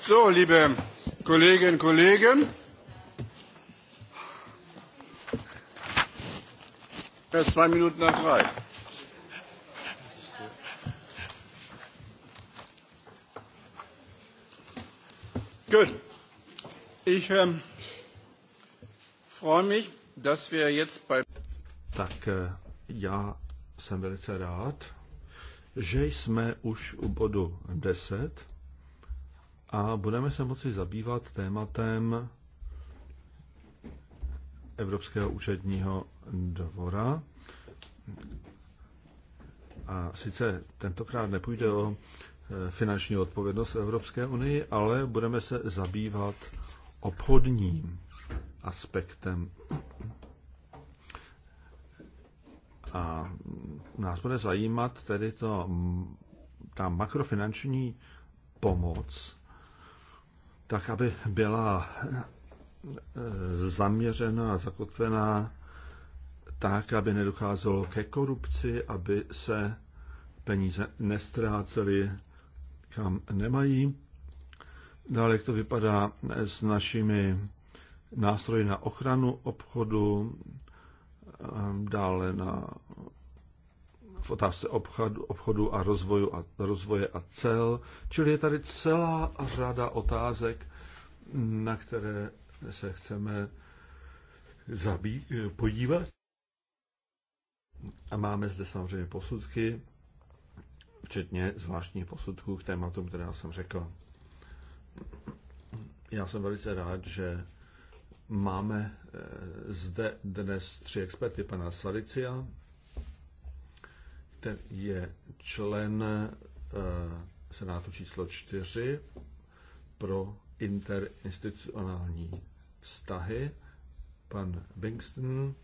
So, liebe Kolleginnen und Kollegen, erst zwei Minuten nach drei. Gut. Ich ähm, freue mich, dass wir jetzt bei. Tak, eh, já jsem velice rád, že jsme už u bodu 10 a budeme se moci zabývat tématem Evropského účetního dvora. A sice tentokrát nepůjde o e, finanční odpovědnost Evropské unii, ale budeme se zabývat obchodním aspektem a nás bude zajímat tedy to, ta makrofinanční pomoc, tak aby byla e, zaměřená, zakotvená tak, aby nedocházelo ke korupci, aby se peníze nestrácely, kam nemají. Dále, jak to vypadá s našimi nástroji na ochranu obchodu, Ehm, dále na, v otázce obchodu, obchodu a, rozvoju a rozvoje a cel. Čili je tady celá řada otázek, na které se chceme zabí, eh, podívat. A máme zde samozřejmě posudky, včetně zvláštních posudků k tématům, které jsem řekl. Já jsem velice rád, že Máme eh, zde dnes tři experty, pana Salicia, který je člen eh, Senátu číslo 4 pro interinstitucionální vztahy, pan Bingston,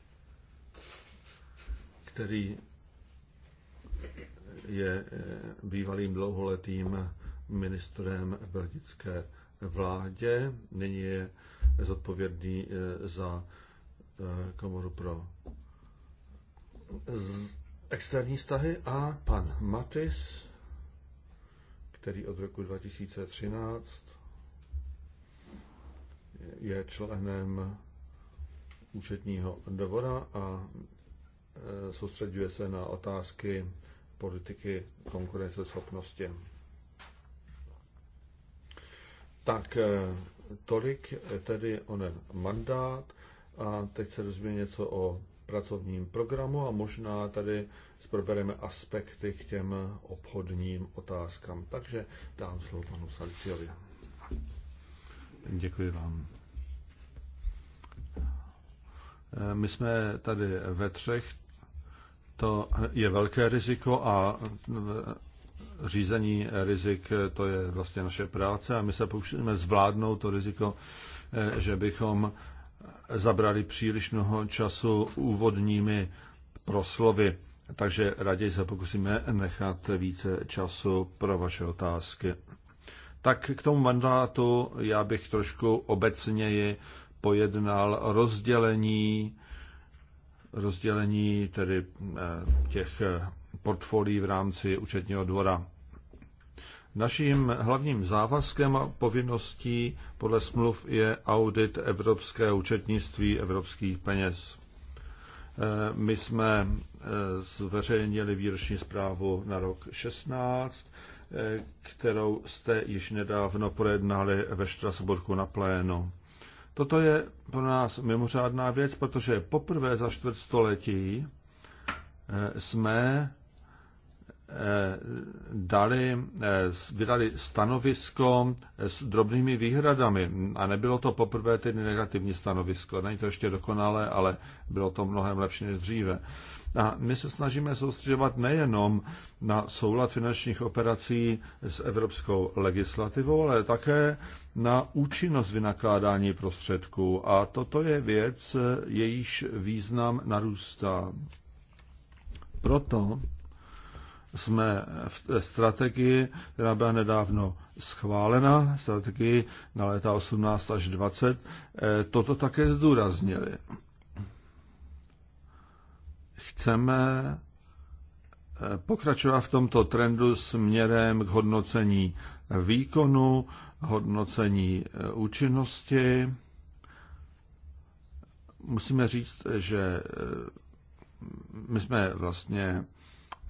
který je eh, bývalým dlouholetým ministrem belgické vládě, nyní je zodpovědný eh, za eh, komoru pro externí vztahy a pan Matis, který od roku 2013 je členem účetního dvora a eh, soustředuje se na otázky politiky konkurenceschopnosti. Tak eh, tolik eh, tedy onen mandát a teď se dozvíme něco o pracovním programu a možná tady zprobereme aspekty k těm obchodním otázkám. Takže dám slovo panu Salciovi. Děkuji vám. Eh, my jsme tady ve třech. To je velké riziko a řízení rizik, to je vlastně naše práce a my se pokusíme zvládnout to riziko, eh, že bychom zabrali příliš mnoho času úvodními proslovy. Takže raději se pokusíme nechat více času pro vaše otázky. Tak k tomu mandátu já bych trošku obecněji pojednal rozdělení, rozdělení tedy eh, těch portfolií v rámci účetního dvora. Naším hlavním závazkem a povinností podle smluv je audit evropské účetnictví evropských peněz. Eh, my jsme eh, zveřejnili výroční zprávu na rok 16, eh, kterou jste již nedávno projednali ve Štrasburku na plénu. Toto je pro nás mimořádná věc, protože poprvé za čtvrt století jsme Eh, dali, eh, vydali stanovisko eh, s drobnými výhradami. A nebylo to poprvé tedy negativní stanovisko. Není to ještě dokonalé, ale bylo to mnohem lepší než dříve. A my se snažíme soustředovat nejenom na soulad finančních operací s evropskou legislativou, ale také na účinnost vynakládání prostředků. A toto je věc, jejíž význam narůstá. Proto jsme v strategii, která byla nedávno schválena, strategii na léta 18 až 20, eh, toto také zdůraznili. Chceme eh, pokračovat v tomto trendu směrem k hodnocení výkonu, hodnocení eh, účinnosti. Musíme říct, že my jsme vlastně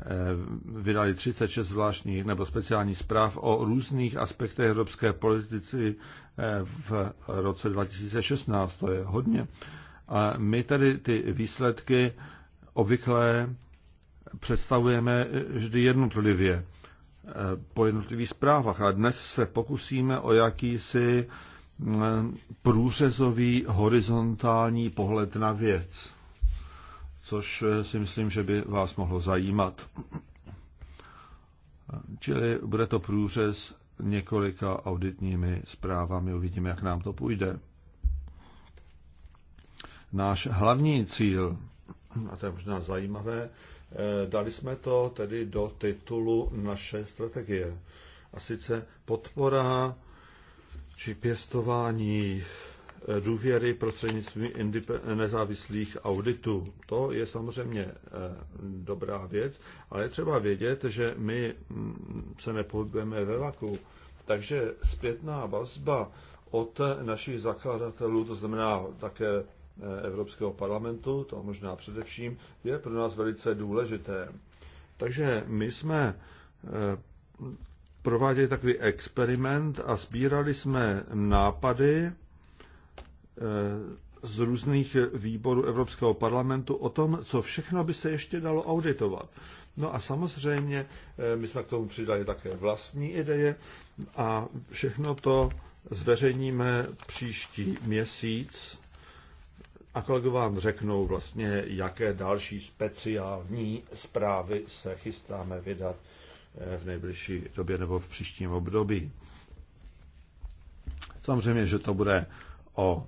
Eh, vydali 36 zvláštních nebo speciálních zpráv o různých aspektech evropské politiky eh, v roce 2016. To je hodně. A my tady ty výsledky obvykle představujeme vždy jednotlivě eh, po jednotlivých zprávách. A dnes se pokusíme o jakýsi průřezový horizontální pohled na věc což eh, si myslím, že by vás mohlo zajímat. Čili bude to průřez několika auditními zprávami, uvidíme, jak nám to půjde. Náš hlavní cíl, a to je možná zajímavé, eh, dali jsme to tedy do titulu naše strategie. A sice podpora či pěstování Eh, důvěry prostřednictvím nezávislých auditů. To je samozřejmě eh, dobrá věc, ale je třeba vědět, že my mm, se nepohybujeme ve vaku. Takže zpětná vazba od našich zakladatelů, to znamená také eh, Evropského parlamentu, to možná především, je pro nás velice důležité. Takže my jsme prováděli takový experiment a sbírali jsme nápady Eh, z různých výborů Evropského parlamentu o tom, co všechno by se ještě dalo auditovat. No a samozřejmě eh, my jsme k tomu přidali také vlastní ideje a všechno to zveřejníme příští měsíc a kolego vám řeknou vlastně, jaké další speciální zprávy se chystáme vydat eh, v nejbližší době nebo v příštím období. Samozřejmě, že to bude o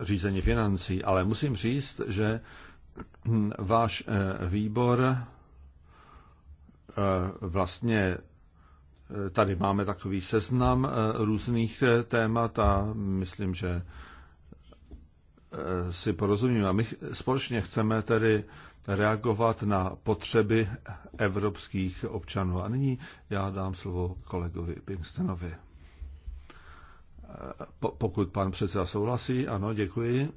řízení financí, ale musím říct, že váš eh, výbor eh, vlastně eh, tady máme takový seznam různých témat a myslím, že si porozumíme. my společně chceme tedy reagovat na potřeby evropských občanů. A nyní já dám slovo kolegovi Pinkstenovi. Pokud pan předseda souhlasí, ano, děkuji.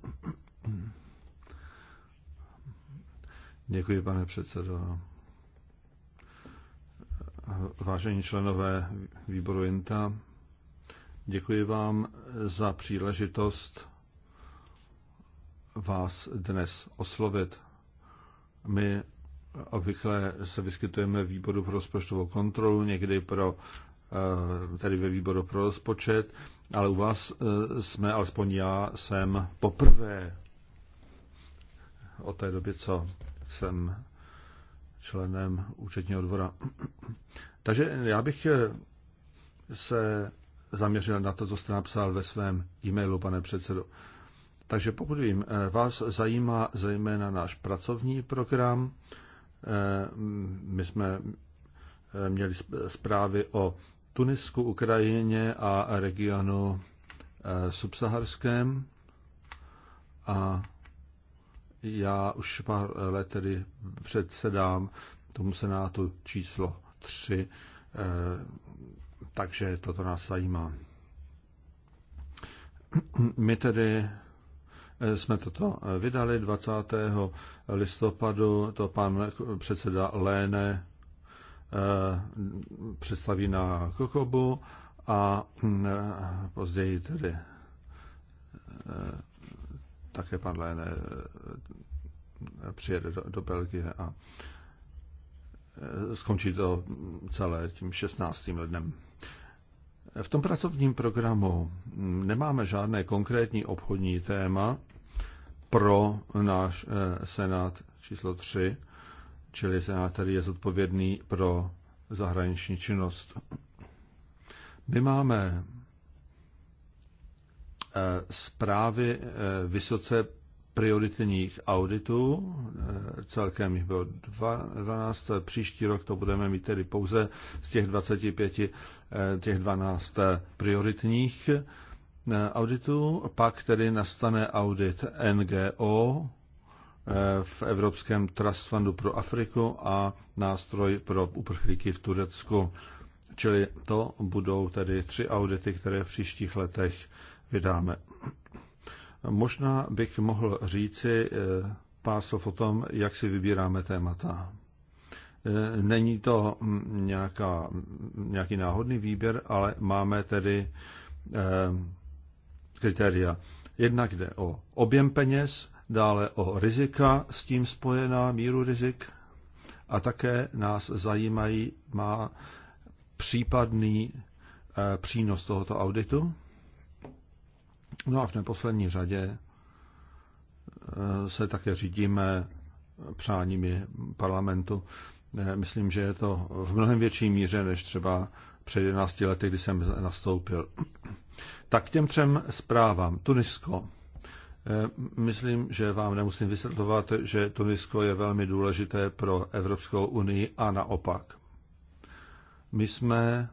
Děkuji, pane předsedo. Vážení členové výboru INTA, děkuji vám za příležitost vás dnes oslovit. My obvykle se vyskytujeme výboru pro rozpočtovou kontrolu, někdy pro Eh, tedy ve výboru pro rozpočet, ale u vás eh, jsme, alespoň já, jsem poprvé o té době, co jsem členem účetního dvora. Takže já bych eh, se zaměřil na to, co jste napsal ve svém e-mailu, pane předsedo. Takže pokud vím, vás zajímá zejména náš pracovní program. My jsme měli zprávy o Tunisku, Ukrajině a regionu eh, subsaharském. A já už pár let tedy předsedám tomu senátu číslo 3, eh, takže toto nás zajímá. My tedy eh, jsme toto vydali 20. listopadu, to pan předseda Léne Eh, představí na Kokobu a hm, eh, později tedy eh, také pan Lene přijede do, do Belgie a skončí to celé tím 16. lednem. V tom pracovním programu nemáme žádné konkrétní obchodní téma pro náš Senát číslo 3, čili senátor je zodpovědný pro zahraniční činnost. My máme eh, zprávy eh, vysoce prioritních auditů, eh, celkem jich bylo 12, příští rok to budeme mít tedy pouze z těch 25, těch 12 prioritních auditů, pak tedy nastane audit NGO, Eh, v Evropském Trust Fundu pro Afriku a nástroj pro uprchlíky v Turecku. Čili to budou tedy tři audity, které v příštích letech vydáme. Možná bych mohl říci eh, pár slov o tom, jak si vybíráme témata. Eh, není to hm, nějaká, hm, nějaký náhodný výběr, ale máme tedy kritéria. Jednak jde o objem peněz, dále o rizika s tím spojená, míru rizik a také nás zajímají má případný eh, přínos tohoto auditu. No a v neposlední řadě eh, se také řídíme přáními parlamentu. Eh, myslím, že je to v mnohem větší míře než třeba před 11 lety, kdy jsem nastoupil. Tak k těm třem zprávám. Tunisko. Eh, myslím, že vám nemusím vysvětlovat, že Tunisko je velmi důležité pro Evropskou unii a naopak. My jsme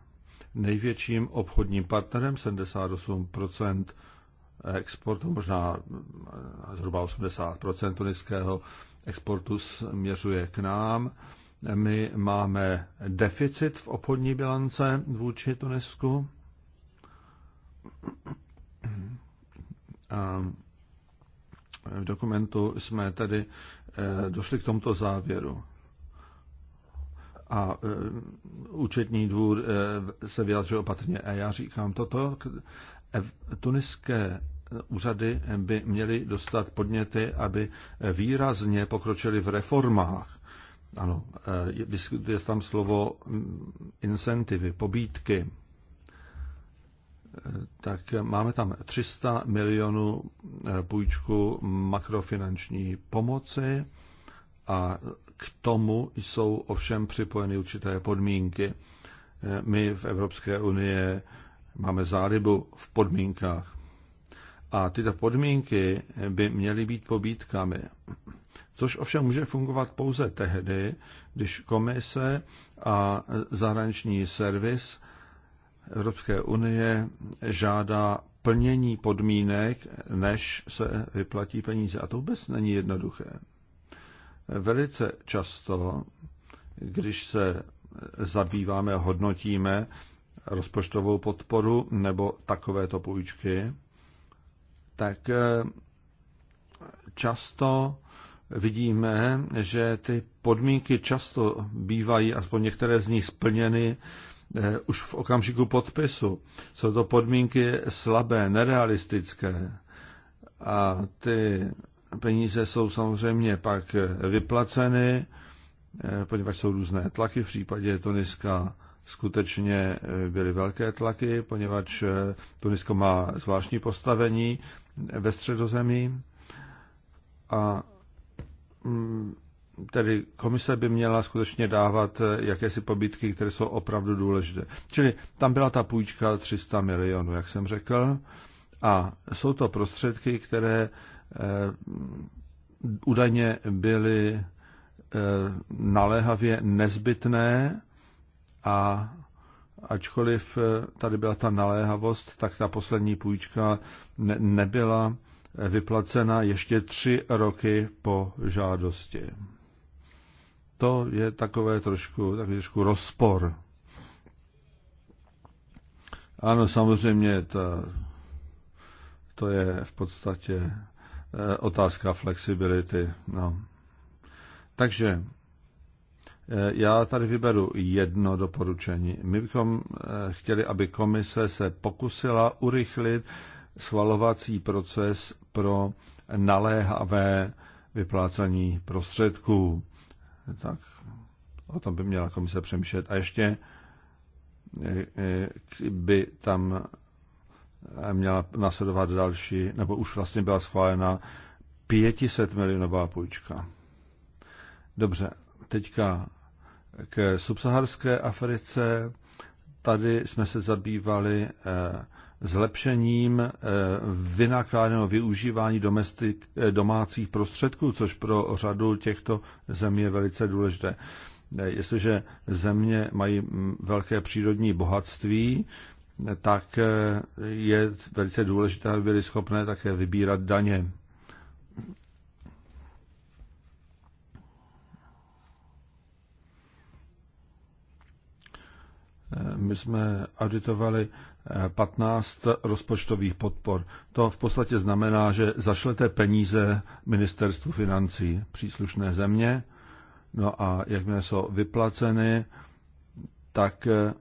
největším obchodním partnerem, 78 exportu, možná zhruba 80 tuniského exportu směřuje k nám. My máme deficit v obchodní bilance vůči Tunisku v dokumentu jsme tedy eh, došli k tomto závěru. A eh, účetní dvůr eh, se vyjadřuje opatrně. A já říkám toto, tuniské úřady by měly dostat podněty, aby výrazně pokročili v reformách. Ano, je tam slovo mm, incentivy, pobídky tak máme tam 300 milionů eh, půjčku makrofinanční pomoci a k tomu jsou ovšem připojeny určité podmínky. Eh, my v Evropské unii máme zálibu v podmínkách. A tyto podmínky by měly být pobítkami. Což ovšem může fungovat pouze tehdy, když komise a zahraniční servis Evropské unie žádá plnění podmínek, než se vyplatí peníze. A to vůbec není jednoduché. Velice často, když se zabýváme, hodnotíme rozpočtovou podporu nebo takovéto půjčky, tak eh, často vidíme, že ty podmínky často bývají, aspoň některé z nich splněny, Eh, už v okamžiku podpisu. Jsou to podmínky slabé, nerealistické a ty peníze jsou samozřejmě pak vyplaceny, eh, poněvadž jsou různé tlaky. V případě Tuniska skutečně eh, byly velké tlaky, poněvadž Tunisko má zvláštní postavení ve středozemí a mm, tedy komise by měla skutečně dávat eh, jakési pobytky, které jsou opravdu důležité. Čili tam byla ta půjčka 300 milionů, jak jsem řekl, a jsou to prostředky, které eh, údajně byly eh, naléhavě nezbytné a ačkoliv tady byla ta naléhavost, tak ta poslední půjčka ne- nebyla vyplacena ještě tři roky po žádosti to je takové trošku, takový trošku rozpor. Ano, samozřejmě, to, to je v podstatě eh, otázka flexibility. No. Takže eh, já tady vyberu jedno doporučení. My bychom eh, chtěli, aby komise se pokusila urychlit schvalovací proces pro naléhavé vyplácení prostředků tak o tom by měla komise přemýšlet. A ještě eh, eh, by tam eh, měla nasledovat další, nebo už vlastně byla schválena 500 milionová půjčka. Dobře, teďka k subsaharské Africe. Tady jsme se zabývali zlepšením eh, vynakládaného využívání domestik, eh, domácích prostředků, což pro řadu těchto zemí je velice důležité. Eh, jestliže země mají mm, velké přírodní bohatství, tak je velice důležité, aby byly schopné také vybírat daně. My jsme auditovali 15 rozpočtových podpor. To v podstatě znamená, že zašlete peníze ministerstvu financí příslušné země, no a jakmile jsou vyplaceny, tak eh,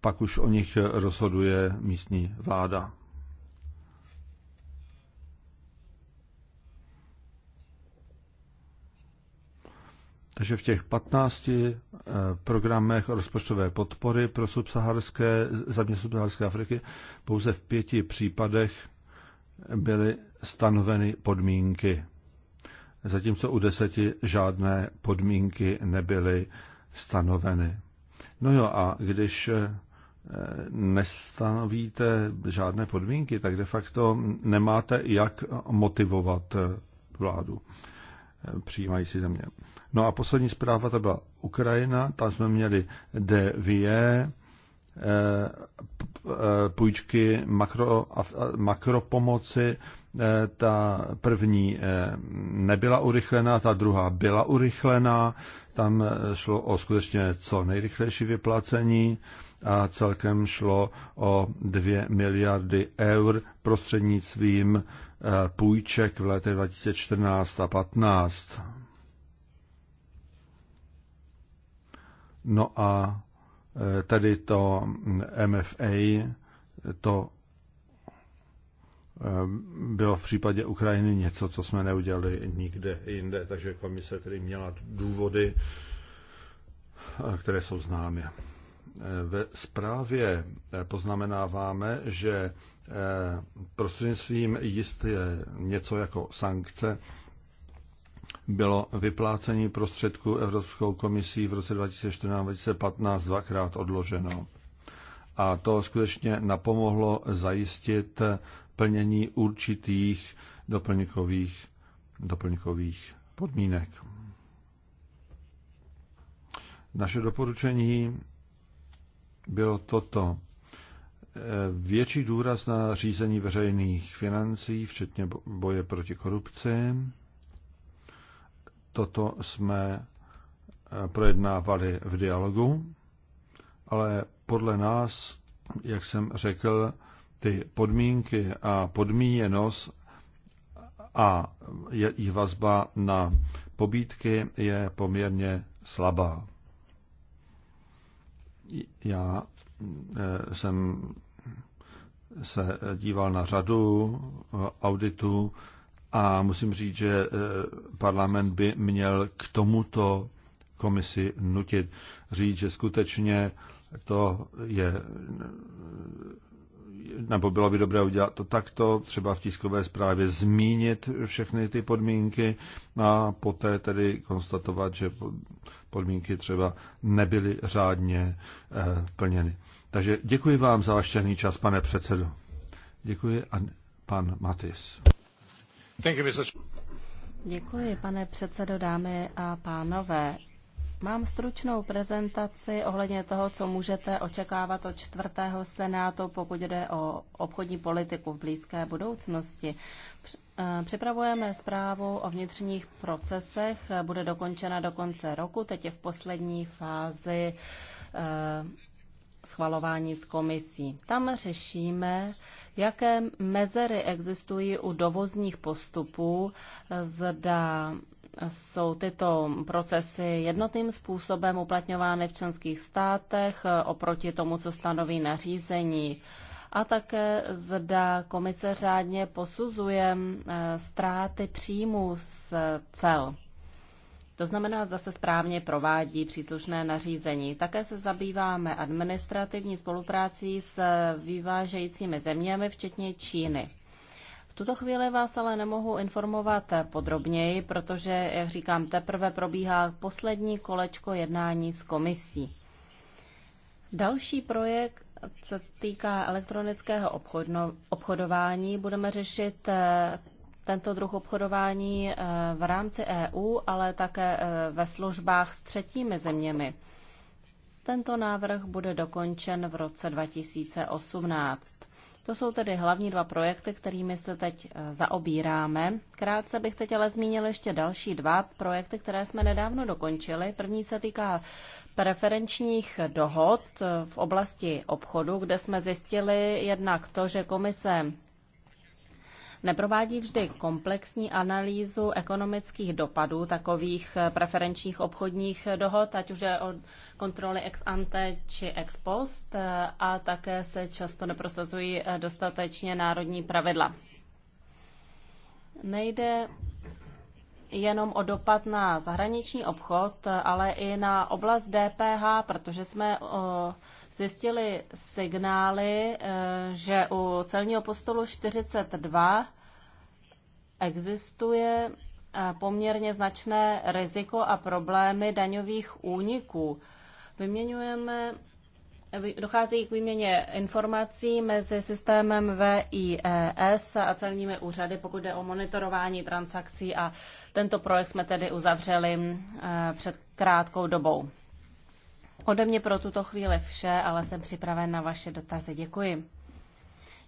pak už o nich rozhoduje místní vláda. Takže v těch 15 eh, programech rozpočtové podpory pro subsaharské, země subsaharské Afriky pouze v pěti případech byly stanoveny podmínky. Zatímco u deseti žádné podmínky nebyly stanoveny. No jo, a když eh, nestanovíte žádné podmínky, tak de facto nemáte jak motivovat eh, vládu přijímající země. No a poslední zpráva to byla Ukrajina, tam jsme měli DVE, eh, eh, půjčky makro, eh, makropomoci, ta první nebyla urychlená, ta druhá byla urychlená, tam šlo o skutečně co nejrychlejší vyplacení a celkem šlo o 2 miliardy eur prostřednictvím půjček v letech 2014 a 2015. No a e, tady to MFA, to e, bylo v případě Ukrajiny něco, co jsme neudělali nikde jinde, takže komise tedy měla důvody, e, které jsou známy. Ve zprávě poznamenáváme, že prostřednictvím jistě něco jako sankce bylo vyplácení prostředků Evropskou komisí v roce 2014-2015 dvakrát odloženo. A to skutečně napomohlo zajistit plnění určitých doplňkových, doplňkových podmínek. Naše doporučení bylo toto. Větší důraz na řízení veřejných financí, včetně boje proti korupci, Toto jsme eh, projednávali v dialogu, ale podle nás, jak jsem řekl, ty podmínky a podmíněnost a jejich vazba na pobídky je poměrně slabá. Já eh, jsem se díval na řadu eh, auditů a musím říct, že eh, parlament by měl k tomuto komisi nutit. Říct, že skutečně to je eh, nebo bylo by dobré udělat to takto, třeba v tiskové zprávě zmínit všechny ty podmínky a poté tedy konstatovat, že podmínky třeba nebyly řádně eh, plněny. Takže děkuji vám za váš čas, pane předsedo. Děkuji a pan Matis. Děkuji, pane předsedo, dámy a pánové. Mám stručnou prezentaci ohledně toho, co můžete očekávat od čtvrtého senátu, pokud jde o obchodní politiku v blízké budoucnosti. Eh, připravujeme zprávu o vnitřních procesech, bude dokončena do konce roku, teď je v poslední fázi eh, schvalování s komisí. Tam řešíme, jaké mezery existují u dovozních postupů, zda jsou tyto procesy jednotným způsobem uplatňovány v členských státech oproti tomu, co stanoví nařízení. A také zda komise řádně posuzuje eh, ztráty příjmu z cel. To znamená, zda se správně provádí příslušné nařízení. Také se zabýváme administrativní spoluprácí s vyvážejícími zeměmi, včetně Číny. V tuto chvíli vás ale nemohu informovat podrobněji, protože, jak říkám, teprve probíhá poslední kolečko jednání s komisí. Další projekt se týká elektronického obchodno, obchodování. Budeme řešit eh, tento druh obchodování eh, v rámci EU, ale také eh, ve službách s třetími zeměmi. Tento návrh bude dokončen v roce 2018. To jsou tedy hlavní dva projekty, kterými se teď eh, zaobíráme. Krátce bych teď ale zmínil ještě další dva projekty, které jsme nedávno dokončili. První se týká preferenčních dohod v oblasti obchodu, kde jsme zjistili jednak to, že komise neprovádí vždy komplexní analýzu ekonomických dopadů takových preferenčních obchodních dohod, ať už je o kontroly ex ante či ex post, a také se často neprosazují dostatečně národní pravidla. Nejde jenom o dopad na zahraniční obchod, ale i na oblast DPH, protože jsme zjistili signály, e, že u celního postolu 42 existuje eh, poměrně značné riziko a problémy daňových úniků. Vyměňujeme eh, Dochází k výměně informací mezi systémem VIES a celními úřady, pokud jde o monitorování transakcí a tento projekt jsme tedy uzavřeli eh, před krátkou dobou. Ode mě pro tuto chvíli vše, ale jsem připraven na vaše dotazy. Děkuji.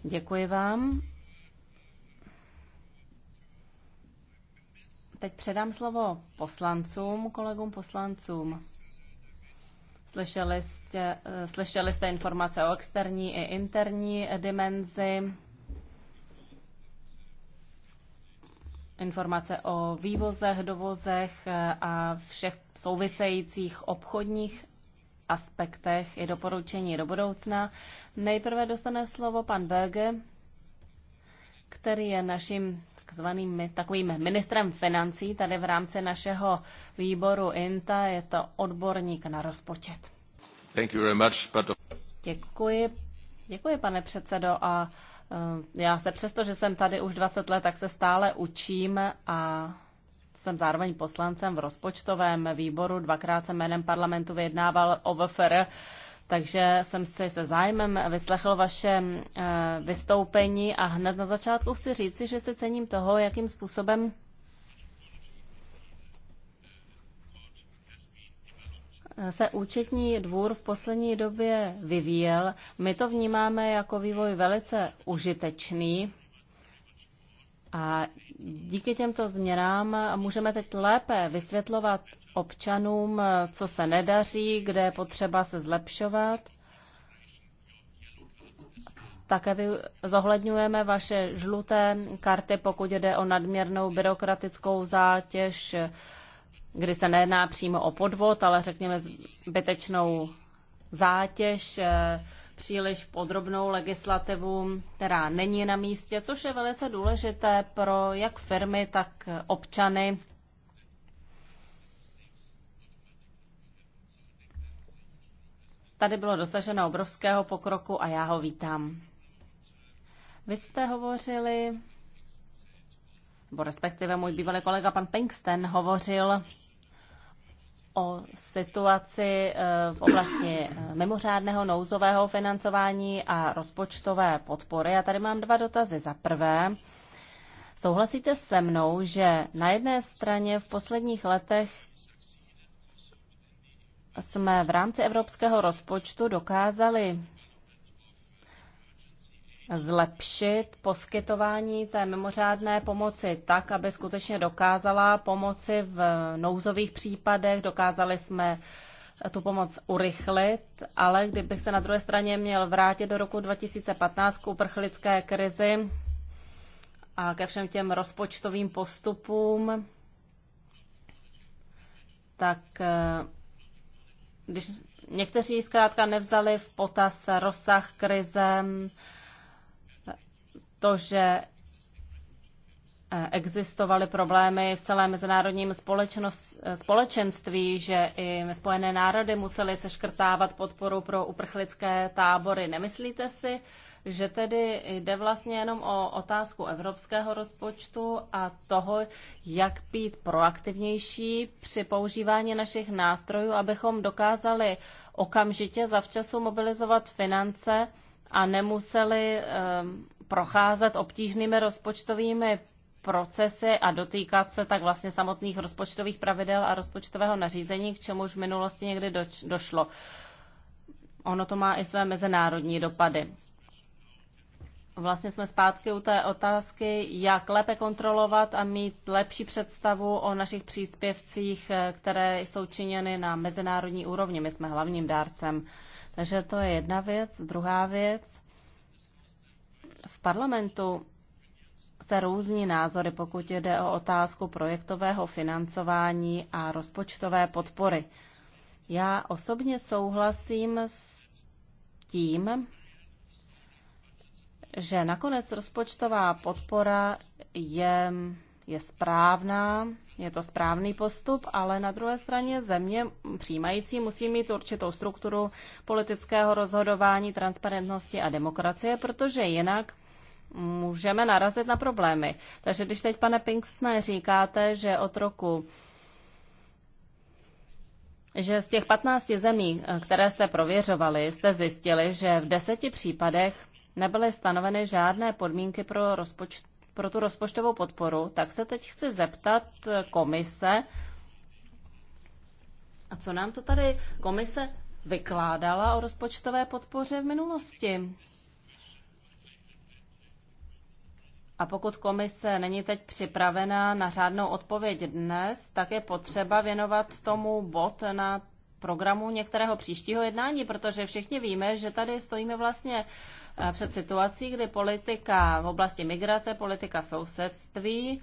Děkuji vám. Teď předám slovo poslancům, kolegům poslancům. Slyšeli jste, eh, slyšeli jste informace o externí i interní dimenzi, informace o vývozech, dovozech eh, a všech souvisejících obchodních aspektech i doporučení do budoucna. Nejprve dostane slovo pan Berge, který je naším takzvaným, takovým ministrem financí tady v rámci našeho výboru INTA. Je to odborník na rozpočet. Thank you very much, but... Děkuji, děkuji, pane předsedo. A eh, já se přesto, že jsem tady už 20 let, tak se stále učím a jsem zároveň poslancem v rozpočtovém výboru. Dvakrát jsem jménem parlamentu vyjednával o VFR takže jsem si se zájmem vyslechl vaše eh, vystoupení a hned na začátku chci říci, že se cením toho, jakým způsobem se účetní dvůr v poslední době vyvíjel. My to vnímáme jako vývoj velice užitečný a díky těmto změnám můžeme teď lépe vysvětlovat občanům, co se nedaří, kde je potřeba se zlepšovat. Také zohledňujeme vaše žluté karty, pokud jde o nadměrnou byrokratickou zátěž, kdy se nejedná přímo o podvod, ale řekněme zbytečnou zátěž příliš podrobnou legislativu, která není na místě, což je velice důležité pro jak firmy, tak občany. Tady bylo dosaženo obrovského pokroku a já ho vítám. Vy jste hovořili, nebo respektive můj bývalý kolega pan Pinkston hovořil o situaci eh, v oblasti eh, mimořádného nouzového financování a rozpočtové podpory. Já tady mám dva dotazy. Za prvé, souhlasíte se mnou, že na jedné straně v posledních letech jsme v rámci evropského rozpočtu dokázali zlepšit poskytování té mimořádné pomoci tak, aby skutečně dokázala pomoci v nouzových případech. Dokázali jsme tu pomoc urychlit, ale kdybych se na druhé straně měl vrátit do roku 2015 k uprchlické krizi a ke všem těm rozpočtovým postupům, tak eh, když někteří zkrátka nevzali v potaz rozsah krize, že eh, existovaly problémy v celém mezinárodním eh, společenství, že i Spojené národy musely seškrtávat podporu pro uprchlické tábory. Nemyslíte si, že tedy jde vlastně jenom o otázku evropského rozpočtu a toho, jak být proaktivnější při používání našich nástrojů, abychom dokázali okamžitě zavčasu mobilizovat finance a nemuseli um, procházet obtížnými rozpočtovými procesy a dotýkat se tak vlastně samotných rozpočtových pravidel a rozpočtového nařízení, k čemu už v minulosti někdy doč- došlo. Ono to má i své mezinárodní dopady. Vlastně jsme zpátky u té otázky, jak lépe kontrolovat a mít lepší představu o našich příspěvcích, které jsou činěny na mezinárodní úrovni. My jsme hlavním dárcem. Takže to je jedna věc. Druhá věc v parlamentu se různí názory, pokud jde o otázku projektového financování a rozpočtové podpory. Já osobně souhlasím s tím, že nakonec rozpočtová podpora je je správná, je to správný postup, ale na druhé straně země přijímající musí mít určitou strukturu politického rozhodování, transparentnosti a demokracie, protože jinak můžeme narazit na problémy. Takže když teď, pane Pinkstne, říkáte, že od roku že z těch 15 zemí, které jste prověřovali, jste zjistili, že v deseti případech nebyly stanoveny žádné podmínky pro rozpočet pro tu rozpočtovou podporu, tak se teď chci zeptat komise, a co nám to tady komise vykládala o rozpočtové podpoře v minulosti? A pokud komise není teď připravená na řádnou odpověď dnes, tak je potřeba věnovat tomu bod na programu některého příštího jednání, protože všichni víme, že tady stojíme vlastně uh, Eh, před situací, kdy politika v oblasti migrace, politika sousedství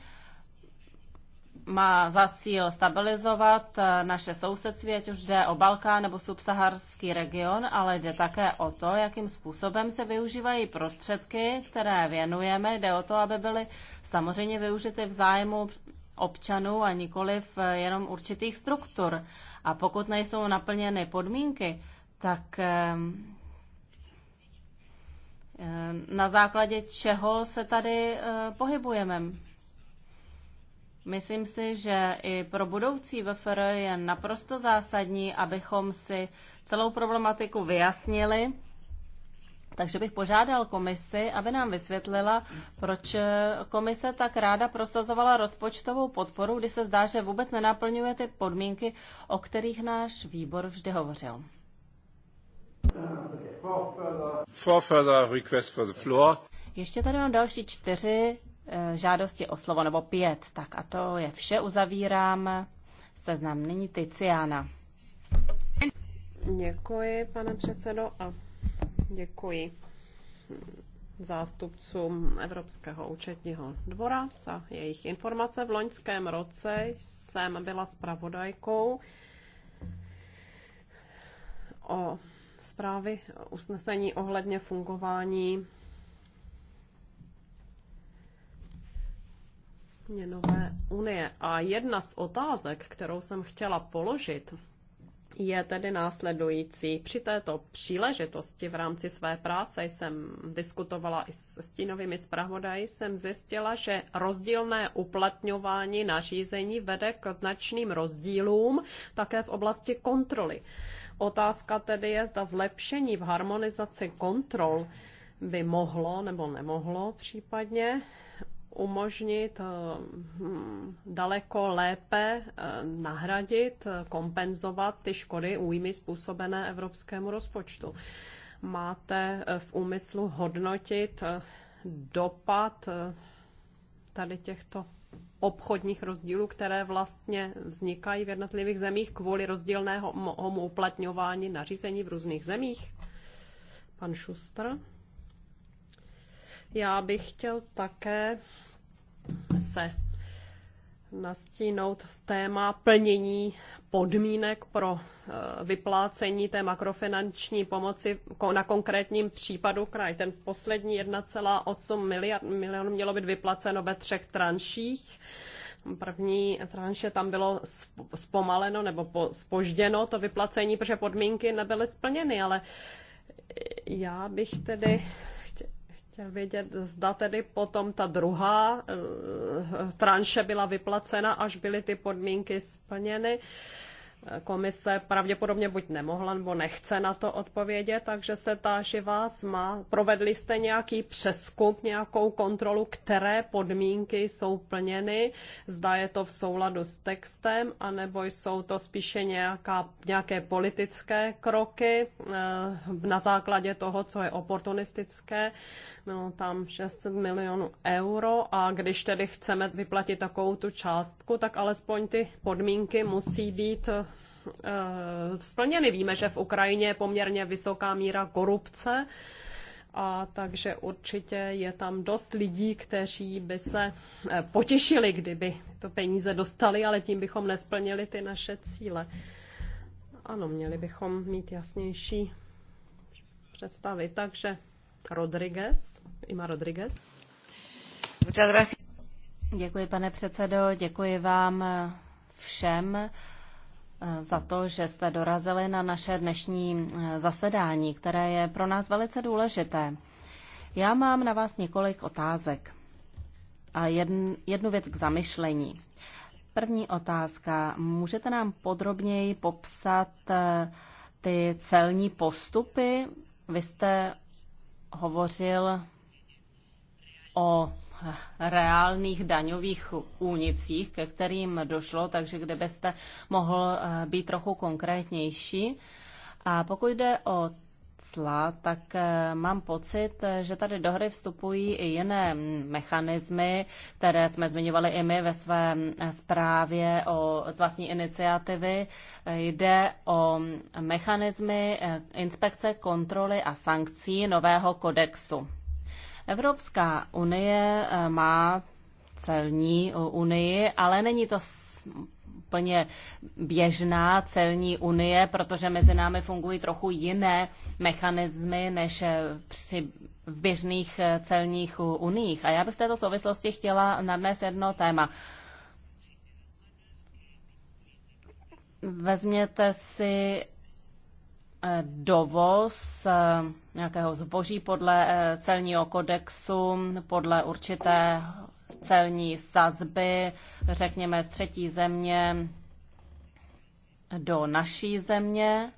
má za cíl stabilizovat eh, naše sousedství, ať už jde o Balkán nebo subsaharský region, ale jde také o to, jakým způsobem se využívají prostředky, které věnujeme. Jde o to, aby byly samozřejmě využity v zájmu občanů a nikoliv eh, jenom určitých struktur. A pokud nejsou naplněny podmínky, tak Eh, na základě čeho se tady eh, pohybujeme. Myslím si, že i pro budoucí VFR je naprosto zásadní, abychom si celou problematiku vyjasnili. Takže bych požádal komisi, aby nám vysvětlila, proč eh, komise tak ráda prosazovala rozpočtovou podporu, kdy se zdá, že vůbec nenaplňuje ty podmínky, o kterých náš výbor vždy hovořil request for the floor. Ještě tady mám další čtyři eh, žádosti o slovo, nebo pět. Tak a to je vše, uzavírám seznam. Nyní Tiziana. Děkuji, pane předsedo, a děkuji zástupcům Evropského účetního dvora za jejich informace. V loňském roce jsem byla zpravodajkou o zprávy usnesení ohledně fungování měnové unie. A jedna z otázek, kterou jsem chtěla položit, je tedy následující. Při této příležitosti v rámci své práce jsem diskutovala i s stínovými zpravodaji, jsem zjistila, že rozdílné uplatňování nařízení vede k značným rozdílům také v oblasti kontroly. Otázka tedy je, zda zlepšení v harmonizaci kontrol by mohlo nebo nemohlo případně umožnit eh, hm, daleko lépe eh, nahradit, kompenzovat ty škody újmy způsobené evropskému rozpočtu. Máte eh, v úmyslu hodnotit dopad tady těchto obchodních rozdílů, které vlastně vznikají v jednotlivých zemích kvůli rozdílnému uplatňování nařízení v různých zemích? Pan Šustr. Já bych chtěl také se nastínout téma plnění podmínek pro eh, vyplácení té makrofinanční pomoci na konkrétním případu kraj. Ten poslední 1,8 miliard milionů mělo být vyplaceno ve třech tranších. První tranše tam bylo zpomaleno nebo spožděno to vyplacení, protože podmínky nebyly splněny, ale já bych tedy chtěl vědět, zda tedy potom ta druhá eh, tranše byla vyplacena, až byly ty podmínky splněny. Komise pravděpodobně buď nemohla nebo nechce na to odpovědět, takže se táži vás, má, provedli jste nějaký přeskup, nějakou kontrolu, které podmínky jsou plněny, zda je to v souladu s textem, anebo jsou to spíše nějaká, nějaké politické kroky eh, na základě toho, co je oportunistické. Bylo no, tam 600 milionů euro a když tedy chceme vyplatit takovou tu částku, tak alespoň ty podmínky musí být Eh, splněny. Víme, že v Ukrajině je poměrně vysoká míra korupce, a takže určitě je tam dost lidí, kteří by se eh, potěšili, kdyby to peníze dostali, ale tím bychom nesplnili ty naše cíle. Ano, měli bychom mít jasnější představy. Takže Rodriguez, Ima Rodriguez. Děkuji, pane předsedo, děkuji vám všem za to, že jste dorazili na naše dnešní eh, zasedání, které je pro nás velice důležité. Já mám na vás několik otázek a jedn, jednu věc k zamyšlení. První otázka. Můžete nám podrobněji popsat eh, ty celní postupy? Vy jste hovořil o reálných daňových únicích, ke kterým došlo, takže kde byste mohl eh, být trochu konkrétnější. A pokud jde o cla, tak eh, mám pocit, že tady do hry vstupují i jiné mechanismy, které jsme zmiňovali i my ve své eh, zprávě o vlastní iniciativy. Jde o mechanismy inspekce, kontroly a sankcí nového kodexu. Evropská unie eh, má celní eh, unii, ale není to úplně běžná celní unie, protože mezi námi fungují trochu jiné mechanismy než eh, při v běžných celních uních. A já bych v této souvislosti chtěla nadnést jedno téma. Vezměte si Eh, dovoz eh, nějakého zboží podle eh, celního kodexu, podle určité celní sazby, řekněme z třetí země do naší země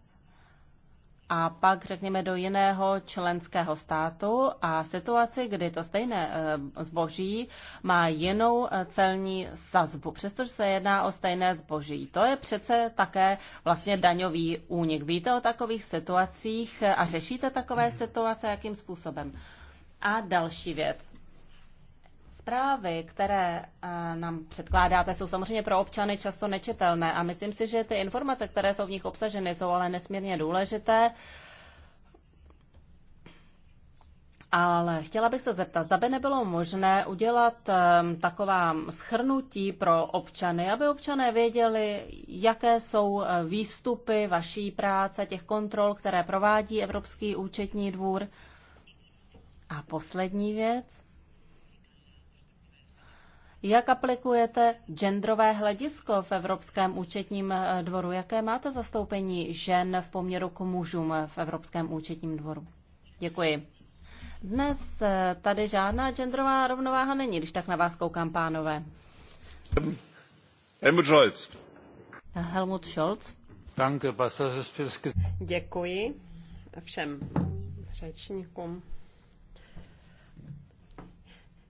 a pak řekněme do jiného členského státu a situaci, kdy to stejné eh, zboží má jinou eh, celní sazbu, přestože se jedná o stejné zboží. To je přece také vlastně daňový únik. Víte o takových situacích eh, a řešíte takové situace, jakým způsobem? A další věc zprávy, které eh, nám předkládáte, jsou samozřejmě pro občany často nečitelné a myslím si, že ty informace, které jsou v nich obsaženy, jsou ale nesmírně důležité. Ale chtěla bych se zeptat, zda by nebylo možné udělat um, taková schrnutí pro občany, aby občané věděli, jaké jsou eh, výstupy vaší práce, těch kontrol, které provádí Evropský účetní dvůr. A poslední věc. Jak aplikujete genderové hledisko v Evropském účetním eh, dvoru? Jaké máte zastoupení žen v poměru k mužům v Evropském účetním dvoru? Děkuji. Dnes eh, tady žádná genderová rovnováha není, když tak na vás koukám, pánové. Helmut Scholz. Helmut Scholz. Děkuji všem řečníkům.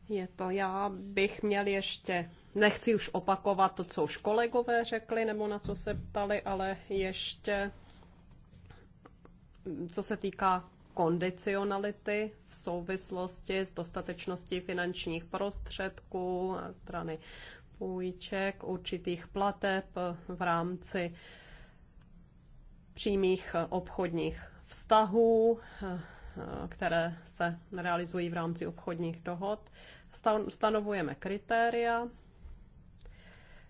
Je to, já bych měl ještě, nechci už opakovat to, co už kolegové řekli, nebo na co se ptali, ale ještě, co se týká kondicionality v souvislosti s dostatečností finančních prostředků a strany půjček, určitých plateb v rámci přímých obchodních vztahů, eh, eh, které se realizují v rámci obchodních dohod. Stanovujeme kritéria,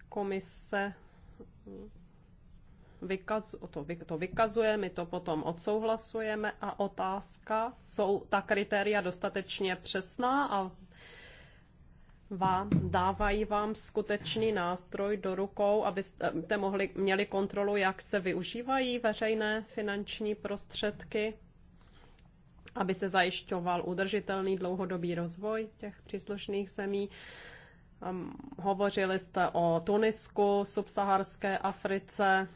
komise to, to vykazuje, my to potom odsouhlasujeme a otázka, jsou ta kritéria dostatečně přesná a vám, dávají vám skutečný nástroj do rukou, abyste mohli, měli kontrolu, jak se využívají veřejné finanční prostředky aby se zajišťoval udržitelný dlouhodobý rozvoj těch příslušných zemí. Um, hovořili jste o Tunisku, subsaharské Africe,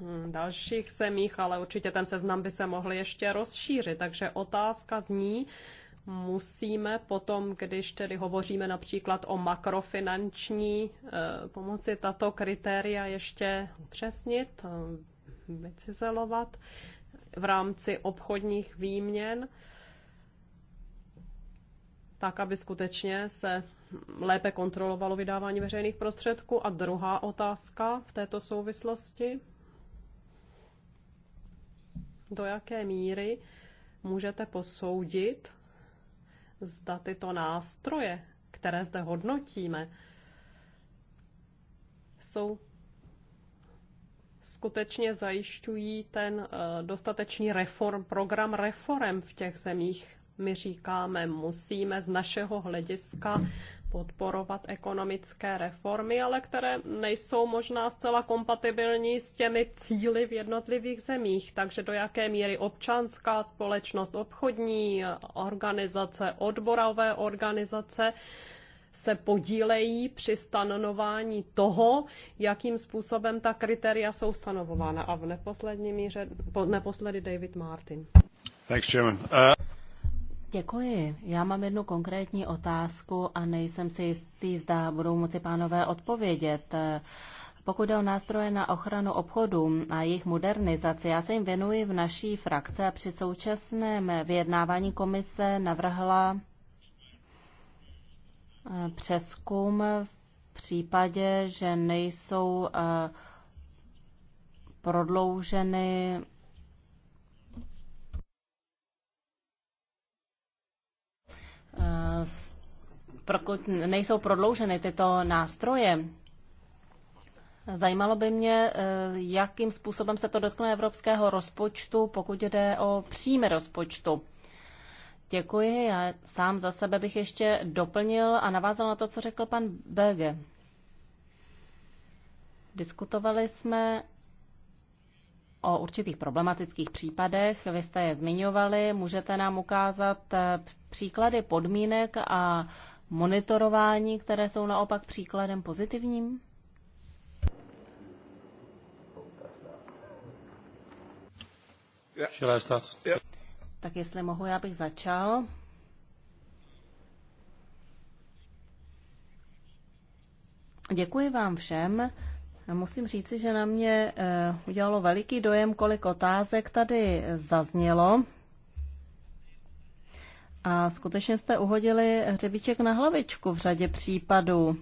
hm, dalších zemích, ale určitě ten seznam by se mohl ještě rozšířit. Takže otázka zní, musíme potom, když tedy hovoříme například o makrofinanční eh, pomoci, tato kritéria ještě upřesnit, eh, vycizelovat v rámci obchodních výměn, tak aby skutečně se lépe kontrolovalo vydávání veřejných prostředků. A druhá otázka v této souvislosti. Do jaké míry můžete posoudit, zda tyto nástroje, které zde hodnotíme, jsou skutečně zajišťují ten eh, dostatečný reform, program reform v těch zemích. My říkáme, musíme z našeho hlediska podporovat ekonomické reformy, ale které nejsou možná zcela kompatibilní s těmi cíly v jednotlivých zemích. Takže do jaké míry občanská společnost, obchodní organizace, odborové organizace se podílejí při stanovování toho, jakým způsobem ta kritéria jsou stanovována. A v neposlední míře, po, neposledy David Martin. Thanks, Chairman. Uh... Děkuji. Já mám jednu konkrétní otázku a nejsem si jistý, zda budou moci pánové odpovědět. Pokud jde o nástroje na ochranu obchodů a jejich modernizaci, já se jim věnuji v naší frakce a při současném vyjednávání komise navrhla přeskum v případě, že nejsou eh, prodlouženy eh, Prokud nejsou prodlouženy tyto nástroje, Zajímalo by mě, eh, jakým způsobem se to dotkne evropského rozpočtu, pokud jde o příjmy rozpočtu. Děkuji. Já sám za sebe bych ještě doplnil a navázal na to, co řekl pan Belge. Diskutovali jsme o určitých problematických případech. Vy jste je zmiňovali. Můžete nám ukázat eh, příklady podmínek a monitorování, které jsou naopak příkladem pozitivním? Shall I start? Yeah. Tak jestli mohu, já bych začal. Děkuji vám všem. Musím říci, že na mě eh, udělalo veliký dojem, kolik otázek tady zaznělo. A skutečně jste uhodili hřebíček na hlavičku v řadě případů.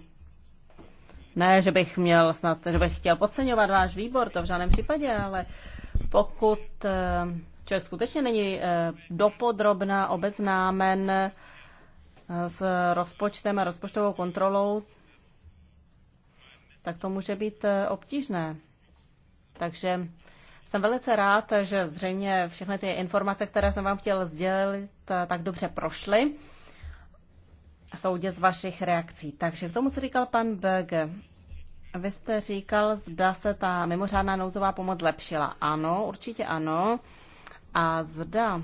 Ne, že bych měl snad, že bych chtěl podceňovat váš výbor, to v žádném případě, ale pokud eh, člověk skutečně není eh, dopodrobná obeznámen eh, s rozpočtem a rozpočtovou kontrolou, tak to může být eh, obtížné. Takže jsem velice rád, že zřejmě všechny ty informace, které jsem vám chtěl sdělit, tak dobře prošly. Soudě z vašich reakcí. Takže k tomu, co říkal pan Berge, vy jste říkal, zda se ta mimořádná nouzová pomoc zlepšila. Ano, určitě ano a zda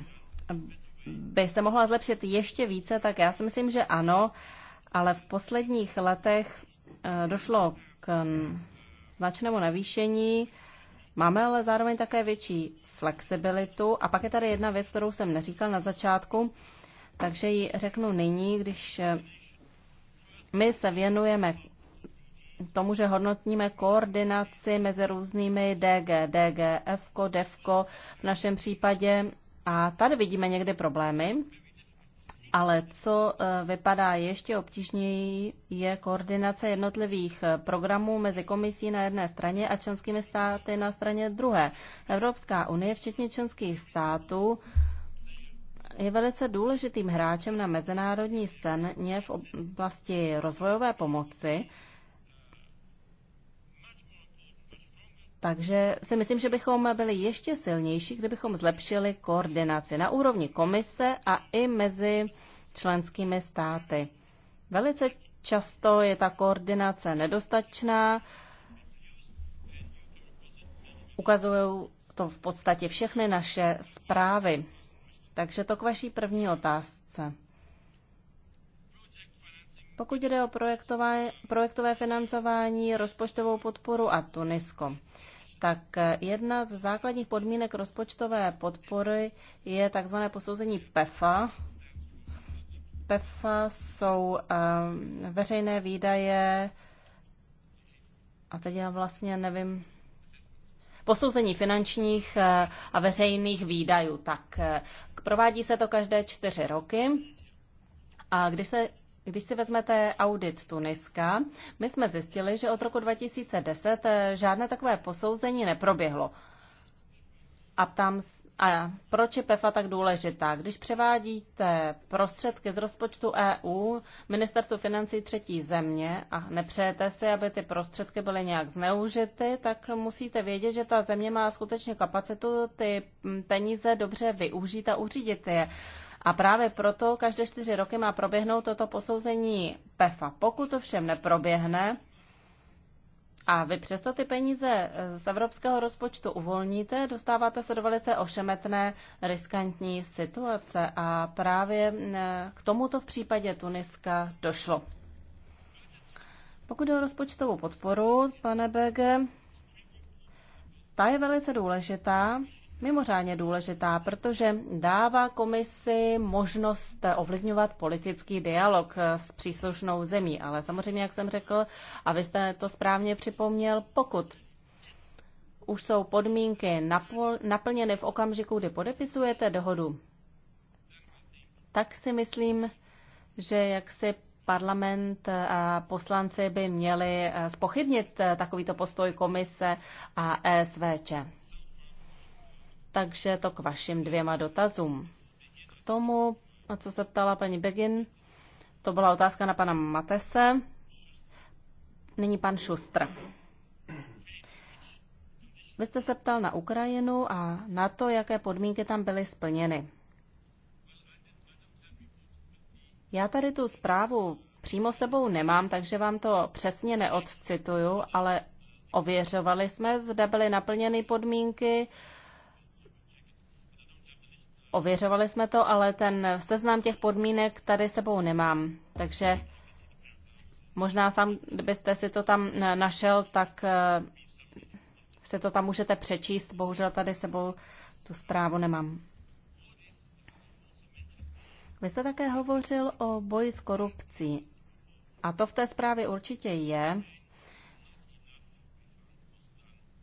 by se mohla zlepšit ještě více, tak já si myslím, že ano, ale v posledních letech eh, došlo k mm, značnému navýšení. Máme ale zároveň také větší flexibilitu. A pak je tady jedna věc, kterou jsem neříkal na začátku, takže ji řeknu nyní, když eh, my se věnujeme tomu, že hodnotíme koordinaci mezi různými DG, DG, FKO, DEVKO v našem případě. A tady vidíme někdy problémy, ale co e, vypadá ještě obtížněji, je koordinace jednotlivých e, programů mezi komisí na jedné straně a členskými státy na straně druhé. Evropská unie, včetně členských států, je velice důležitým hráčem na mezinárodní scéně v oblasti rozvojové pomoci Takže si myslím, že bychom byli ještě silnější, kdybychom zlepšili koordinaci na úrovni komise a i mezi členskými státy. Velice často je ta koordinace nedostačná. Ukazují to v podstatě všechny naše zprávy. Takže to k vaší první otázce. Pokud jde o projektové, projektové financování, rozpočtovou podporu a Tunisko, tak jedna z základních podmínek rozpočtové podpory je tzv. posouzení PEFA. PEFA jsou um, veřejné výdaje, a teď já vlastně nevím, posouzení finančních eh, a veřejných výdajů. Tak eh, provádí se to každé čtyři roky. A když se když si vezmete audit Tuniska, my jsme zjistili, že od roku 2010 eh, žádné takové posouzení neproběhlo. A tam a proč je PEFA tak důležitá? Když převádíte prostředky z rozpočtu EU ministerstvu financí třetí země a nepřejete si, aby ty prostředky byly nějak zneužity, tak musíte vědět, že ta země má skutečně kapacitu ty mm, peníze dobře využít a uřídit je. A právě proto každé čtyři roky má proběhnout toto posouzení PEFA. Pokud to všem neproběhne, a vy přesto ty peníze z evropského rozpočtu uvolníte, dostáváte se do velice ošemetné, riskantní situace. A právě e, k tomuto v případě Tuniska došlo. Pokud je o rozpočtovou podporu, pane BG, ta je velice důležitá, mimořádně důležitá, protože dává komisi možnost ovlivňovat politický dialog s příslušnou zemí. Ale samozřejmě, jak jsem řekl, a vy jste to správně připomněl, pokud už jsou podmínky naplněny v okamžiku, kdy podepisujete dohodu, tak si myslím, že jak si parlament a poslanci by měli spochybnit eh, eh, takovýto postoj komise a ESVČ. Takže to k vašim dvěma dotazům. K tomu, na co se ptala paní Begin, to byla otázka na pana Matese. Nyní pan Šustr. Vy jste se ptal na Ukrajinu a na to, jaké podmínky tam byly splněny. Já tady tu zprávu přímo sebou nemám, takže vám to přesně neodcituju, ale ověřovali jsme, zda byly naplněny podmínky, Ověřovali jsme to, ale ten seznam těch podmínek tady sebou nemám. Takže možná sám, kdybyste si to tam eh, našel, tak eh, se to tam můžete přečíst. Bohužel tady sebou tu zprávu nemám. Vy jste také hovořil o boji s korupcí. A to v té zprávě určitě je.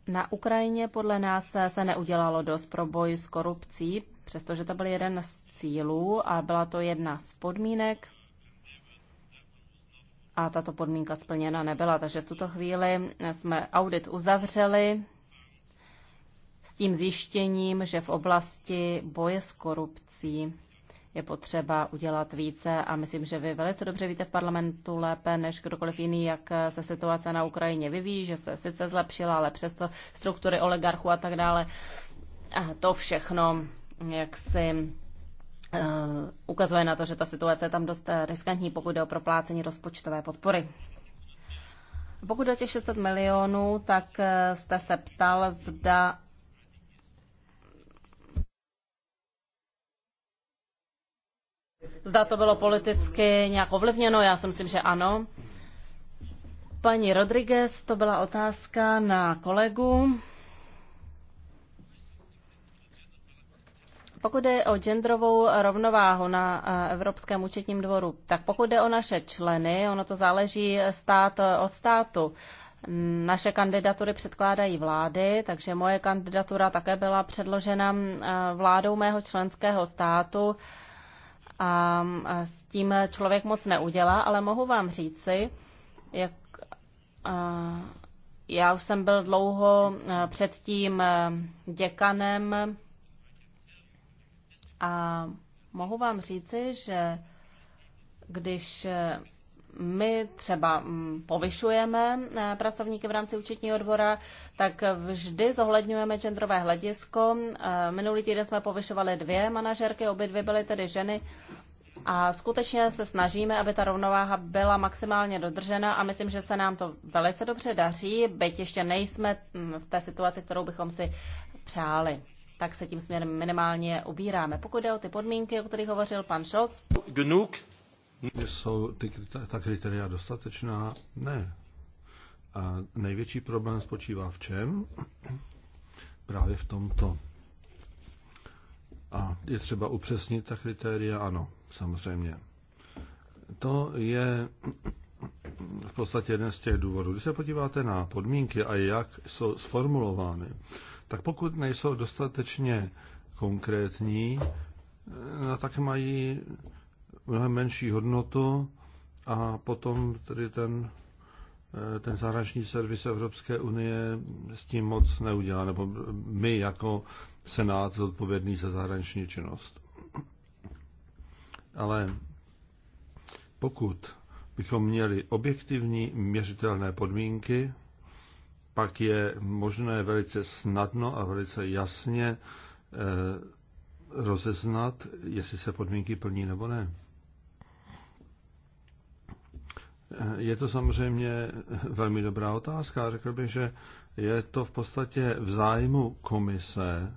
Na Ukrajině podle nás se neudělalo dost pro boj s korupcí přestože to byl jeden z cílů a byla to jedna z podmínek a tato podmínka splněna nebyla. Takže v tuto chvíli jsme audit uzavřeli s tím zjištěním, že v oblasti boje s korupcí je potřeba udělat více a myslím, že vy velice dobře víte v parlamentu lépe než kdokoliv jiný, jak se situace na Ukrajině vyvíjí, že se sice zlepšila, ale přesto struktury oligarchů a tak dále, to všechno jak si eh, ukazuje na to, že ta situace je tam dost eh, riskantní, pokud jde o proplácení rozpočtové podpory. Pokud jde o těch 600 milionů, tak eh, jste se ptal, zda Zda to bylo politicky nějak ovlivněno, já si myslím, že ano. Paní Rodriguez, to byla otázka na kolegu. Pokud jde o genderovou rovnováhu na eh, Evropském účetním dvoru, tak pokud jde o naše členy, ono to záleží stát eh, od státu. Naše kandidatury předkládají vlády, takže moje kandidatura také byla předložena eh, vládou mého členského státu a s tím člověk moc neudělá, ale mohu vám říci, jak já už jsem byl dlouho předtím děkanem a mohu vám říci, že když my třeba mm, povyšujeme eh, pracovníky v rámci účetního dvora, tak vždy zohledňujeme genderové hledisko. Eh, minulý týden jsme povyšovali dvě manažerky, obě dvě byly tedy ženy. A skutečně se snažíme, aby ta rovnováha byla maximálně dodržena a myslím, že se nám to velice dobře daří, byť ještě nejsme mm, v té situaci, kterou bychom si přáli tak se tím směrem minimálně ubíráme. Pokud jde o ty podmínky, o kterých hovořil pan Scholz. Genug. Jsou ty, ta kritéria dostatečná? Ne. A největší problém spočívá v čem? Právě v tomto. A je třeba upřesnit ta kritéria? Ano, samozřejmě. To je v podstatě jeden z těch důvodů. Když se podíváte na podmínky a jak jsou sformulovány, tak pokud nejsou dostatečně konkrétní, eh, no, tak mají mnohem menší hodnotu a potom tedy ten, eh, ten zahraniční servis Evropské unie s tím moc neudělá, nebo my jako Senát zodpovědný za zahraniční činnost. Ale pokud bychom měli objektivní měřitelné podmínky, pak je možné velice snadno a velice jasně eh, rozeznat, jestli se podmínky plní nebo ne. Eh, je to samozřejmě velmi dobrá otázka. Řekl bych, že je to v podstatě v zájmu komise,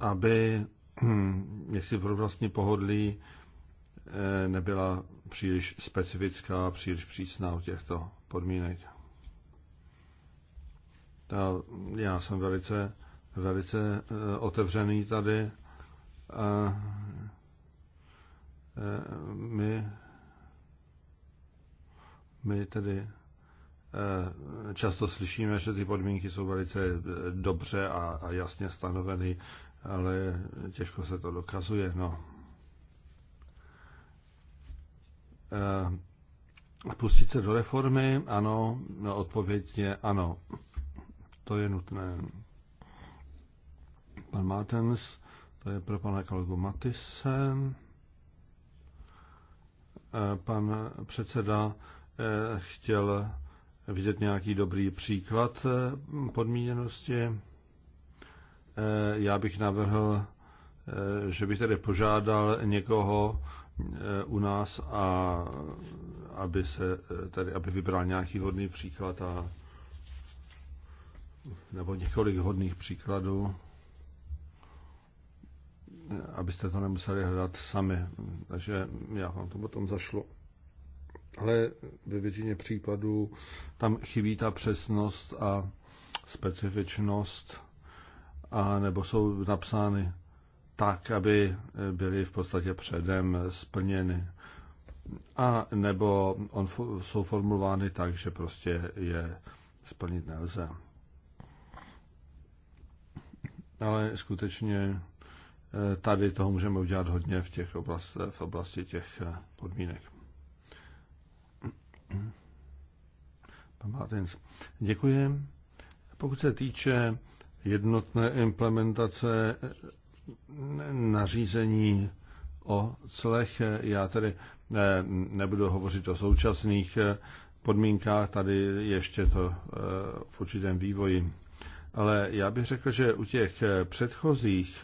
aby hm, jestli pro vlastní pohodlí eh, nebyla příliš specifická, příliš přísná u těchto podmínek. Já jsem velice, velice eh, otevřený tady. A eh, my, my tedy eh, často slyšíme, že ty podmínky jsou velice dobře a, a jasně stanoveny, ale těžko se to dokazuje. No. Pustit se do reformy? Ano, odpověď je ano to je nutné. Pan Martens, to je pro pana kolegu Matise. Eh, pan předseda eh, chtěl vidět nějaký dobrý příklad eh, podmíněnosti. Já bych navrhl, že bych tedy požádal někoho u nás, a aby, se, tedy, aby vybral nějaký hodný příklad a nebo několik hodných příkladů, abyste to nemuseli hledat sami. Takže já vám to potom zašlu. Ale ve většině případů tam chybí ta přesnost a specifičnost, a nebo jsou napsány tak, aby byly v podstatě předem splněny. A nebo on, jsou formulovány tak, že prostě je splnit nelze ale skutečně eh, tady toho můžeme udělat hodně v, těch oblast, v oblasti těch eh, podmínek. Pan Martins, děkuji. Pokud se týče jednotné implementace eh, nařízení o clech, já tedy nebudu hovořit o současných podmínkách, tady ještě to v určitém vývoji ale já bych řekl, že u těch eh, předchozích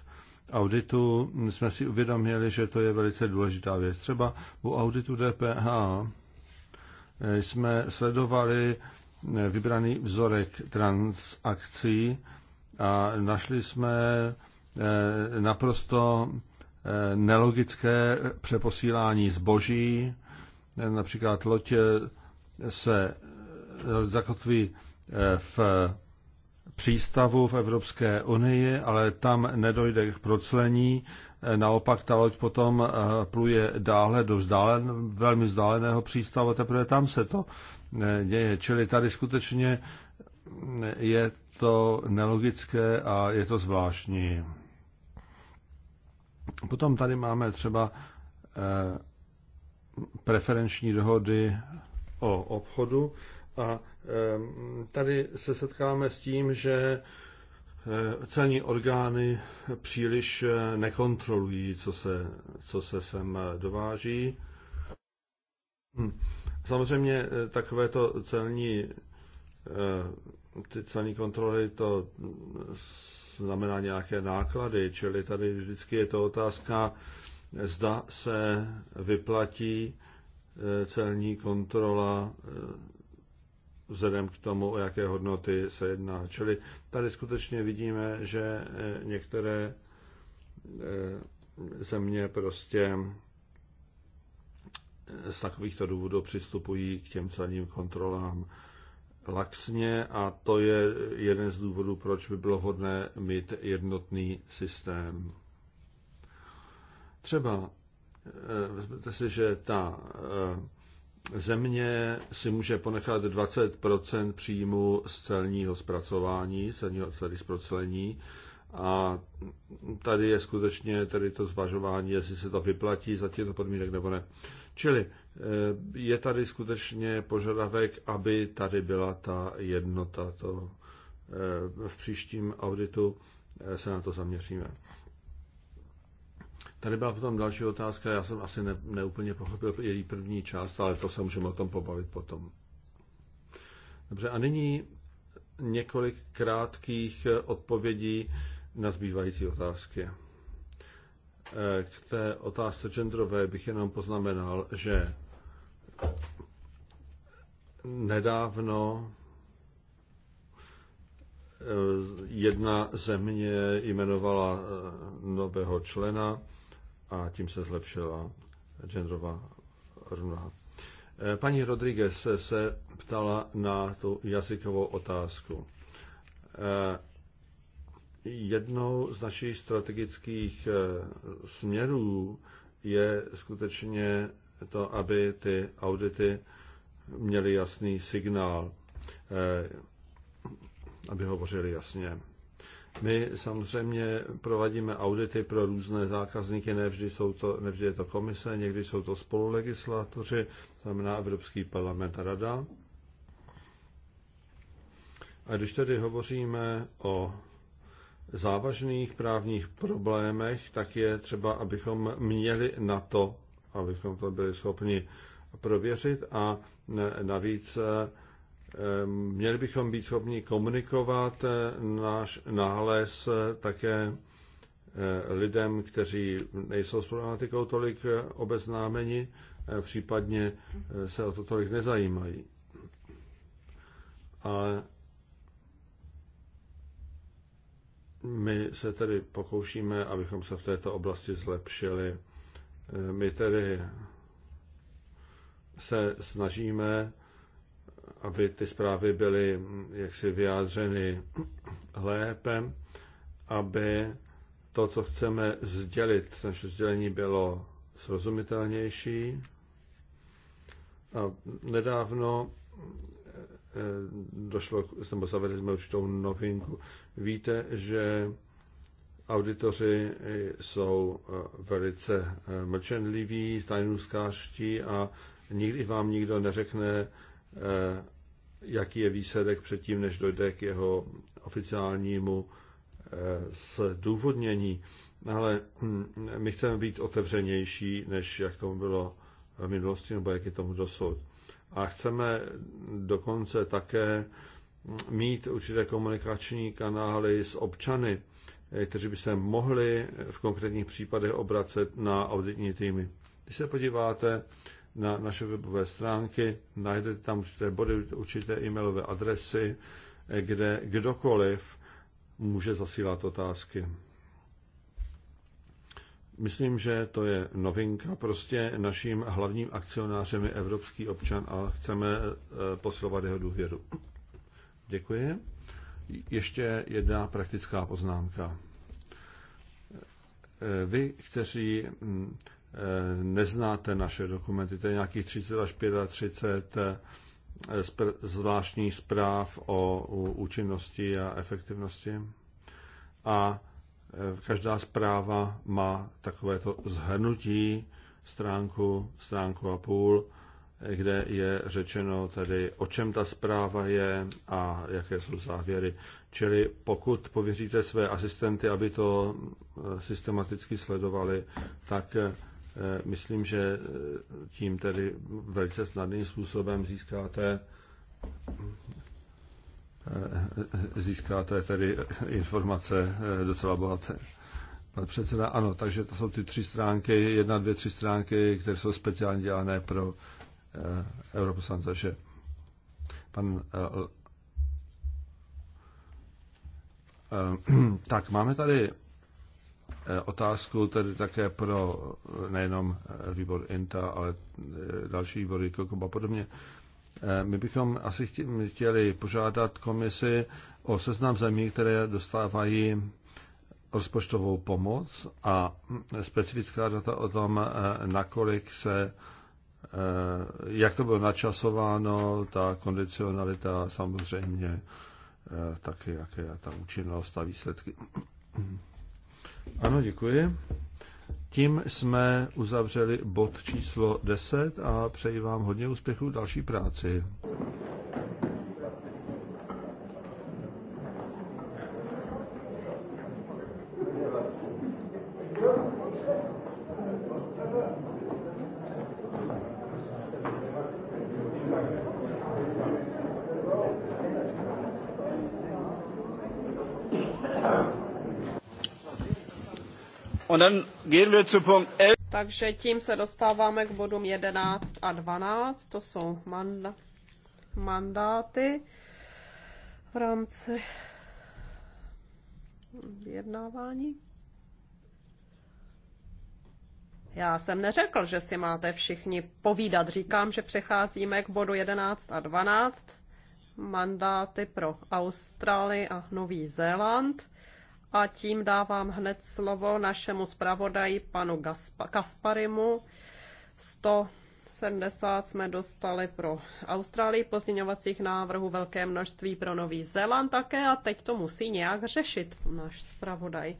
auditů jsme si uvědomili, že to je velice důležitá věc. Třeba u auditu DPH eh, jsme sledovali eh, vybraný vzorek transakcí a našli jsme naprosto nelogické přeposílání zboží. Například lotě se zakotví v přístavů v Evropské unii, ale tam nedojde k proclení. Naopak ta loď potom eh, pluje dále do vzdálen, velmi vzdáleného přístavu, teprve tam se to eh, děje. Čili tady skutečně eh, je to nelogické a je to zvláštní. Potom tady máme třeba preferenční dohody o obchodu. A eh, tady se setkáme s tím, že eh, celní orgány příliš eh, nekontrolují, co se, co se sem dováží. Hm. Samozřejmě to celní, ty celní kontroly, to znamená nějaké náklady, čili tady vždycky je to otázka, zda se vyplatí celní kontrola vzhledem k tomu, o jaké hodnoty se jedná. Čili tady skutečně vidíme, že eh, některé eh, země prostě eh, z takovýchto důvodů přistupují k těm celním kontrolám laxně a to je jeden z důvodů, proč by bylo vhodné mít jednotný systém. Třeba vezmete si, že ta země si může ponechat 20 příjmu z celního zpracování, celního, zpracování. A tady je skutečně tady to zvažování, jestli se to vyplatí za těchto podmínek nebo ne. Čili eh, je tady skutečně požadavek, aby tady byla ta jednota. To eh, v příštím auditu eh, se na to zaměříme. Tady byla potom další otázka, já jsem asi ne, neúplně pochopil její první část, ale to se můžeme o tom pobavit potom. Dobře, a nyní několik krátkých eh, odpovědí na zbývající otázky. Eh, k té otázce genderové bych jenom poznamenal, že nedávno eh, jedna země jmenovala nového člena a tím se zlepšila genderová rovnováha. Eh, paní Rodriguez se ptala na tu jazykovou otázku. Eh, jednou z našich strategických eh, směrů je skutečně to, aby ty audity měly jasný signál, aby hovořili jasně. My samozřejmě provadíme audity pro různé zákazníky, nevždy, jsou to, nevždy je to komise, někdy jsou to spolulegislátoři, znamená Evropský parlament a rada. A když tedy hovoříme o závažných právních problémech, tak je třeba, abychom měli na to, abychom to byli schopni prověřit a navíc Ehm, měli bychom být schopni komunikovat eh, náš nález eh, také eh, lidem, kteří nejsou s problematikou tolik obeznámeni, případně se o to tolik nezajímají. Ale my se tedy pokoušíme, abychom se v této oblasti zlepšili. My tedy se snažíme aby ty zprávy byly mm, jaksi vyjádřeny lépe, aby to, co chceme sdělit, naše sdělení bylo srozumitelnější. A nedávno eh, eh, došlo, nebo zavedli jsme určitou novinku. Víte, že auditoři eh, jsou velice mlčenliví, tajnůskářští a nikdy vám nikdo neřekne, Eh, jaký je výsledek předtím, než dojde k jeho oficiálnímu eh, zdůvodnění. Ale hm, my chceme být otevřenější, než jak tomu bylo v minulosti, nebo jak je tomu dosud. A chceme dokonce také hm, mít určité komunikační kanály s občany, eh, kteří by se mohli v konkrétních případech obracet na auditní týmy. Když se podíváte na naše webové stránky, najdete tam určité body, určité e-mailové adresy, kde kdokoliv může zasílat otázky. Myslím, že to je novinka. Prostě naším hlavním akcionářem je evropský občan a chceme eh, posilovat jeho důvěru. Děkuji. Ještě jedna praktická poznámka. Eh, vy, kteří hm, Eh, neznáte naše dokumenty, to je nějakých 30 až 35 eh, zvláštních zpráv o účinnosti a efektivnosti. A eh, každá zpráva má takovéto zhrnutí, stránku, stránku a půl, kde je řečeno tedy, o čem ta zpráva je a jaké jsou závěry. Čili pokud pověříte své asistenty, aby to systematicky sledovali, tak Eh, myslím, že eh, tím tedy velice snadným způsobem získáte eh, získáte tedy informace docela bohaté. Pan předseda, ano, takže to jsou ty tři stránky, jedna, dvě, tři stránky, které jsou speciálně dělané pro eh, europoslance, že pan eh, eh, tak máme tady otázku tedy také pro eh, nejenom eh, výbor INTA, ale eh, další výbory, KOKOB a podobně. My bychom asi chtěli požádat komisi o seznam zemí, které dostávají rozpočtovou pomoc a hm, specifická data o tom, nakolik se, jak to bylo načasováno, ta kondicionalita samozřejmě, taky jaké je ta účinnost a výsledky. Ano, děkuji. Tím jsme uzavřeli bod číslo 10 a přeji vám hodně úspěchů v další práci. Takže tím se dostáváme k bodům 11 a 12, to jsou manda- mandáty v rámci vyjednávání. Já jsem neřekl, že si máte všichni povídat. Říkám, že přecházíme k bodu 11 a 12. Mandáty pro Austrálii a Nový Zéland. A tím dávám hned slovo našemu zpravodaji panu Gaspa- Kasparimu. 170 jsme dostali pro Austrálii, pozměňovacích návrhů velké množství pro Nový Zéland také a teď to musí nějak řešit náš zpravodaj.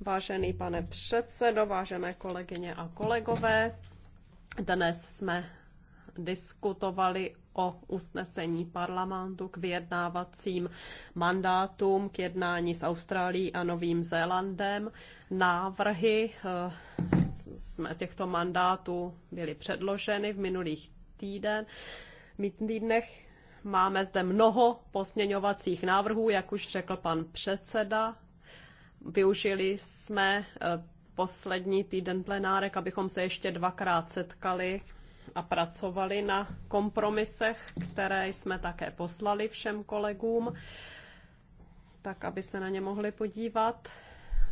Vážený pane předsedo, vážené kolegyně a kolegové, dnes jsme diskutovali o usnesení parlamentu k vyjednávacím mandátům k jednání s Austrálií a Novým Zélandem. Návrhy eh, jsme těchto mandátů byly předloženy v minulých týden, týdnech. Máme zde mnoho posměňovacích návrhů, jak už řekl pan předseda. Využili jsme eh, poslední týden plenárek, abychom se ještě dvakrát setkali a pracovali na kompromisech, které jsme také poslali všem kolegům, tak aby se na ně mohli podívat.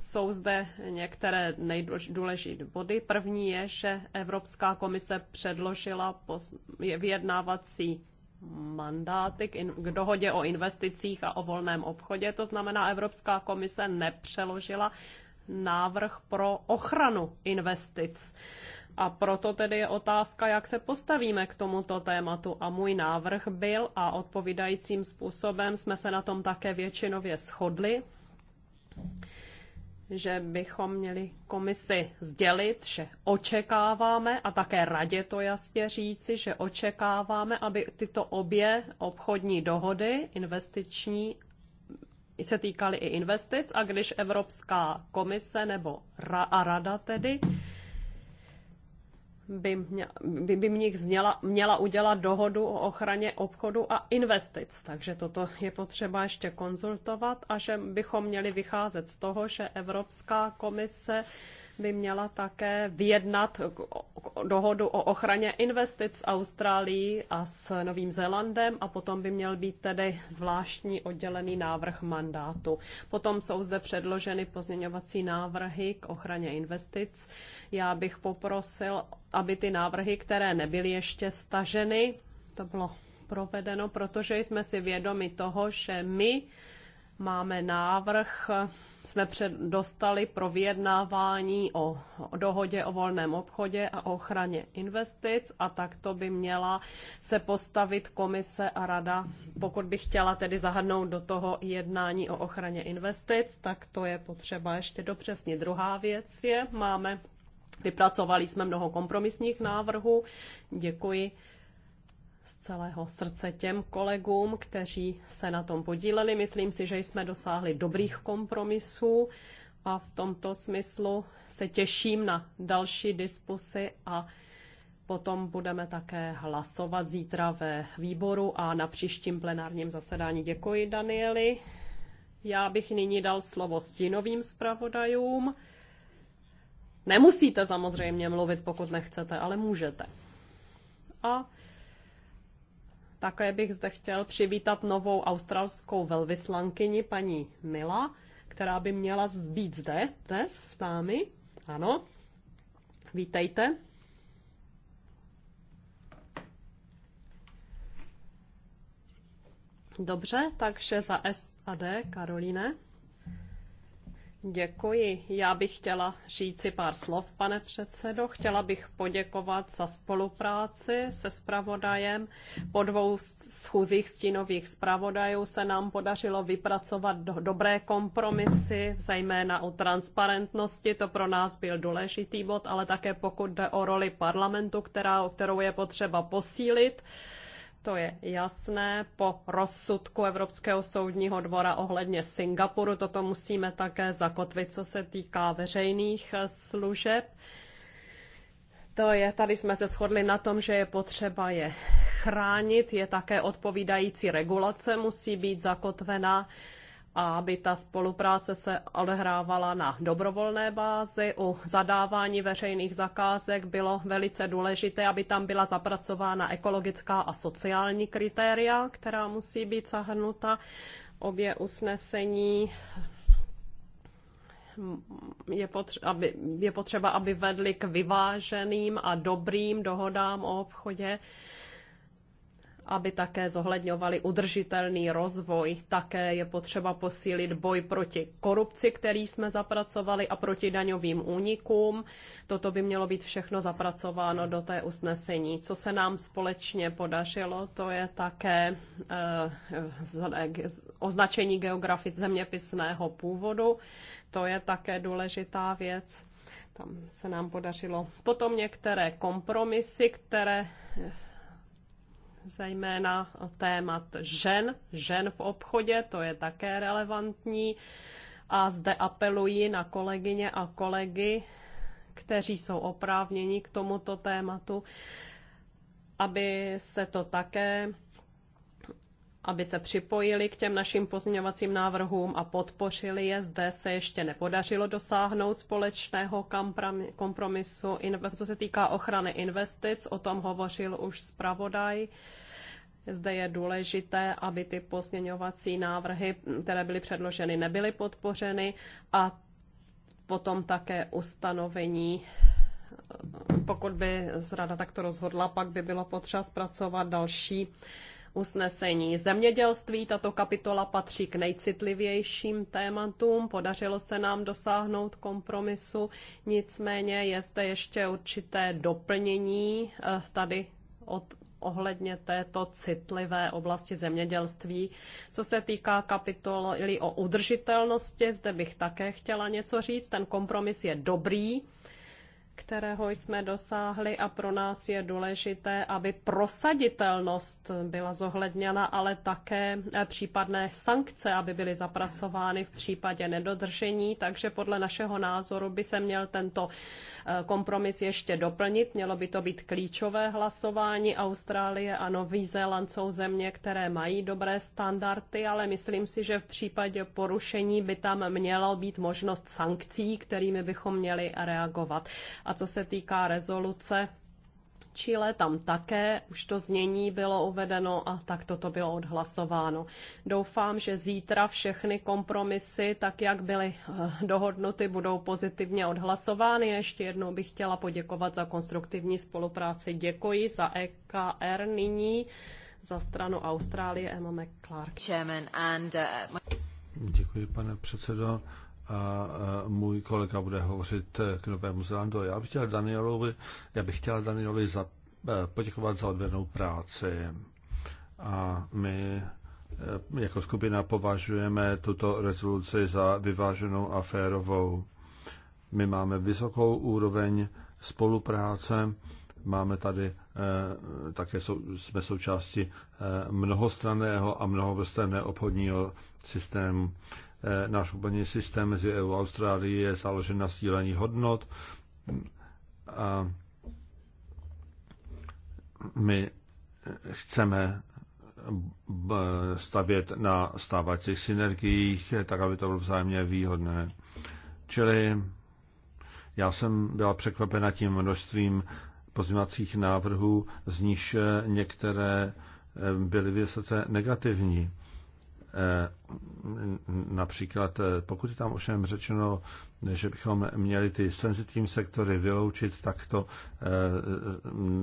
Jsou zde některé nejdůležitější body. První je, že Evropská komise předložila vyjednávací mandáty k, dohodě o investicích a o volném obchodě. To znamená, Evropská komise nepřeložila návrh pro ochranu investic. A proto tedy je otázka, jak se postavíme k tomuto tématu. A můj návrh byl, a odpovídajícím způsobem jsme se na tom také většinově shodli, že bychom měli komisi sdělit, že očekáváme a také radě to jasně říci, že očekáváme, aby tyto obě obchodní dohody, investiční se týkaly i investic a když Evropská komise nebo ra, a rada tedy by, mě, by, by mě zněla, měla udělat dohodu o ochraně obchodu a investic. Takže toto je potřeba ještě konzultovat a že bychom měli vycházet z toho, že Evropská komise by měla také vyjednat dohodu o ochraně investic s Austrálií a s Novým Zélandem a potom by měl být tedy zvláštní oddělený návrh mandátu. Potom jsou zde předloženy pozměňovací návrhy k ochraně investic. Já bych poprosil, aby ty návrhy, které nebyly ještě staženy, to bylo provedeno, protože jsme si vědomi toho, že my Máme návrh, jsme před, dostali pro vyjednávání o, o dohodě o volném obchodě a o ochraně investic a tak to by měla se postavit komise a rada. Pokud by chtěla tedy zahrnout do toho jednání o ochraně investic, tak to je potřeba ještě dopřesně. Druhá věc je, máme Vypracovali jsme mnoho kompromisních návrhů. Děkuji celého srdce těm kolegům, kteří se na tom podíleli. Myslím si, že jsme dosáhli dobrých kompromisů a v tomto smyslu se těším na další diskusy a potom budeme také hlasovat zítra ve výboru a na příštím plenárním zasedání. Děkuji, Danieli. Já bych nyní dal slovo stínovým zpravodajům. Nemusíte samozřejmě mluvit, pokud nechcete, ale můžete. A také bych zde chtěl přivítat novou australskou velvyslankyni paní Mila, která by měla být zde dnes s námi. Ano, vítejte. Dobře, takže za SAD, Karolíne. Děkuji. Já bych chtěla říci pár slov, pane předsedo. Chtěla bych poděkovat za spolupráci se spravodajem. Po dvou schůzích stínových zpravodajů se nám podařilo vypracovat do dobré kompromisy, zejména o transparentnosti. To pro nás byl důležitý bod, ale také pokud jde o roli parlamentu, která, kterou je potřeba posílit to je jasné. Po rozsudku Evropského soudního dvora ohledně Singapuru toto musíme také zakotvit, co se týká veřejných eh, služeb. To je, tady jsme se shodli na tom, že je potřeba je chránit, je také odpovídající regulace musí být zakotvena a aby ta spolupráce se odehrávala na dobrovolné bázi. U zadávání veřejných zakázek bylo velice důležité, aby tam byla zapracována ekologická a sociální kritéria, která musí být zahrnuta. Obě usnesení je, potřeba, aby, je potřeba, aby vedly k vyváženým a dobrým dohodám o obchodě aby také zohledňovali udržitelný rozvoj. Také je potřeba posílit boj proti korupci, který jsme zapracovali, a proti daňovým únikům. Toto by mělo být všechno zapracováno do té usnesení. Co se nám společně podařilo, to je také eh, označení geografic zeměpisného původu. To je také důležitá věc tam se nám podařilo potom některé kompromisy, které zejména témat žen, žen v obchodě, to je také relevantní. A zde apeluji na kolegyně a kolegy, kteří jsou oprávněni k tomuto tématu, aby se to také aby se připojili k těm našim pozměňovacím návrhům a podpořili je. Zde se ještě nepodařilo dosáhnout společného kompromisu. Co se týká ochrany investic, o tom hovořil už zpravodaj. Zde je důležité, aby ty pozměňovací návrhy, které byly předloženy, nebyly podpořeny a potom také ustanovení pokud by zrada takto rozhodla, pak by bylo potřeba zpracovat další usnesení. Zemědělství tato kapitola patří k nejcitlivějším tématům. Podařilo se nám dosáhnout kompromisu, nicméně je zde ještě určité doplnění eh, tady od ohledně této citlivé oblasti zemědělství. Co se týká kapitoly o udržitelnosti, zde bych také chtěla něco říct. Ten kompromis je dobrý kterého jsme dosáhli a pro nás je důležité, aby prosaditelnost byla zohledněna, ale také eh, případné sankce, aby byly zapracovány v případě nedodržení. Takže podle našeho názoru by se měl tento eh, kompromis ještě doplnit. Mělo by to být klíčové hlasování. Austrálie a Nový Zéland jsou země, které mají dobré standardy, ale myslím si, že v případě porušení by tam měla být možnost sankcí, kterými bychom měli reagovat. A co se týká rezoluce Chile, tam také už to znění bylo uvedeno a tak toto bylo odhlasováno. Doufám, že zítra všechny kompromisy, tak jak byly eh, dohodnuty, budou pozitivně odhlasovány. Ještě jednou bych chtěla poděkovat za konstruktivní spolupráci. Děkuji za EKR nyní za stranu Austrálie Emma McClark. Eh, Děkuji, pane předsedo a můj kolega bude hovořit k Novému Zelandu. Já bych chtěl Danielovi, já bych chtěl Danielovi za, e, poděkovat za odvednou práci. A my e, jako skupina považujeme tuto rezoluci za vyváženou a férovou. My máme vysokou úroveň spolupráce, máme tady e, také jsou, jsme součástí mnohostranného a mnohovrstevného obchodního systému. Eh, náš obchodní systém mezi EU a Austrálií je založen na sdílení hodnot a my chceme stavět na stávajících synergiích, tak aby to bylo vzájemně výhodné. Čili já jsem byla překvapena tím množstvím pozměňovacích návrhů, z níž některé eh, byly vysoce negativní. Eh, například, eh, pokud je tam ovšem řečeno, že bychom měli ty senzitivní sektory vyloučit, tak to eh,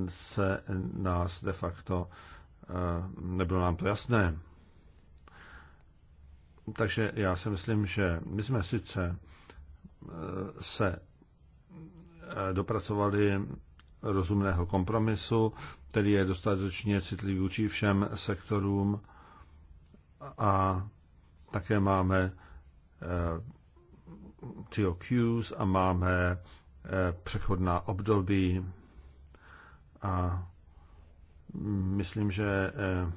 se nás de facto nebylo nám to jasné. Takže já si myslím, že my jsme sice se dopracovali rozumného kompromisu, který je dostatečně citlivý vůči všem sektorům, a také máme eh, TOQs a máme eh, přechodná období a myslím, že eh,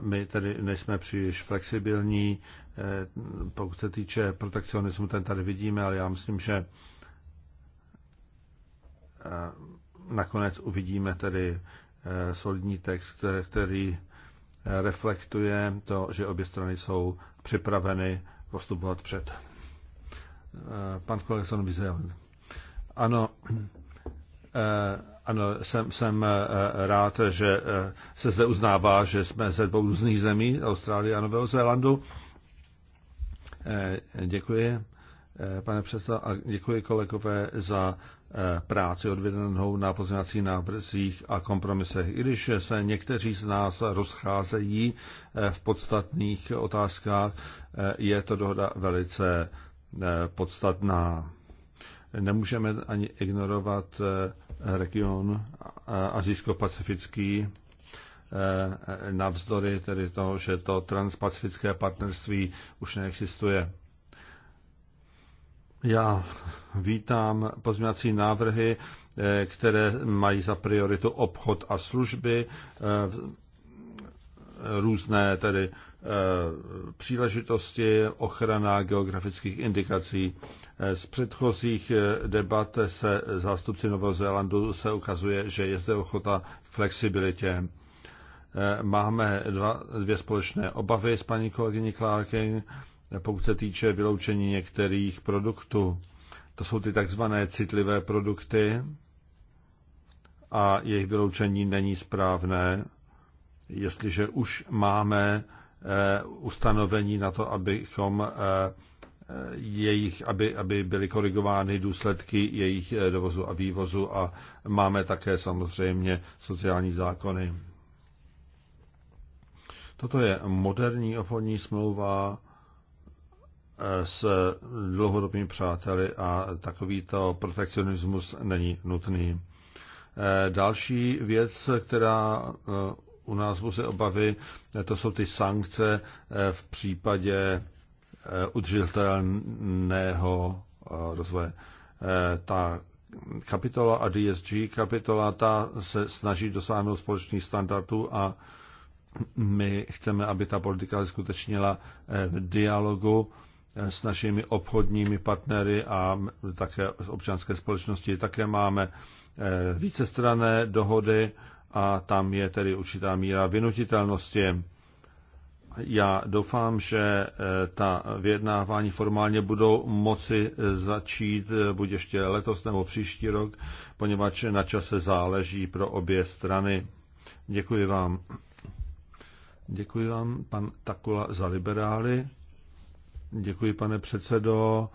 my tady nejsme příliš flexibilní, pokud se týče protekcionismu, ten tady vidíme, ale já myslím, že nakonec uvidíme tedy solidní text, který reflektuje to, že obě strany jsou připraveny postupovat před. Pan Kolekson Vizel. Ano, eh, ano, jsem, jsem eh, rád, že eh, se zde uznává, že jsme ze dvou různých zemí, Austrálie a Nového Zélandu. Děkuji, pane předsedo, a děkuji kolegové za Eh, práci odvedenou na pozměňovacích návrzích a kompromisech. I když se někteří z nás rozcházejí eh, v podstatných otázkách, eh, je to dohoda velice podstatná. Nemůžeme ani ignorovat region azijsko-pacifický, navzdory tedy toho, že to transpacifické partnerství už neexistuje. Já vítám pozměňovací návrhy, eh, které mají za prioritu obchod a služby, eh, různé tedy eh, příležitosti, ochrana geografických indikací. Z předchozích debat se zástupci Nového Zélandu se ukazuje, že je zde ochota k flexibilitě. Máme dva, dvě společné obavy s paní kolegyní Clarking pokud se týče vyloučení některých produktů. To jsou ty takzvané citlivé produkty a jejich vyloučení není správné, jestliže už máme eh, ustanovení na to, abychom eh, jejich, aby, aby byly korigovány důsledky jejich eh, dovozu a vývozu a máme také samozřejmě sociální zákony. Toto je moderní obchodní smlouva, s dlouhodobými přáteli a takovýto protekcionismus není nutný. Eh, další věc, která eh, u nás bude obavy, eh, to jsou ty sankce v případě udržitelného rozvoje. Ta kapitola a DSG kapitola, ta se snaží dosáhnout společných standardů a my chceme, aby ta politika skutečnila v dialogu s našimi obchodními partnery a také z občanské společnosti. Také máme eh, vícestrané dohody a tam je tedy určitá míra vynutitelnosti. Já doufám, že eh, ta vyjednávání formálně budou moci začít eh, buď ještě letos nebo příští rok, poněvadž na čase záleží pro obě strany. Děkuji vám. Děkuji vám, pan Takula, za liberály. Děkuji, pane předsedo.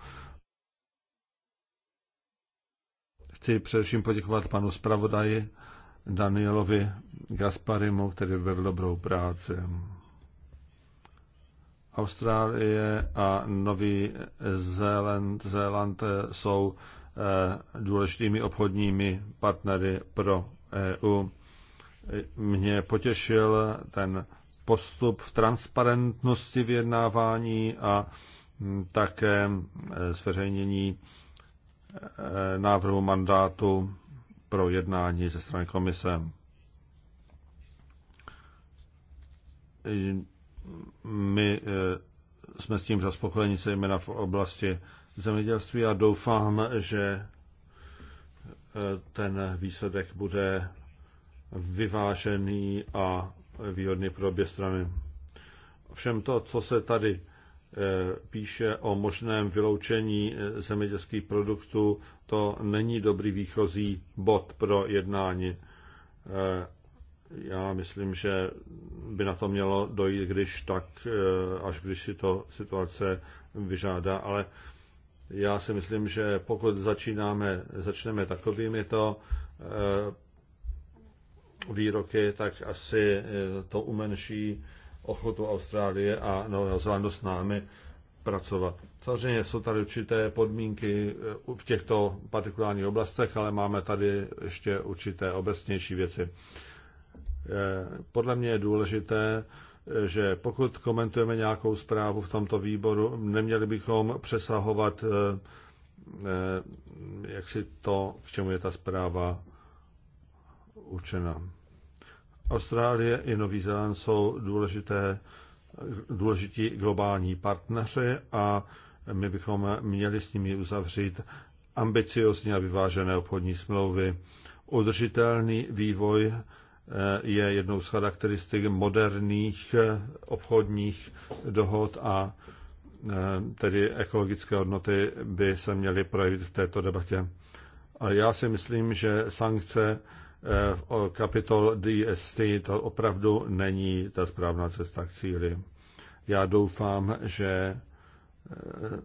Chci především poděkovat panu zpravodaji Danielovi Gasparimu, který vedl dobrou práci. Austrálie a Nový Zéland, Zéland jsou eh, důležitými obchodními partnery pro EU. Mě potěšil ten postup v transparentnosti vyjednávání a také eh, zveřejnění eh, návrhu mandátu pro jednání ze strany komise. My eh, jsme s tím zaspokojeni zejména v oblasti zemědělství a doufám, že ten výsledek bude vyvážený a výhodný pro obě strany. Všem to, co se tady Eh, píše o možném vyloučení eh, zemědělských produktů, to není dobrý výchozí bod pro jednání. Eh, já myslím, že by na to mělo dojít, když tak, až když si to situace vyžádá, ale já si myslím, že pokud začínáme, začneme takovými to výroky, tak asi to umenší ochotu Austrálie a Nového Zelandu s námi pracovat. Samozřejmě jsou tady určité podmínky eh, v těchto partikulárních oblastech, ale máme tady ještě určité obecnější věci. Eh, podle mě je důležité, eh, že pokud komentujeme nějakou zprávu v tomto výboru, neměli bychom přesahovat jak si to, k čemu je ta zpráva určena. Austrálie i Nový Zéland jsou důležité, důležití globální partneři a my bychom měli s nimi uzavřít ambiciozně a vyvážené obchodní smlouvy. Udržitelný vývoj eh, je jednou z charakteristik moderních eh, obchodních dohod a eh, tedy ekologické hodnoty by se měly projevit v této debatě. A já si myslím, že sankce v kapitol DST to opravdu není ta správná cesta k cíli. Já doufám, že e,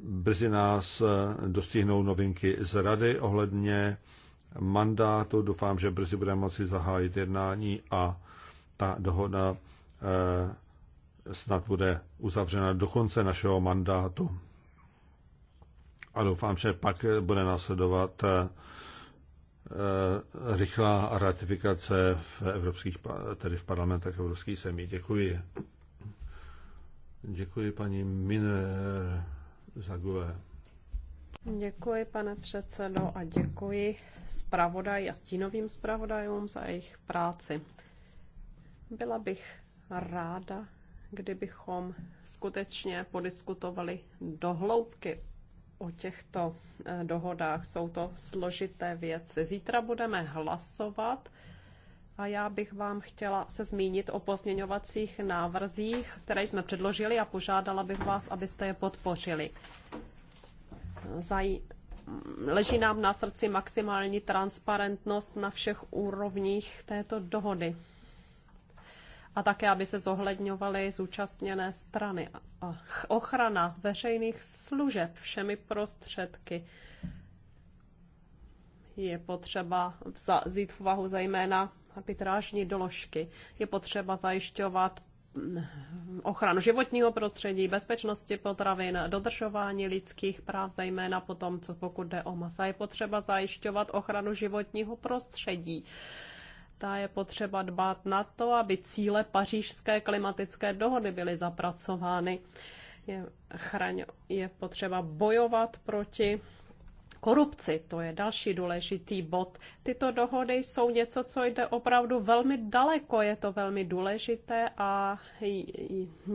brzy nás e, dostihnou novinky z rady ohledně mandátu. Doufám, že brzy budeme moci zahájit jednání a ta dohoda e, snad bude uzavřena do konce našeho mandátu. A doufám, že pak bude následovat Eh, rychlá ratifikace v evropských, tedy v parlamentech evropských zemí. Děkuji. Děkuji paní Miner Zagové. Děkuji, pane předsedo, a děkuji zpravodaj a stínovým zpravodajům za jejich práci. Byla bych ráda, kdybychom skutečně podiskutovali dohloubky o těchto eh, dohodách. Jsou to složité věci. Zítra budeme hlasovat a já bych vám chtěla se zmínit o pozměňovacích návrzích, které jsme předložili a požádala bych vás, abyste je podpořili. Zaj... Leží nám na srdci maximální transparentnost na všech úrovních této dohody a také, aby se zohledňovaly zúčastněné strany. A ochrana veřejných služeb všemi prostředky je potřeba vzít v uvahu zejména arbitrážní doložky. Je potřeba zajišťovat mm, ochranu životního prostředí, bezpečnosti potravin, dodržování lidských práv, zejména potom, co pokud jde o masa, je potřeba zajišťovat ochranu životního prostředí ta je potřeba dbát na to, aby cíle pařížské klimatické dohody byly zapracovány. Je, chraň, je potřeba bojovat proti korupci, to je další důležitý bod. Tyto dohody jsou něco, co jde opravdu velmi daleko, je to velmi důležité a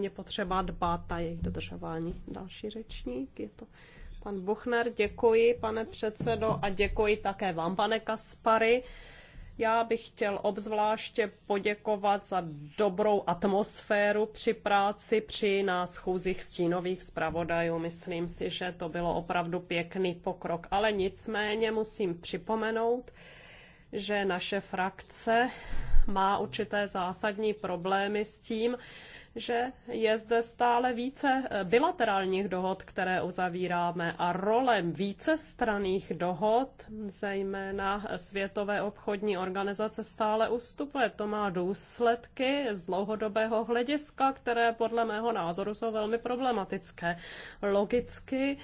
je potřeba dbát na jejich dodržování. Další řečník je to pan Buchner, děkuji pane předsedo a děkuji také vám pane Kaspary já bych chtěl obzvláště poděkovat za dobrou atmosféru při práci, při nás chůzích stínových zpravodajů. Myslím si, že to bylo opravdu pěkný pokrok, ale nicméně musím připomenout, že naše frakce má určité zásadní problémy s tím, že je zde stále více eh, bilaterálních dohod, které uzavíráme a rolem vícestranných dohod, zejména Světové obchodní organizace, stále ustupuje. To má důsledky z dlouhodobého hlediska, které podle mého názoru jsou velmi problematické. Logicky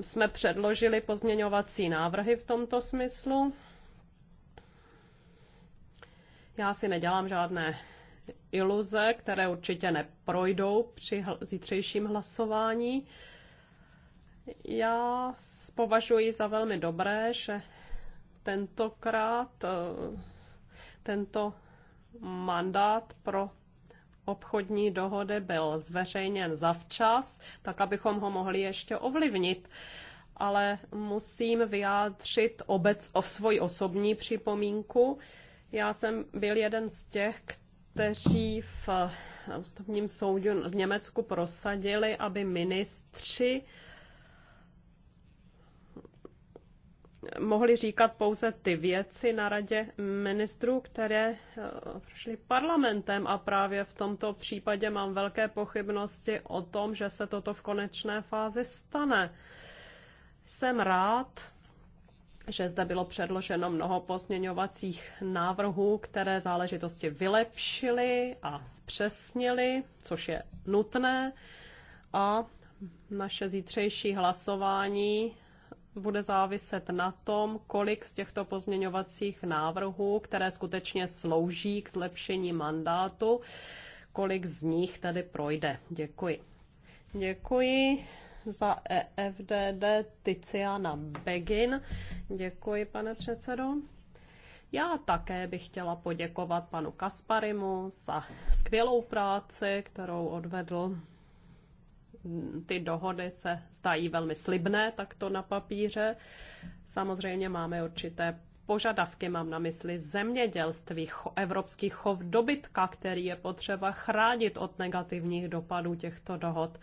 jsme předložili pozměňovací návrhy v tomto smyslu. Já si nedělám žádné iluze, které určitě neprojdou při hl- zítřejším hlasování. Já považuji za velmi dobré, že tentokrát eh, tento mandát pro obchodní dohody byl zveřejněn zavčas, tak abychom ho mohli ještě ovlivnit. Ale musím vyjádřit obec o svoji osobní připomínku. Já jsem byl jeden z těch, kteří v eh, ústavním soudu v Německu prosadili, aby ministři mohli říkat pouze ty věci na radě ministrů, které eh, prošly parlamentem a právě v tomto případě mám velké pochybnosti o tom, že se toto v konečné fázi stane. Jsem rád, že zde bylo předloženo mnoho pozměňovacích návrhů, které záležitosti vylepšily a zpřesnily, což je nutné. A naše zítřejší hlasování bude záviset na tom, kolik z těchto pozměňovacích návrhů, které skutečně slouží k zlepšení mandátu, kolik z nich tady projde. Děkuji. Děkuji za EFDD Tiziana Begin. Děkuji, pane předsedo. Já také bych chtěla poděkovat panu Kasparimu za skvělou práci, kterou odvedl. Ty dohody se zdají velmi slibné takto na papíře. Samozřejmě máme určité požadavky, mám na mysli zemědělství, cho, evropský chov dobytka, který je potřeba chránit od negativních dopadů těchto dohod.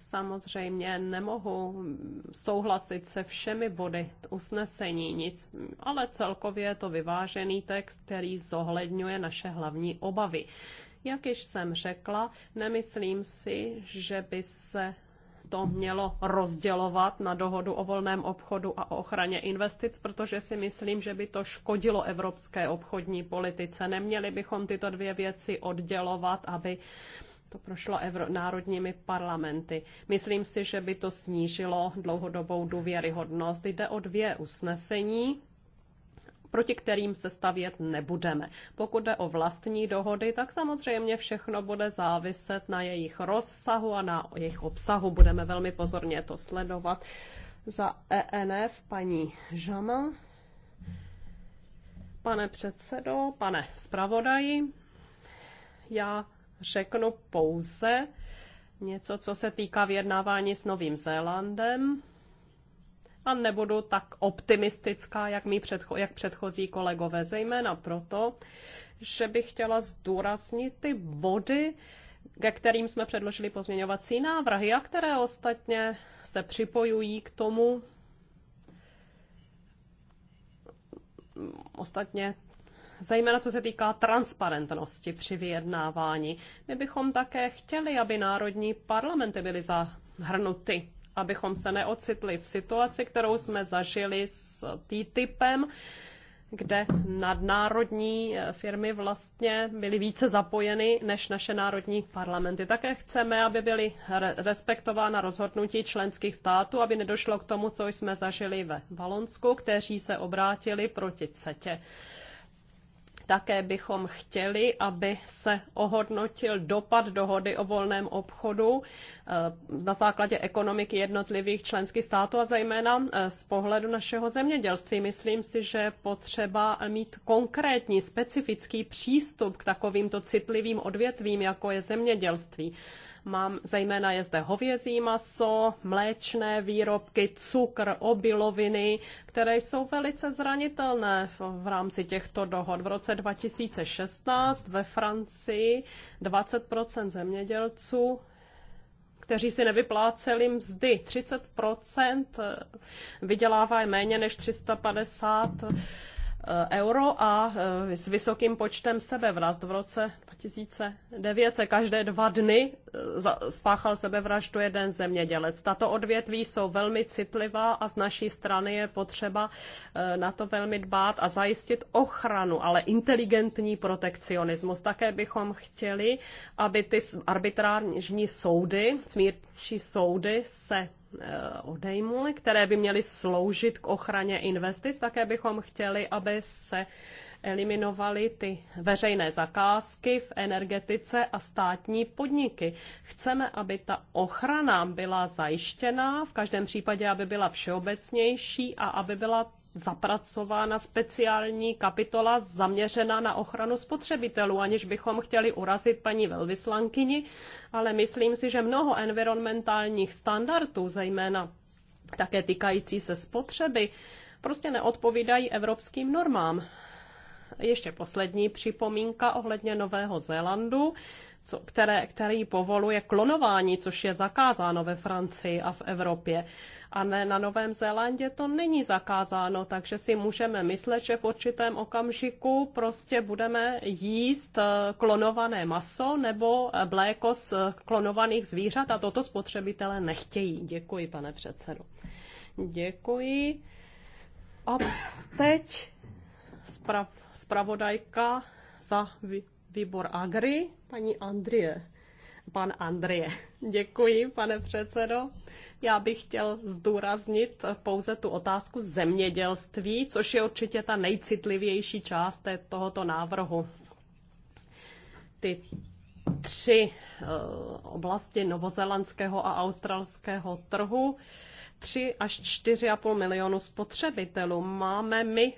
Samozřejmě nemohu souhlasit se všemi body usnesení, nic, ale celkově je to vyvážený text, který zohledňuje naše hlavní obavy. Jak již jsem řekla, nemyslím si, že by se to mělo rozdělovat na dohodu o volném obchodu a o ochraně investic, protože si myslím, že by to škodilo evropské obchodní politice. Neměli bychom tyto dvě věci oddělovat, aby to prošlo evro, národními parlamenty. Myslím si, že by to snížilo dlouhodobou důvěryhodnost. Jde o dvě usnesení proti kterým se stavět nebudeme. Pokud jde o vlastní dohody, tak samozřejmě všechno bude záviset na jejich rozsahu a na jejich obsahu. Budeme velmi pozorně to sledovat. Za ENF paní Žama. Pane předsedo, pane zpravodaji, já řeknu pouze něco, co se týká vyjednávání s Novým Zélandem a nebudu tak optimistická, jak, mý předcho- jak předchozí kolegové, zejména proto, že bych chtěla zdůraznit ty body, ke kterým jsme předložili pozměňovací návrhy a které ostatně se připojují k tomu, ostatně zejména co se týká transparentnosti při vyjednávání. My bychom také chtěli, aby národní parlamenty byly zahrnuty abychom se neocitli v situaci, kterou jsme zažili s TTIPem, kde nadnárodní firmy vlastně byly více zapojeny než naše národní parlamenty. Také chceme, aby byly respektována rozhodnutí členských států, aby nedošlo k tomu, co jsme zažili ve Valonsku, kteří se obrátili proti CETě. Také bychom chtěli, aby se ohodnotil dopad dohody o volném obchodu eh, na základě ekonomiky jednotlivých členských států a zejména eh, z pohledu našeho zemědělství. Myslím si, že je potřeba mít konkrétní, specifický přístup k takovýmto citlivým odvětvím, jako je zemědělství. Mám, zejména je zde hovězí maso, mléčné výrobky, cukr, obiloviny, které jsou velice zranitelné v, v rámci těchto dohod. V roce 2016 ve Francii 20 zemědělců kteří si nevypláceli mzdy. 30% eh, vydělává méně než 350 eh, euro a eh, s vysokým počtem sebevrast. V roce 2009 se každé dva dny e, spáchal sebevraždu jeden zemědělec. Tato odvětví jsou velmi citlivá a z naší strany je potřeba e, na to velmi dbát a zajistit ochranu, ale inteligentní protekcionismus. Také bychom chtěli, aby ty arbitrární soudy, smírčí soudy se Eh, odejmuly, které by měly sloužit k ochraně investic. Také bychom chtěli, aby se eliminovaly ty veřejné zakázky v energetice a státní podniky. Chceme, aby ta ochrana byla zajištěná, v každém případě, aby byla všeobecnější a aby byla zapracována speciální kapitola zaměřená na ochranu spotřebitelů, aniž bychom chtěli urazit paní velvyslankyni, ale myslím si, že mnoho environmentálních standardů, zejména také týkající se spotřeby, prostě neodpovídají evropským normám ještě poslední připomínka ohledně Nového Zélandu, co, které, který povoluje klonování, což je zakázáno ve Francii a v Evropě. A ne, na Novém Zélandě to není zakázáno, takže si můžeme myslet, že v určitém okamžiku prostě budeme jíst eh, klonované maso nebo bléko eh, z eh, klonovaných zvířat a toto spotřebitele nechtějí. Děkuji, pane předsedo. Děkuji. A teď zprav zpravodajka za výbor Agri, paní Andrie. Pan Andrie. Děkuji, pane předsedo. Já bych chtěl zdůraznit pouze tu otázku zemědělství, což je určitě ta nejcitlivější část tohoto návrhu. Ty tři eh, oblasti novozelandského a australského trhu, 3 až 4,5 milionu spotřebitelů máme my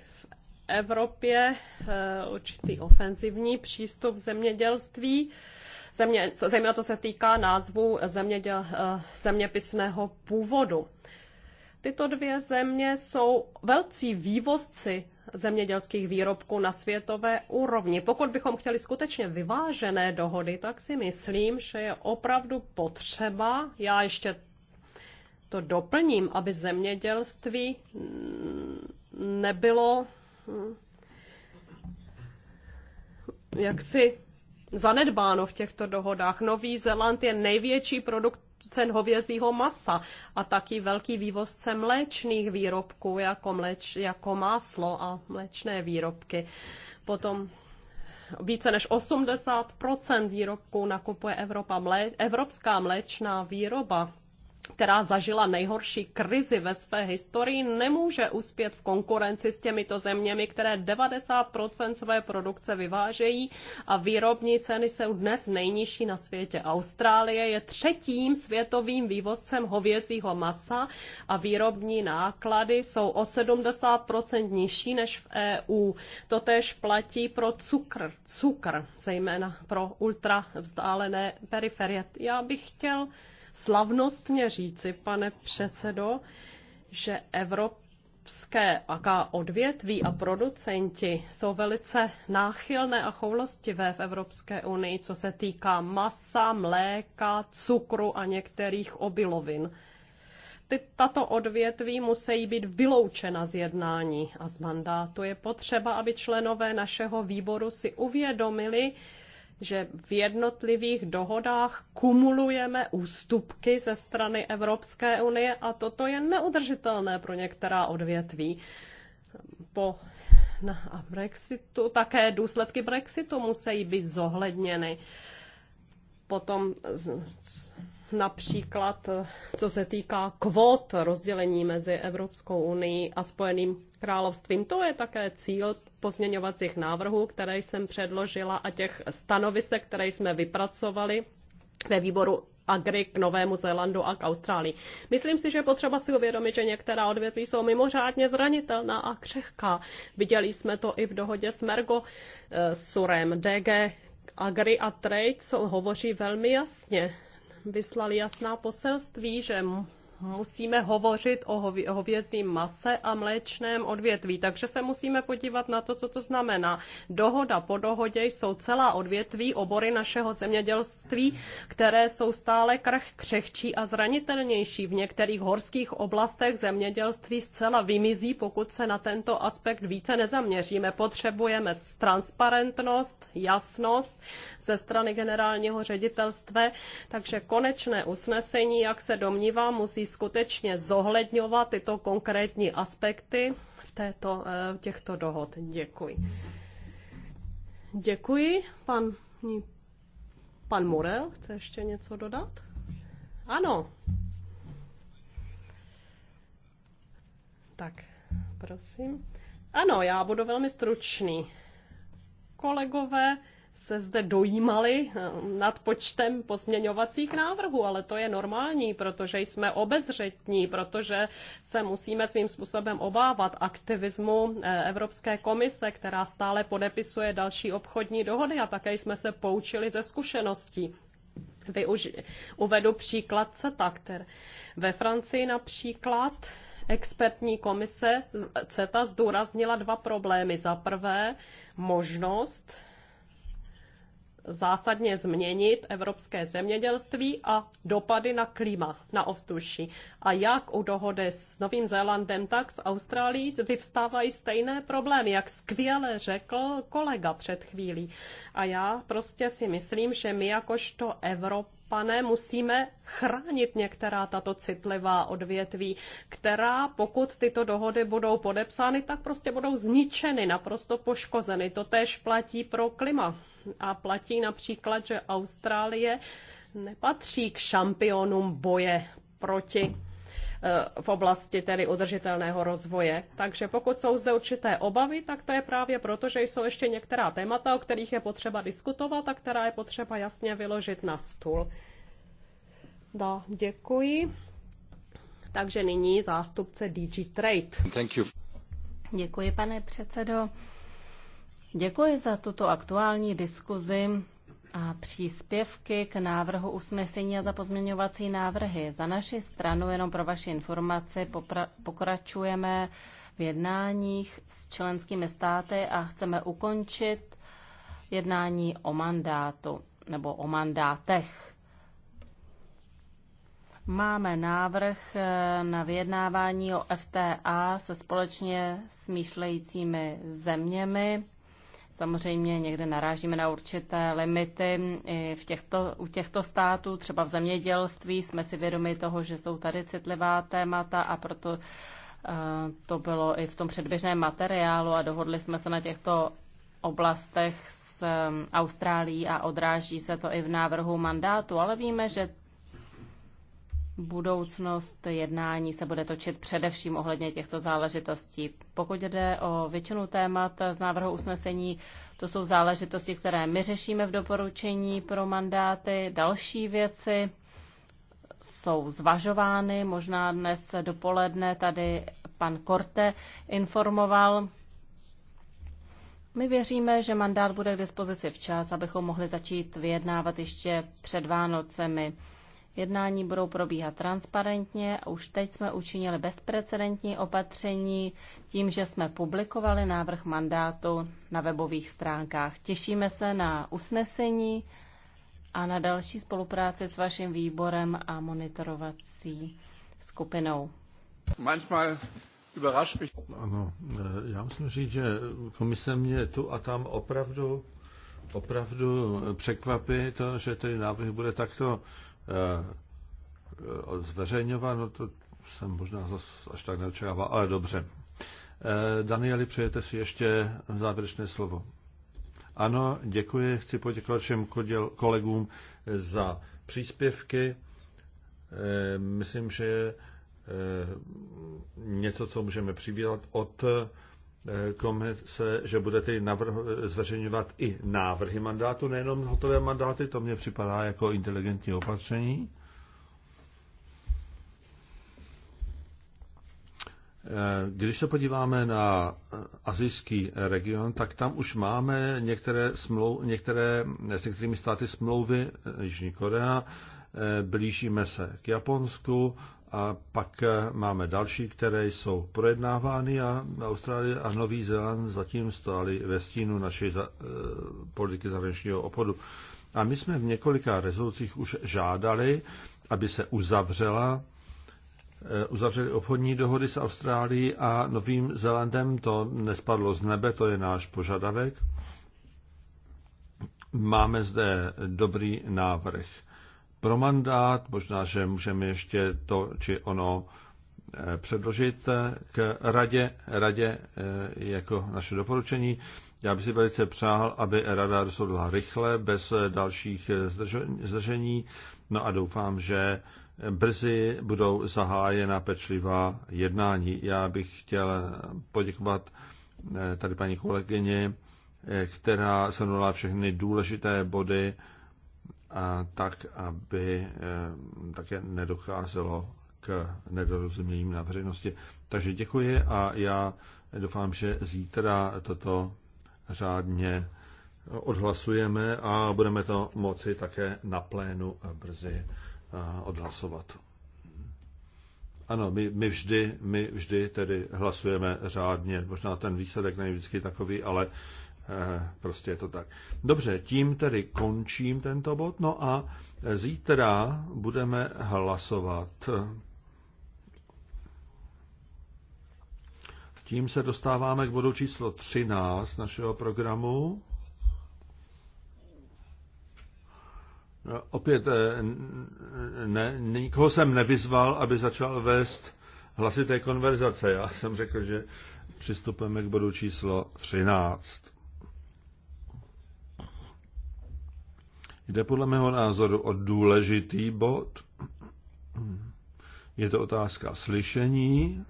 Evropě eh, určitý ofenzivní přístup v zemědělství, země, co, zejména to se týká názvu zeměděl, eh, zeměpisného původu. Tyto dvě země jsou velcí vývozci zemědělských výrobků na světové úrovni. Pokud bychom chtěli skutečně vyvážené dohody, tak si myslím, že je opravdu potřeba, já ještě to doplním, aby zemědělství nebylo Hmm. jaksi zanedbáno v těchto dohodách. Nový Zeland je největší produkt cen hovězího masa a taky velký vývozce mléčných výrobků jako, mléč, jako máslo a mléčné výrobky. Potom více než 80 výrobků nakupuje Evropa, mlé, evropská mléčná výroba která zažila nejhorší krizi ve své historii, nemůže uspět v konkurenci s těmito zeměmi, které 90% své produkce vyvážejí a výrobní ceny jsou dnes nejnižší na světě. Austrálie je třetím světovým vývozcem hovězího masa a výrobní náklady jsou o 70% nižší než v EU. Totež platí pro cukr, cukr, zejména pro ultra vzdálené periferie. Já bych chtěl slavnostně říci, pane předsedo, že evropské aká odvětví a producenti jsou velice náchylné a choulostivé v Evropské unii, co se týká masa, mléka, cukru a některých obilovin. Ty, tato odvětví musí být vyloučena z jednání a z mandátu. Je potřeba, aby členové našeho výboru si uvědomili, že v jednotlivých dohodách kumulujeme ústupky ze strany Evropské unie a toto je neudržitelné pro některá odvětví. Po na Brexitu, také důsledky Brexitu musí být zohledněny. Potom například eh, co se týká kvót rozdělení mezi Evropskou unii a Spojeným královstvím. To je také cíl pozměňovacích návrhů, které jsem předložila a těch stanovisek, které jsme vypracovali ve výboru Agri k Novému Zélandu a k Austrálii. Myslím si, že je potřeba si uvědomit, že některá odvětví jsou mimořádně zranitelná a křehká. Viděli jsme to i v dohodě s Mergo eh, Surem. DG Agri a Trade jsou, hovoří velmi jasně vyslali jasná poselství, že musíme hovořit o hovězím mase a mléčném odvětví, takže se musíme podívat na to, co to znamená. Dohoda po dohodě jsou celá odvětví, obory našeho zemědělství, které jsou stále krach křehčí a zranitelnější. V některých horských oblastech zemědělství zcela vymizí, pokud se na tento aspekt více nezaměříme. Potřebujeme transparentnost, jasnost ze strany generálního ředitelství, takže konečné usnesení, jak se domnívám, musí skutečně zohledňovat tyto konkrétní aspekty v této, eh, těchto dohod. Děkuji. Děkuji. Pan, pan Morel chce ještě něco dodat? Ano. Tak, prosím. Ano, já budu velmi stručný. Kolegové, se zde dojímali eh, nad počtem pozměňovacích návrhů, ale to je normální, protože jsme obezřetní, protože se musíme svým způsobem obávat aktivismu eh, Evropské komise, která stále podepisuje další obchodní dohody a také jsme se poučili ze zkušeností. Využi- uvedu příklad CETA, který ve Francii například expertní komise CETA zdůraznila dva problémy. Za prvé možnost zásadně změnit evropské zemědělství a dopady na klima, na ovzduší. A jak u dohody s Novým Zélandem, tak s Austrálií vyvstávají stejné problémy, jak skvěle řekl kolega před chvílí. A já prostě si myslím, že my jakožto Evropa Pane, musíme chránit některá tato citlivá odvětví, která pokud tyto dohody budou podepsány, tak prostě budou zničeny, naprosto poškozeny. To též platí pro klima. A platí například, že Austrálie nepatří k šampionům boje proti Eh, v oblasti tedy udržitelného rozvoje. Takže pokud jsou zde určité obavy, tak to je právě proto, že jsou ještě některá témata, o kterých je potřeba diskutovat a která je potřeba jasně vyložit na stůl. No, děkuji. Takže nyní zástupce DG Trade. Thank you. Děkuji, pane předsedo. Děkuji za tuto aktuální diskuzi a příspěvky k návrhu usnesení a za pozměňovací návrhy. Za naši stranu, jenom pro vaši informaci, pokračujeme v jednáních s členskými státy a chceme ukončit jednání o mandátu nebo o mandátech. Máme návrh eh, na vyjednávání o FTA se společně smýšlejícími zeměmi. Samozřejmě někde narážíme na určité limity I v těchto, u těchto států, třeba v zemědělství. Jsme si vědomi toho, že jsou tady citlivá témata a proto eh, to bylo i v tom předběžném materiálu a dohodli jsme se na těchto oblastech s eh, Austrálií a odráží se to i v návrhu mandátu, ale víme, že budoucnost jednání se bude točit především ohledně těchto záležitostí. Pokud jde o většinu témat z návrhu usnesení, to jsou záležitosti, které my řešíme v doporučení pro mandáty. Další věci jsou zvažovány. Možná dnes dopoledne tady pan Korte informoval. My věříme, že mandát bude k dispozici včas, abychom mohli začít vyjednávat ještě před Vánocemi. Jednání budou probíhat transparentně a už teď jsme učinili bezprecedentní opatření tím, že jsme publikovali návrh mandátu na webových stránkách. Těšíme se na usnesení a na další spolupráci s vaším výborem a monitorovací skupinou. Manchmal ano, eh, já musím říct, že komise mě tu a tam opravdu, opravdu překvapí to, že ten návrh bude takto Eh, eh, zveřejňováno, to jsem možná zase až tak neočekával, ale dobře. Eh, Danieli, přejete si ještě závěrečné slovo. Ano, děkuji. Chci poděkovat všem kolegům za příspěvky. Myslím, že něco, co můžeme přivítat od Eh, komise, že budete navrho- zveřejňovat i návrhy mandátu, nejenom hotové mandáty, to mně připadá jako inteligentní opatření. Eh, když se podíváme na azijský region, tak tam už máme některé, smlou, některé s některými státy smlouvy eh, Jižní Korea, blížíme se k Japonsku, a pak eh, máme další, které jsou projednávány a Austrálie a Nový Zéland zatím stály ve stínu naší za, e, politiky zahraničního obchodu. A my jsme v několika rezolucích už žádali, aby se uzavřela eh, uzavřeli obchodní dohody s Austrálií a Novým Zélandem. To nespadlo z nebe, to je náš požadavek. Máme zde dobrý návrh pro mandát, možná, že můžeme ještě to či ono eh, předložit eh, k radě, radě eh, jako naše doporučení. Já bych si velice přál, aby rada rozhodla rychle, bez dalších zdržení. No a doufám, že brzy budou zahájena pečlivá jednání. Já bych chtěl poděkovat tady paní kolegyně, která shrnula všechny důležité body tak aby eh, také nedocházelo k nedorozuměním na veřejnosti. Takže děkuji a já doufám, že zítra toto řádně odhlasujeme a budeme to moci také na plénu brzy eh, odhlasovat. Ano, my, my, vždy, my vždy tedy hlasujeme řádně. Možná ten výsledek není vždycky takový, ale Prostě je to tak. Dobře, tím tedy končím tento bod. No a zítra budeme hlasovat. Tím se dostáváme k bodu číslo 13 našeho programu. No, opět eh, ne, nikoho jsem nevyzval, aby začal vést hlasité konverzace. Já jsem řekl, že přistupujeme k bodu číslo 13. Jde podle mého názoru o důležitý bod. Je to otázka slyšení.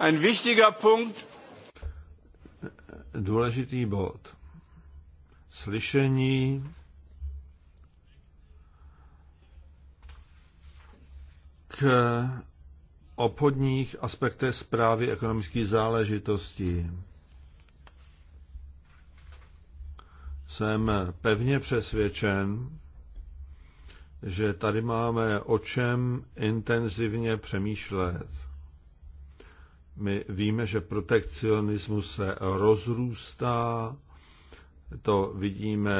Ein wichtiger Punkt. Důležitý bod. Slyšení. K obchodních aspektech zprávy ekonomických záležitostí. jsem pevně přesvědčen, že tady máme o čem intenzivně přemýšlet. My víme, že protekcionismus se rozrůstá, to vidíme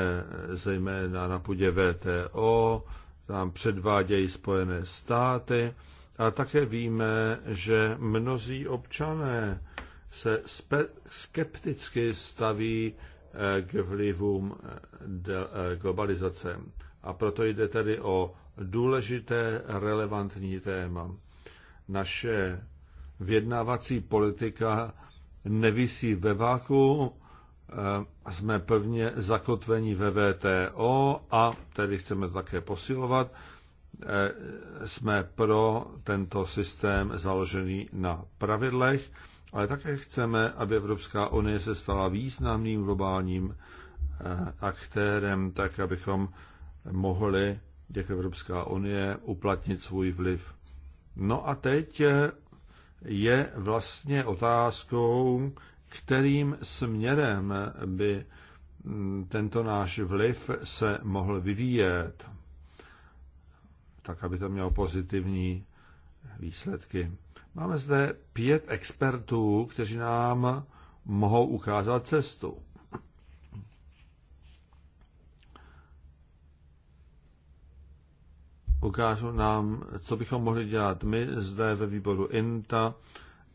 zejména na půdě VTO, tam předvádějí Spojené státy, a také víme, že mnozí občané se skepticky staví Eh, k vlivům eh, eh, globalizace. A proto jde tedy o důležité, relevantní téma. Naše vědnávací politika nevisí ve váku, jsme prvně zakotveni ve VTO a tedy chceme také posilovat. Jsme pro tento systém založený na pravidlech ale také chceme, aby Evropská unie se stala významným globálním eh, aktérem, tak abychom mohli jak Evropská unie uplatnit svůj vliv. No a teď eh, je vlastně otázkou, kterým směrem by hm, tento náš vliv se mohl vyvíjet, tak aby to mělo pozitivní výsledky. Máme zde pět expertů, kteří nám mohou ukázat cestu. Ukážou nám, co bychom mohli dělat my zde ve výboru INTA,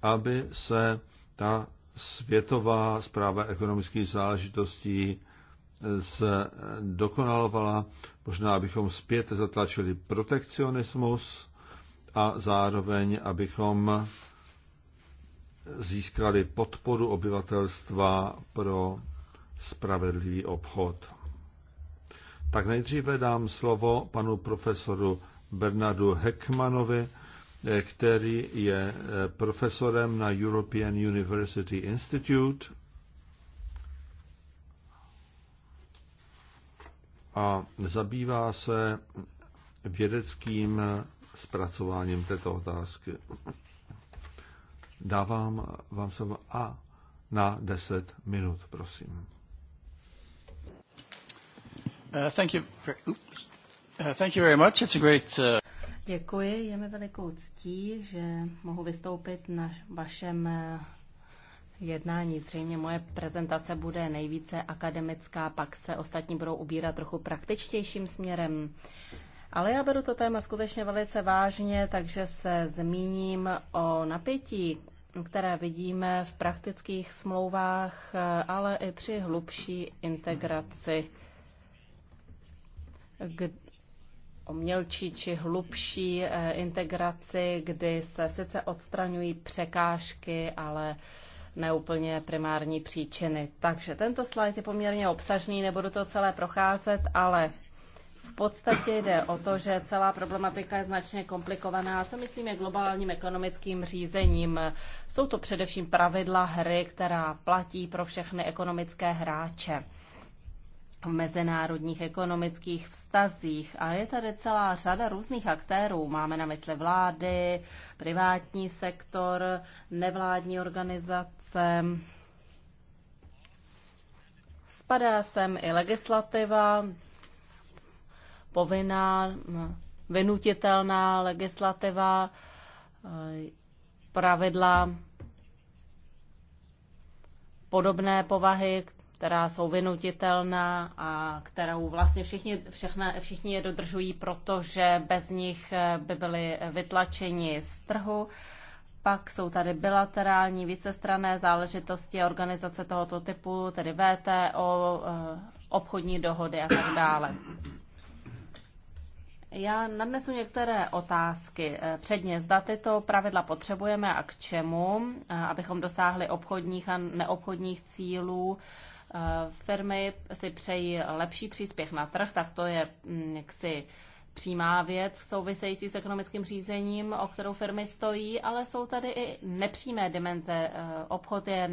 aby se ta světová zpráva ekonomických záležitostí zdokonalovala. Možná bychom zpět zatlačili protekcionismus, a zároveň, abychom získali podporu obyvatelstva pro spravedlivý obchod. Tak nejdříve dám slovo panu profesoru Bernardu Heckmanovi, který je eh, profesorem na European University Institute. A zabývá se vědeckým zpracováním této otázky. Dávám vám slovo a na 10 minut, prosím. Uh, uh, thank you. very much. It's a great, uh, Děkuji, je mi velikou ctí, že mohu vystoupit na vašem jednání. Zřejmě moje prezentace bude nejvíce akademická, pak se ostatní budou ubírat trochu praktičtějším směrem. Ale já beru to téma skutečně velice vážně, takže se zmíním o napětí, které vidíme v praktických smlouvách, ale i při hlubší integraci k, o mělčí či hlubší eh, integraci, kdy se sice odstraňují překážky, ale neúplně primární příčiny. Takže tento slide je poměrně obsažný, nebudu to celé procházet, ale podstatě jde o to, že celá problematika je značně komplikovaná, co myslím je globálním ekonomickým řízením. Jsou to především pravidla hry, která platí pro všechny ekonomické hráče v mezinárodních ekonomických vztazích. A je tady celá řada různých aktérů. Máme na mysli vlády, privátní sektor, nevládní organizace. Spadá sem i legislativa, povinná, mm, vynutitelná legislativa, eh, pravidla podobné povahy, která jsou vynutitelná a kterou vlastně všichni, všechna, všichni je dodržují, protože bez nich eh, by byli vytlačeni z trhu. Pak jsou tady bilaterální vícestrané záležitosti organizace tohoto typu, tedy VTO, eh, obchodní dohody a tak dále. Já nadnesu některé otázky. Eh, předně, zda tyto pravidla potřebujeme a k čemu, eh, abychom dosáhli obchodních a neobchodních cílů. Eh, firmy si přejí lepší příspěch na trh, tak to je mm, jaksi přímá věc související s ekonomickým řízením, o kterou firmy stojí, ale jsou tady i nepřímé dimenze. Obchod je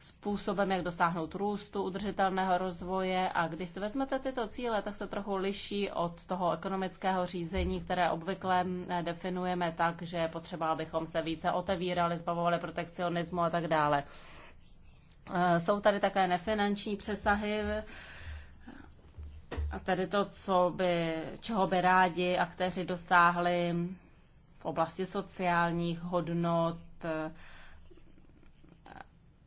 způsobem, jak dosáhnout růstu, udržitelného rozvoje a když si vezmete tyto cíle, tak se trochu liší od toho ekonomického řízení, které obvykle definujeme tak, že potřeba, abychom se více otevírali, zbavovali protekcionismu a tak dále. E, jsou tady také nefinanční přesahy, a tedy to, co by, čeho by rádi aktéři dosáhli v oblasti sociálních hodnot,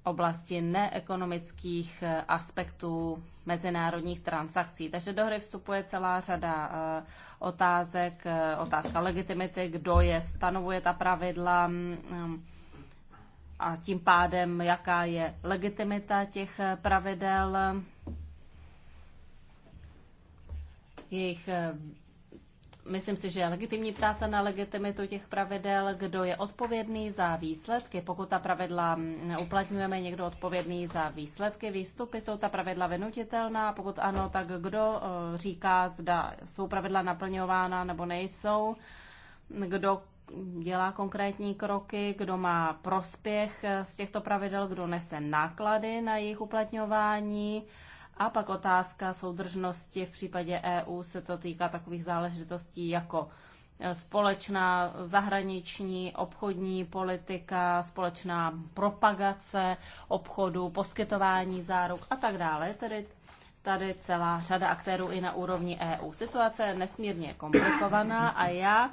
oblasti neekonomických eh, aspektů mezinárodních transakcí. Takže do hry vstupuje celá řada eh, otázek, eh, otázka legitimity, kdo je stanovuje ta pravidla mm, mm, a tím pádem, jaká je legitimita těch pravidel, jejich Myslím si, že je legitimní ptát se na legitimitu těch pravidel, kdo je odpovědný za výsledky. Pokud ta pravidla uplatňujeme, někdo odpovědný za výsledky, výstupy, jsou ta pravidla vynutitelná, pokud ano, tak kdo eh, říká, zda jsou pravidla naplňována nebo nejsou, kdo dělá konkrétní kroky, kdo má prospěch eh, z těchto pravidel, kdo nese náklady na jejich uplatňování, a pak otázka soudržnosti v případě EU se to týká takových záležitostí jako e, společná zahraniční obchodní politika, společná propagace obchodu, poskytování záruk a tak dále. Tedy tady celá řada aktérů i na úrovni EU. Situace je nesmírně komplikovaná a já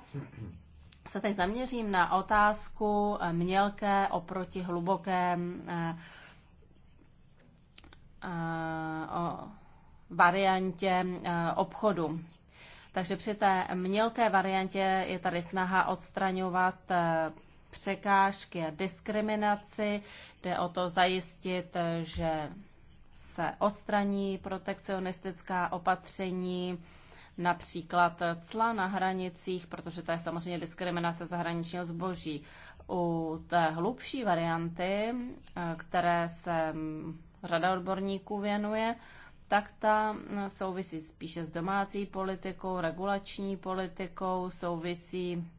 se teď zaměřím na otázku e, mělké oproti hluboké e, Eh, o variantě eh, obchodu. Takže při té mělké variantě je tady snaha odstraňovat eh, překážky a diskriminaci. Jde o to zajistit, že se odstraní protekcionistická opatření, například cla na hranicích, protože to je samozřejmě diskriminace zahraničního zboží. U té hlubší varianty, které se mm, řada odborníků věnuje, tak ta souvisí spíše s domácí politikou, regulační politikou, souvisí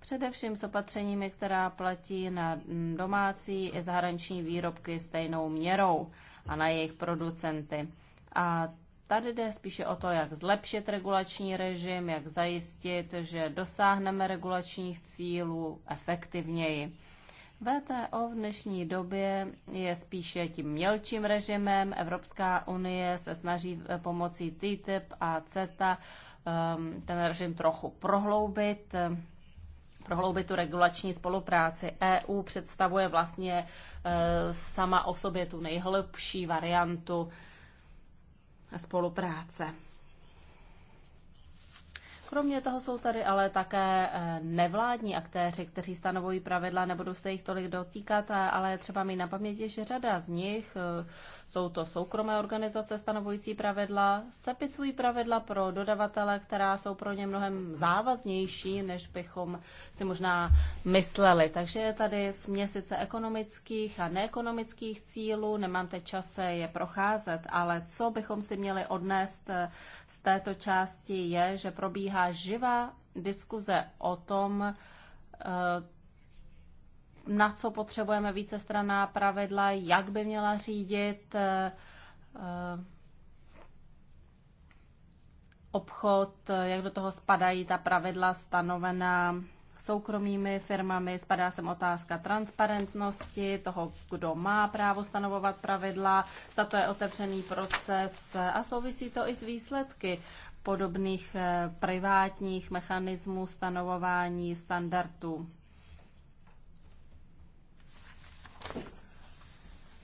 především s opatřeními, která platí na domácí i zahraniční výrobky stejnou měrou a na jejich producenty. A tady jde spíše o to, jak zlepšit regulační režim, jak zajistit, že dosáhneme regulačních cílů efektivněji. VTO v dnešní době je spíše tím mělčím režimem. Evropská unie se snaží eh, pomocí TTIP a CETA ehm, ten režim trochu prohloubit ehm, prohloubit tu regulační spolupráci. EU představuje vlastně eh, sama o sobě tu nejhlubší variantu spolupráce. Kromě toho jsou tady ale také eh, nevládní aktéři, kteří stanovují pravidla, nebudu se jich tolik dotýkat, eh, ale třeba mi na paměti, že řada z nich eh, jsou to soukromé organizace stanovující pravidla, sepisují pravidla pro dodavatele, která jsou pro ně mnohem závaznější, než bychom si možná mysleli. Takže je tady směsice ekonomických a neekonomických cílů, nemám teď čase je procházet, ale co bychom si měli odnést této části je, že probíhá živá diskuze o tom, eh, na co potřebujeme více straná pravidla, jak by měla řídit eh, eh, obchod, jak do toho spadají ta pravidla stanovená soukromými firmami. Spadá sem otázka transparentnosti, toho, kdo má právo stanovovat pravidla, zda to je otevřený proces a souvisí to i s výsledky podobných eh, privátních mechanismů stanovování standardů.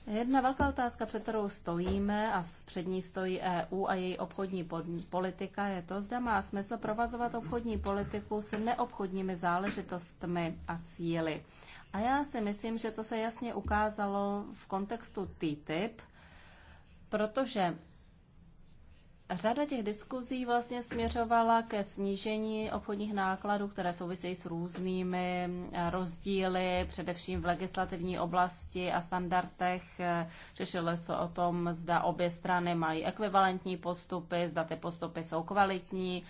Jedna velká otázka, před kterou stojíme a před ní stojí EU a její obchodní politika, je to, zda má smysl provazovat obchodní politiku s neobchodními záležitostmi a cíly. A já si myslím, že to se jasně ukázalo v kontextu TTIP, protože Řada těch diskuzí vlastně směřovala ke snížení obchodních nákladů, které souvisejí s různými eh, rozdíly, především v legislativní oblasti a standardech. Eh, Řešilo se o tom, zda obě strany mají ekvivalentní postupy, zda ty postupy jsou kvalitní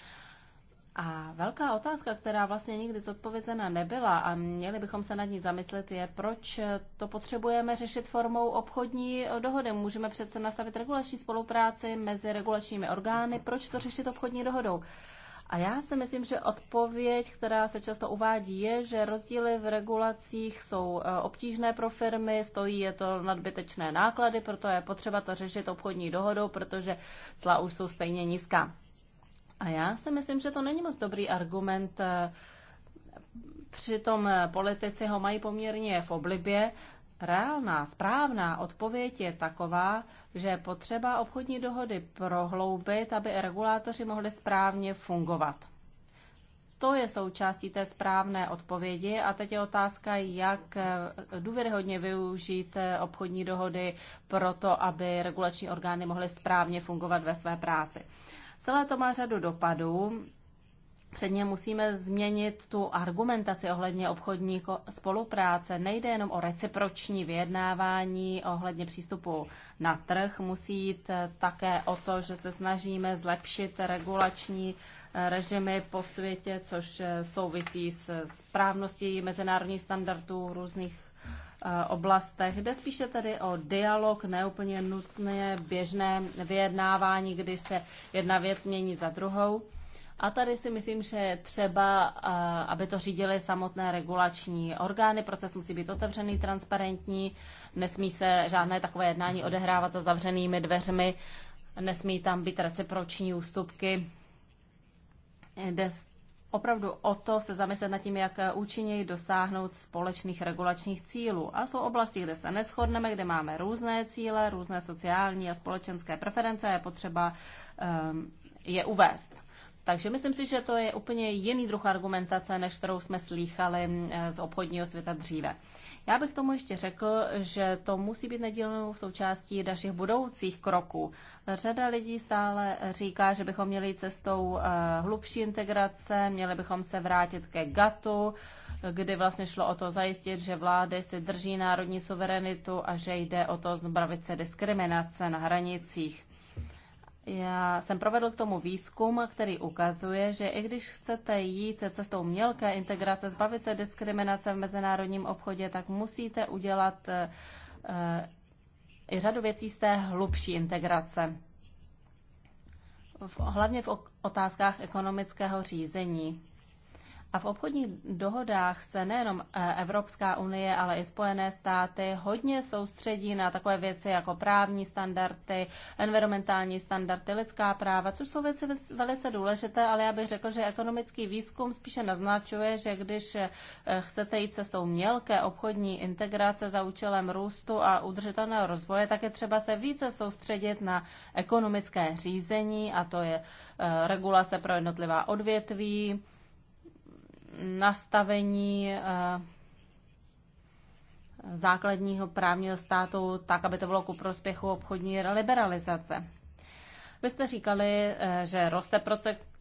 a velká otázka, která vlastně nikdy zodpovězena nebyla a měli bychom se nad ní zamyslet, je, proč to potřebujeme řešit formou obchodní dohody. Můžeme přece nastavit regulační spolupráci mezi regulačními orgány, proč to řešit obchodní dohodou? A já si myslím, že odpověď, která se často uvádí, je, že rozdíly v regulacích jsou e, obtížné pro firmy, stojí je to nadbytečné náklady, proto je potřeba to řešit obchodní dohodou, protože cla už jsou stejně nízká. A já si myslím, že to není moc dobrý argument. Eh, Přitom eh, politici ho mají poměrně v oblibě. Reálná, správná odpověď je taková, že je potřeba obchodní dohody prohloubit, aby regulátoři mohli správně fungovat. To je součástí té správné odpovědi a teď je otázka, jak eh, důvěryhodně využít obchodní dohody pro to, aby regulační orgány mohly správně fungovat ve své práci. Celé to má řadu dopadů. Předně musíme změnit tu argumentaci ohledně obchodní spolupráce. Nejde jenom o reciproční vyjednávání ohledně přístupu na trh, musí jít eh, také o to, že se snažíme zlepšit regulační eh, režimy po světě, což eh, souvisí s správností mezinárodních standardů, různých Eh, oblastech. Jde spíše tedy o dialog, neúplně nutné běžné vyjednávání, kdy se jedna věc mění za druhou. A tady si myslím, že je třeba, eh, aby to řídily samotné regulační orgány. Proces musí být otevřený, transparentní, nesmí se žádné takové jednání odehrávat za zavřenými dveřmi, nesmí tam být reciproční ústupky. Jde opravdu o to se zamyslet nad tím, jak účinněji dosáhnout společných regulačních cílů. A jsou oblasti, kde se neschodneme, kde máme různé cíle, různé sociální a společenské preference a je potřeba um, je uvést. Takže myslím si, že to je úplně jiný druh argumentace, než kterou jsme slýchali ehm, z obchodního světa dříve. Já bych tomu ještě řekl, že to musí být nedílnou součástí našich budoucích kroků. Řada lidí stále říká, že bychom měli cestou eh, hlubší integrace, měli bychom se vrátit ke GATu, kdy vlastně šlo o to zajistit, že vlády si drží národní suverenitu a že jde o to zbavit se diskriminace na hranicích. Já jsem provedl k tomu výzkum, který ukazuje, že i když chcete jít cestou mělké integrace, zbavit se diskriminace v mezinárodním obchodě, tak musíte udělat eh, eh, i řadu věcí z té hlubší integrace. V, hlavně v otázkách ekonomického řízení. A v obchodních dohodách se nejenom eh, Evropská unie, ale i Spojené státy hodně soustředí na takové věci jako právní standardy, environmentální standardy, lidská práva, což jsou věci velice důležité, ale já bych řekl, že ekonomický výzkum spíše naznačuje, že když eh, chcete jít cestou mělké obchodní integrace za účelem růstu a udržitelného rozvoje, tak je třeba se více soustředit na ekonomické řízení, a to je eh, regulace pro jednotlivá odvětví, nastavení eh, základního právního státu tak, aby to bylo ku prospěchu obchodní liberalizace. Vy jste říkali, eh, že roste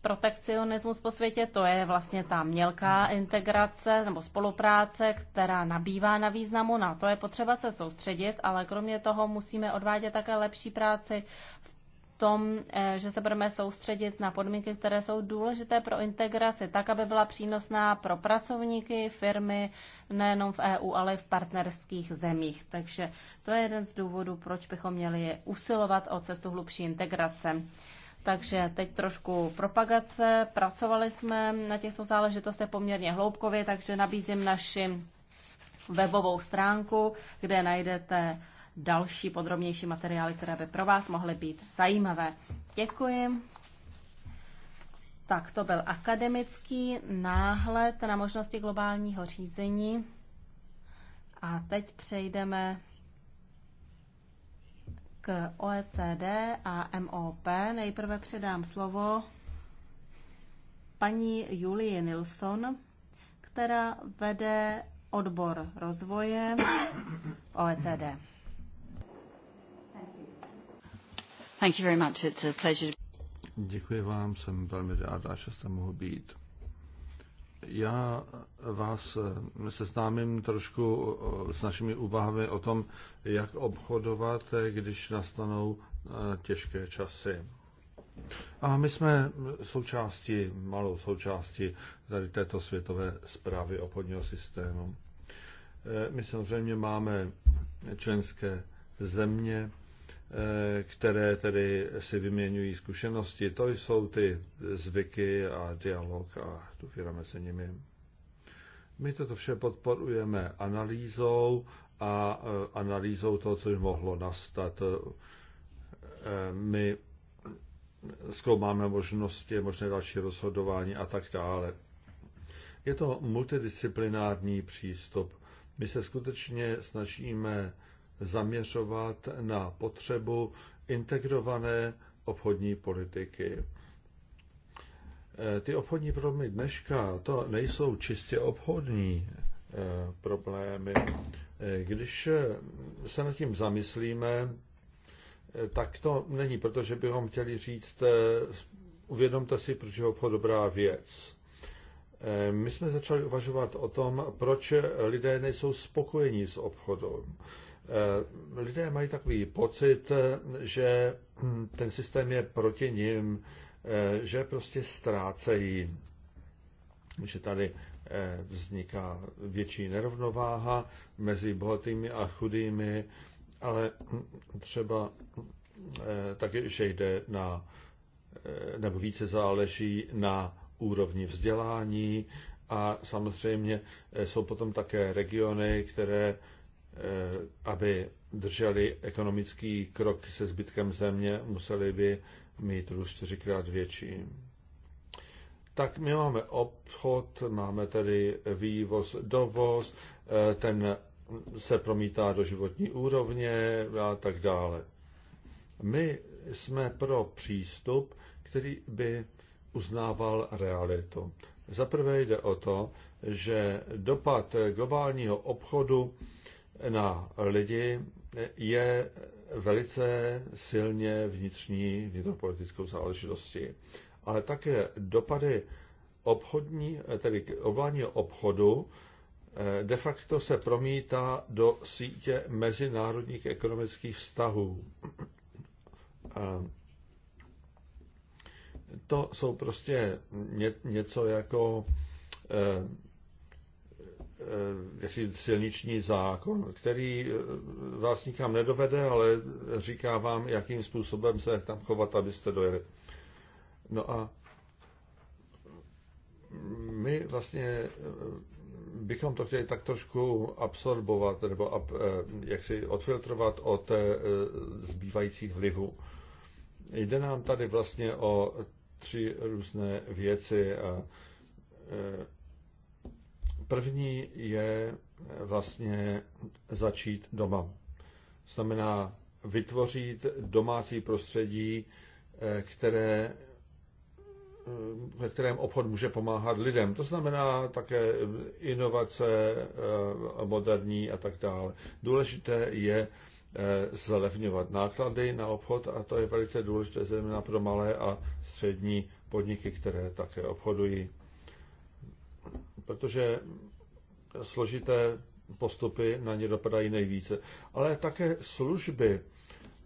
protekcionismus po světě, to je vlastně ta mělká integrace nebo spolupráce, která nabývá na významu. Na to je potřeba se soustředit, ale kromě toho musíme odvádět také lepší práci v tom, eh, že se budeme soustředit na podmínky, které jsou důležité pro integraci, tak, aby byla přínosná pro pracovníky, firmy, nejenom v EU, ale i v partnerských zemích. Takže to je jeden z důvodů, proč bychom měli usilovat o cestu hlubší integrace. Takže teď trošku propagace. Pracovali jsme na těchto záležitostech poměrně hloubkově, takže nabízím naši webovou stránku, kde najdete další podrobnější materiály, které by pro vás mohly být zajímavé. Děkuji. Tak to byl akademický náhled na možnosti globálního řízení. A teď přejdeme k OECD a MOP. Nejprve předám slovo paní Julie Nilsson, která vede odbor rozvoje OECD. Thank you very much. It's a pleasure. Děkuji vám, jsem velmi ráda, že jste mohl být. Já vás seznámím trošku eh, s našimi úvahami o tom, jak obchodovat, eh, když nastanou eh, těžké časy. A my jsme součástí, malou součástí tady této světové zprávy obchodního systému. My samozřejmě máme členské země, Eh, které tedy si vyměňují zkušenosti. To jsou ty zvyky a dialog a tu firme se nimi. My toto vše podporujeme analýzou a eh, analýzou toho, co by mohlo nastat. Eh, my zkoumáme možnosti, možné další rozhodování a tak dále. Je to multidisciplinární přístup. My se skutečně snažíme zaměřovat na potřebu integrované obchodní politiky. Eh, ty obchodní problémy dneška, to nejsou čistě obchodní eh, problémy. Eh, když se nad tím zamyslíme, tak to není, protože bychom chtěli říct, uvědomte si, proč je obchod dobrá věc. My jsme začali uvažovat o tom, proč lidé nejsou spokojení s obchodem. Eh, lidé mají takový pocit, eh, že hm, ten systém je proti nim, eh, že prostě ztrácejí, že tady vzniká větší nerovnováha mezi bohatými a chudými, ale hm, třeba taky, že jde na, nebo více záleží na úrovni vzdělání a samozřejmě jsou potom také regiony, které Eh, aby drželi ekonomický krok se zbytkem země, museli by mít růst čtyřikrát větší. Tak my máme obchod, máme tedy vývoz, dovoz, eh, ten se promítá do životní úrovně a tak dále. My jsme pro přístup, který by uznával realitu. Za prvé jde o to, že dopad globálního obchodu na lidi je velice silně vnitřní vnitropolitickou záležitostí. Ale také dopady obchodní, tedy ovládního obchodu eh, de facto se promítá do sítě mezinárodních ekonomických vztahů. To jsou prostě něco jako eh, Eh, jaksi silniční zákon, který eh, vás nikam nedovede, ale říká vám, jakým způsobem se tam chovat, abyste dojeli. No a my vlastně eh, bychom to chtěli tak trošku absorbovat nebo ab, jak si odfiltrovat od zbývajících vlivů. Jde nám tady vlastně o tři různé věci a První je eh, vlastně začít doma. Znamená vytvořit domácí prostředí, eh, které, eh, ve kterém obchod může pomáhat lidem. To znamená také inovace moderní a tak dále. Důležité je zlevňovat náklady na obchod a to je velice důležité zejména pro malé a střední podniky, které také obchodují protože složité postupy na ně dopadají nejvíce. Ale také služby.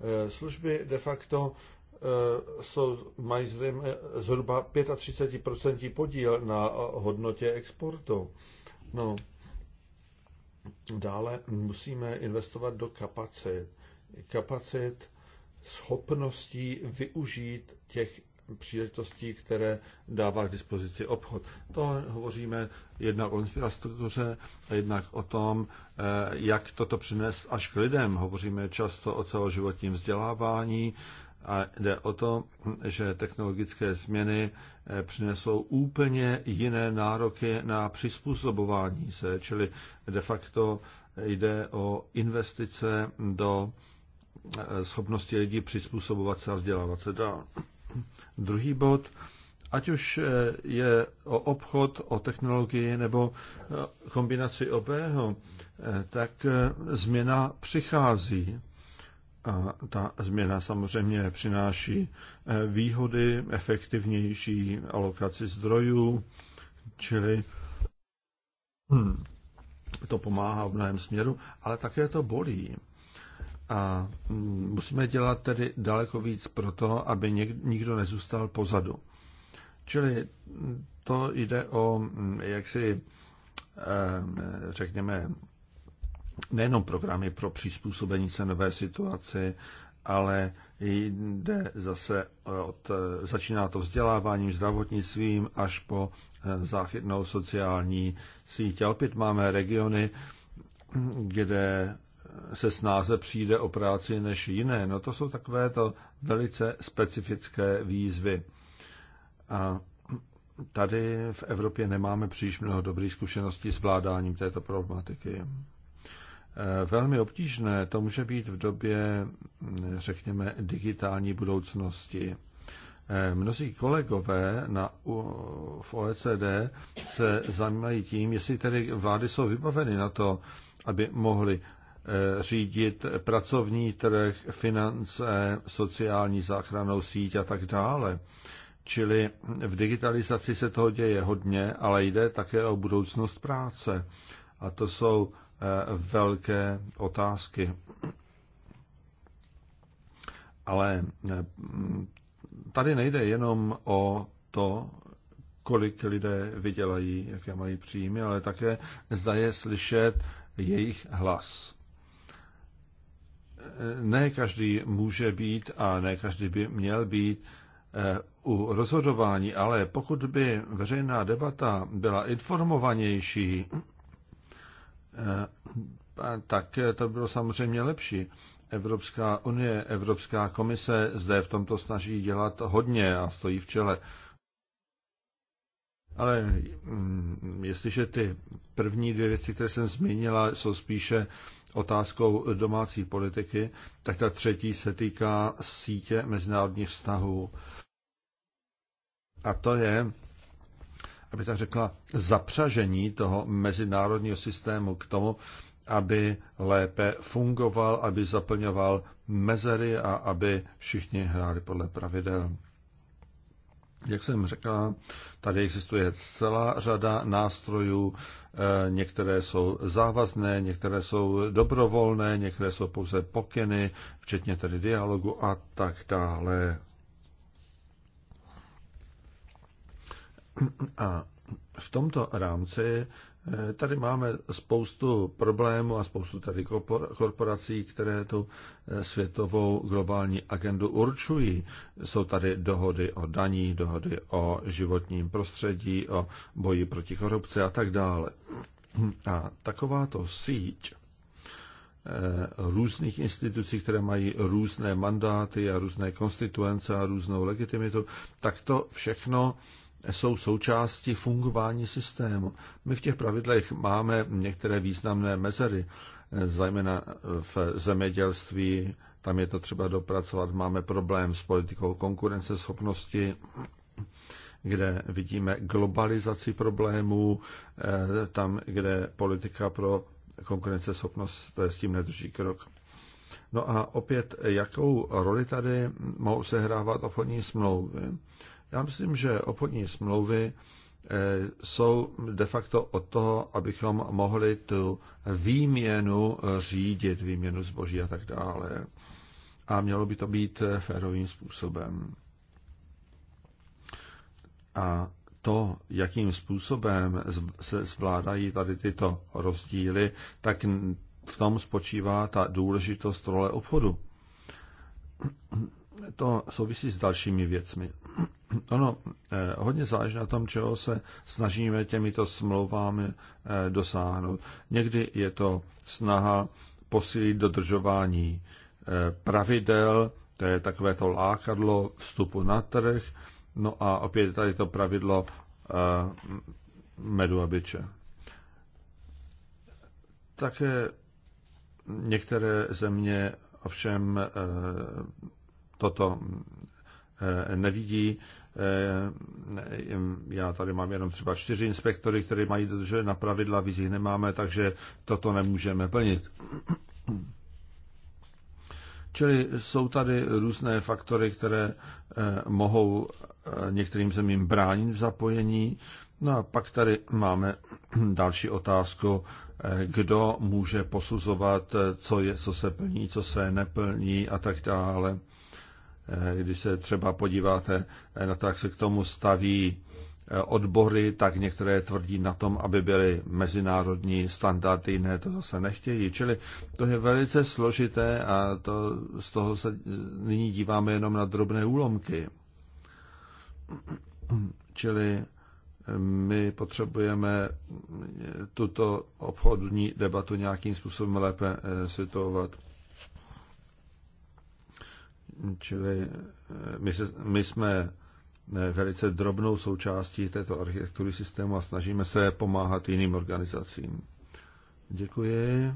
Eh, služby de facto eh, jsou, mají zhruba 35% podíl na hodnotě exportu. No, dále musíme investovat do kapacit. Kapacit schopností využít těch příležitostí, které dává k dispozici obchod. To hovoříme jednak o infrastruktuře a jednak o tom, eh, jak toto přinést až k lidem. Hovoříme často o celoživotním vzdělávání a jde o to, že technologické změny eh, přinesou úplně jiné nároky na přizpůsobování se, čili de facto eh, jde o investice do schopnosti lidí přizpůsobovat se a vzdělávat se dál. Druhý bod, ať už eh, je o obchod, o technologii nebo eh, kombinaci obého, eh, tak změna přichází. A ta změna samozřejmě přináší výhody, efektivnější alokaci zdrojů, čili hm, to pomáhá v mnohem směru, ale také to bolí. A mm, musíme dělat tedy daleko víc pro to, aby nikdo nezůstal pozadu. Čili to jde o mm, jak si eh, řekněme, nejenom programy pro přizpůsobení se nové situaci, ale jde zase od, eh, začíná to vzděláváním, zdravotnictvím až po eh, záchytnou sociální sítě. Opět máme regiony, kde se snáze přijde o práci než jiné. No to jsou takové to velice specifické výzvy. A tady v Evropě nemáme příliš mnoho dobrých zkušeností s vládáním této problematiky. E, velmi obtížné to může být v době, řekněme, digitální budoucnosti. E, mnozí kolegové na, v OECD se zajímají tím, jestli tedy vlády jsou vybaveny na to, aby mohly Eh, řídit pracovní trh, finance, sociální záchranou síť a tak dále. Čili v digitalizaci se toho děje hodně, ale jde také o budoucnost práce. A to jsou eh, velké otázky. Ale eh, tady nejde jenom o to, kolik lidé vydělají, jaké mají příjmy, ale také zda je slyšet jejich hlas ne každý může být a ne každý by měl být eh, u rozhodování, ale pokud by veřejná debata byla informovanější, eh, tak to bylo samozřejmě lepší. Evropská unie, Evropská komise zde v tomto snaží dělat hodně a stojí v čele. Ale mm, jestliže ty první dvě věci, které jsem zmínila, jsou spíše otázkou domácí politiky, tak ta třetí se týká sítě mezinárodních vztahů. A to je, aby tak řekla, zapřažení toho mezinárodního systému k tomu, aby lépe fungoval, aby zaplňoval mezery a aby všichni hráli podle pravidel. Jak jsem řekla, tady existuje celá řada nástrojů, eh, některé jsou závazné, některé jsou dobrovolné, některé jsou pouze pokyny, včetně tedy dialogu a tak dále. A v tomto rámci Eh, tady máme spoustu problémů a spoustu tady korporací, které tu eh, světovou globální agendu určují. Jsou tady dohody o daní, dohody o životním prostředí, o boji proti korupci a tak dále. A takováto síť eh, různých institucí, které mají různé mandáty a různé konstituence a různou legitimitu, tak to všechno jsou součástí fungování systému. My v těch pravidlech máme některé významné mezery, eh, zejména v zemědělství, tam je to třeba dopracovat, máme problém s politikou konkurenceschopnosti, kde vidíme globalizaci problémů, eh, tam, kde politika pro konkurenceschopnost s tím nedrží krok. No a opět, jakou roli tady mohou sehrávat obchodní smlouvy? Já myslím, že obchodní smlouvy eh, jsou de facto od toho, abychom mohli tu výměnu eh, řídit, výměnu zboží a tak dále. A mělo by to být eh, férovým způsobem. A to, jakým způsobem se zvládají tady tyto rozdíly, tak v tom spočívá ta důležitost role obchodu. To souvisí s dalšími věcmi. Ono eh, hodně záleží na tom, čeho se snažíme těmito smlouvami eh, dosáhnout. Někdy je to snaha posílit dodržování eh, pravidel, to je takové to lákadlo vstupu na trh, no a opět tady to pravidlo medu a byče. Také některé země ovšem toto Eh, nevidí. Eh, já tady mám jenom třeba čtyři inspektory, které mají dodržet na pravidla, víc jich nemáme, takže toto nemůžeme plnit. Čili jsou tady různé faktory, které eh, mohou některým zemím bránit v zapojení. No a pak tady máme další otázku, kdo může posuzovat, co, je, co se plní, co se neplní a tak dále. Eh, když se třeba podíváte eh, na to, jak se k tomu staví eh, odbory, tak některé tvrdí na tom, aby byly mezinárodní standardy, jiné to zase nechtějí. Čili to je velice složité a to, z toho se nyní díváme jenom na drobné úlomky. Čili my potřebujeme tuto obchodní debatu nějakým způsobem lépe situovat. Čili eh, my, se, my jsme eh, velice drobnou součástí této architektury systému a snažíme se pomáhat jiným organizacím. Děkuji.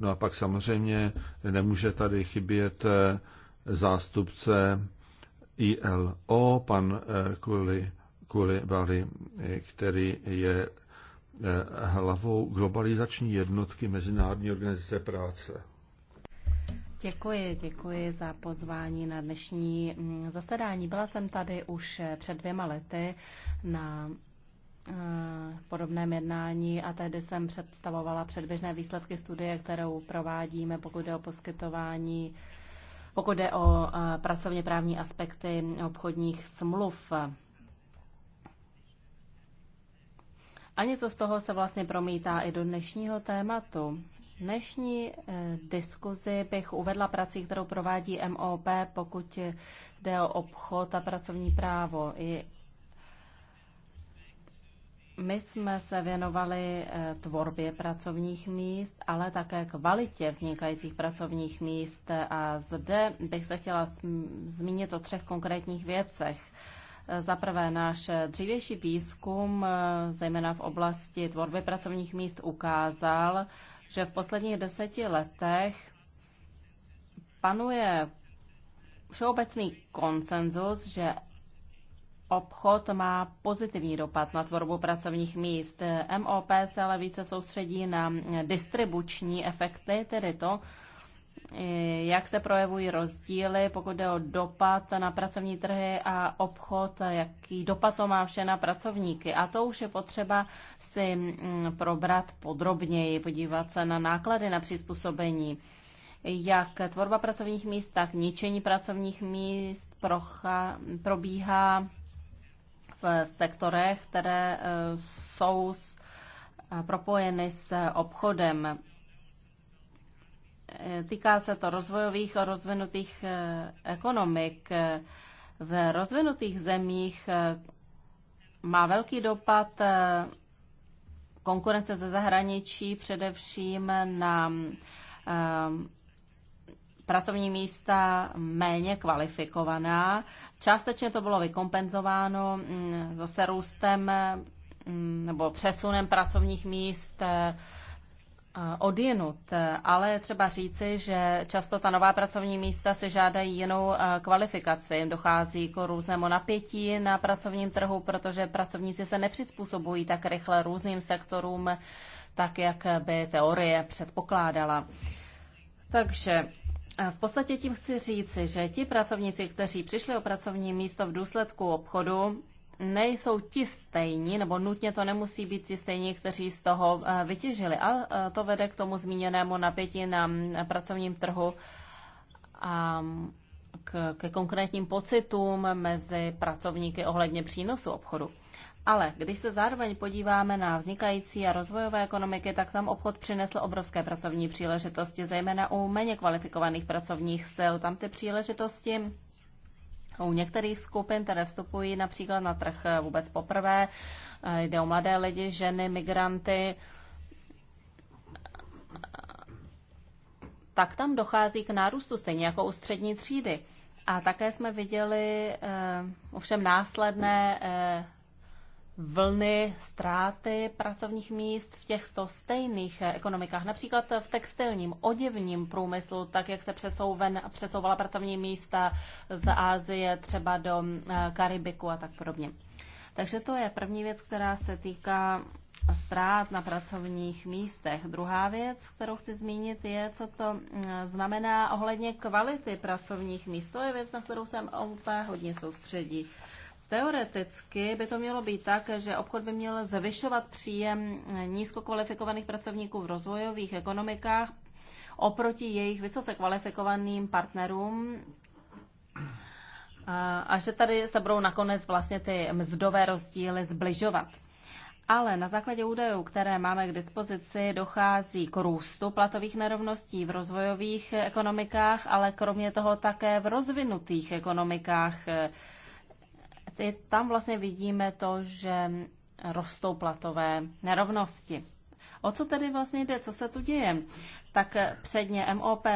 No a pak samozřejmě nemůže tady chybět eh, zástupce ILO, pan Kuli, Kuli Bali, který je hlavou globalizační jednotky Mezinárodní organizace práce. Děkuji, děkuji za pozvání na dnešní mm, zasedání. Byla jsem tady už eh, před dvěma lety na eh, podobném jednání a tehdy jsem představovala předběžné výsledky studie, kterou provádíme, pokud jde o poskytování, pokud jde o eh, pracovně právní aspekty obchodních smluv. A něco z toho se vlastně promítá i do dnešního tématu dnešní eh, diskuzi bych uvedla prací, kterou provádí MOP, pokud jde o obchod a pracovní právo. I my jsme se věnovali eh, tvorbě pracovních míst, ale také kvalitě vznikajících pracovních míst. A zde bych se chtěla zmínit o třech konkrétních věcech. Eh, za prvé, náš dřívější výzkum, zejména v oblasti tvorby pracovních míst, ukázal, že v posledních deseti letech panuje všeobecný konsenzus, že obchod má pozitivní dopad na tvorbu pracovních míst. MOP se ale více soustředí na distribuční efekty, tedy to, jak se projevují rozdíly, pokud jde o dopad na pracovní trhy a obchod, jaký dopad to má vše na pracovníky. A to už je potřeba si mm, probrat podrobněji, podívat se na náklady na přizpůsobení jak tvorba pracovních míst, tak ničení pracovních míst procha, probíhá v sektorech, které e, jsou propojeny s obchodem týká se to rozvojových a rozvinutých eh, ekonomik. V rozvinutých zemích eh, má velký dopad eh, konkurence ze zahraničí, především na pracovní místa méně kvalifikovaná. Částečně to bylo vykompenzováno mm, zase růstem mm, nebo přesunem pracovních míst odjenut, eh, ale třeba říci, že často ta nová pracovní místa si žádají jinou eh, kvalifikaci. Dochází k různému napětí na pracovním trhu, protože pracovníci se nepřizpůsobují tak rychle různým sektorům, tak jak by teorie předpokládala. Takže eh, v podstatě tím chci říci, že ti pracovníci, kteří přišli o pracovní místo v důsledku obchodu, nejsou ti stejní, nebo nutně to nemusí být ti stejní, kteří z toho eh, vytěžili. A eh, to vede k tomu zmíněnému napětí na mm, pracovním trhu a mm, k, ke konkrétním pocitům mezi pracovníky ohledně přínosu obchodu. Ale když se zároveň podíváme na vznikající a rozvojové ekonomiky, tak tam obchod přinesl obrovské pracovní příležitosti, zejména u méně kvalifikovaných pracovních sil. Tam ty příležitosti u některých skupin, které vstupují například na trh eh, vůbec poprvé, eh, jde o mladé lidi, ženy, migranty, tak tam dochází k nárůstu, stejně jako u střední třídy. A také jsme viděli eh, ovšem následné vlny ztráty pracovních míst v těchto stejných eh, ekonomikách, například v textilním, oděvním průmyslu, tak jak se přesouven, přesouvala pracovní místa z Ázie třeba do eh, Karibiku a tak podobně. Takže to je první věc, která se týká ztrát na pracovních místech. Druhá věc, kterou chci zmínit, je, co to mm, znamená ohledně kvality pracovních míst. To je věc, na kterou jsem úplně hodně soustředí. Teoreticky by to mělo být tak, že obchod by měl zvyšovat příjem nízkokvalifikovaných pracovníků v rozvojových ekonomikách oproti jejich vysoce kvalifikovaným partnerům a, a že tady se budou nakonec vlastně ty mzdové rozdíly zbližovat. Ale na základě údajů, které máme k dispozici, dochází k růstu platových nerovností v rozvojových ekonomikách, ale kromě toho také v rozvinutých ekonomikách tam vlastně vidíme to, že rostou platové nerovnosti. O co tedy vlastně jde, co se tu děje? Tak předně MOP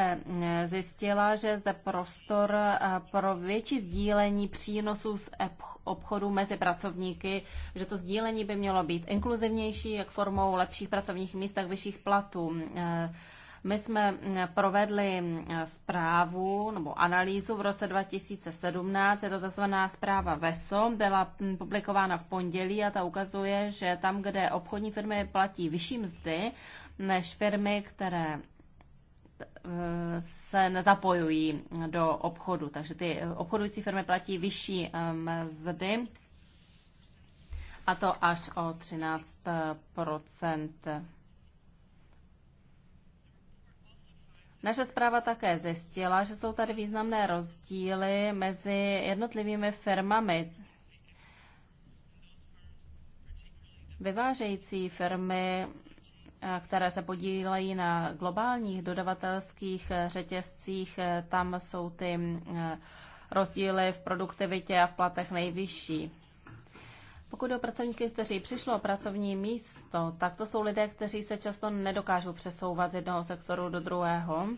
zjistila, že zde prostor eh, pro větší sdílení přínosů z obchodu mezi pracovníky, že to sdílení by mělo být inkluzivnější, jak formou lepších pracovních míst, tak vyšších platů. Eh, my jsme mm, provedli mm, zprávu nebo analýzu v roce 2017, je to tzv. zpráva VESO, byla mm, publikována v pondělí a ta ukazuje, že tam, kde obchodní firmy platí vyšší mzdy než firmy, které e, se nezapojují do obchodu. Takže ty obchodující firmy platí vyšší e, mzdy a to až o 13 Naše zpráva také zjistila, že jsou tady významné rozdíly mezi jednotlivými firmami. Vyvážející firmy, eh, které se podílejí na globálních dodavatelských eh, řetězcích, eh, tam jsou ty mm, rozdíly v produktivitě a v platech nejvyšší. Pokud o pracovníky, kteří přišlo o pracovní místo, tak to jsou lidé, kteří se často nedokážou přesouvat z jednoho sektoru do druhého.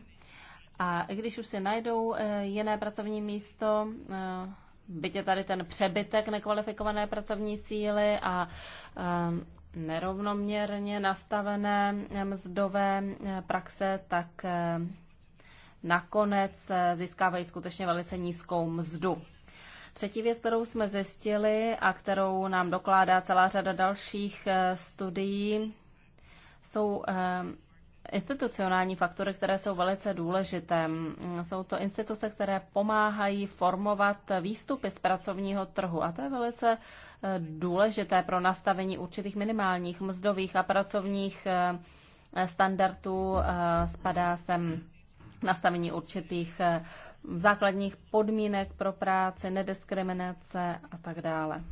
A i když už si najdou eh, jiné pracovní místo, eh, byť je tady ten přebytek nekvalifikované pracovní síly a eh, nerovnoměrně nastavené mzdové praxe, tak nakonec získávají skutečně velice nízkou mzdu. Třetí věc, kterou jsme zjistili a kterou nám dokládá celá řada dalších eh, studií, jsou eh, institucionální faktory, které jsou velice důležité. Mm, jsou to instituce, které pomáhají formovat výstupy z pracovního trhu a to je velice eh, důležité pro nastavení určitých minimálních mzdových a pracovních standardů. Spadá sem nastavení určitých základních podmínek pro práci, nediskriminace a tak dále.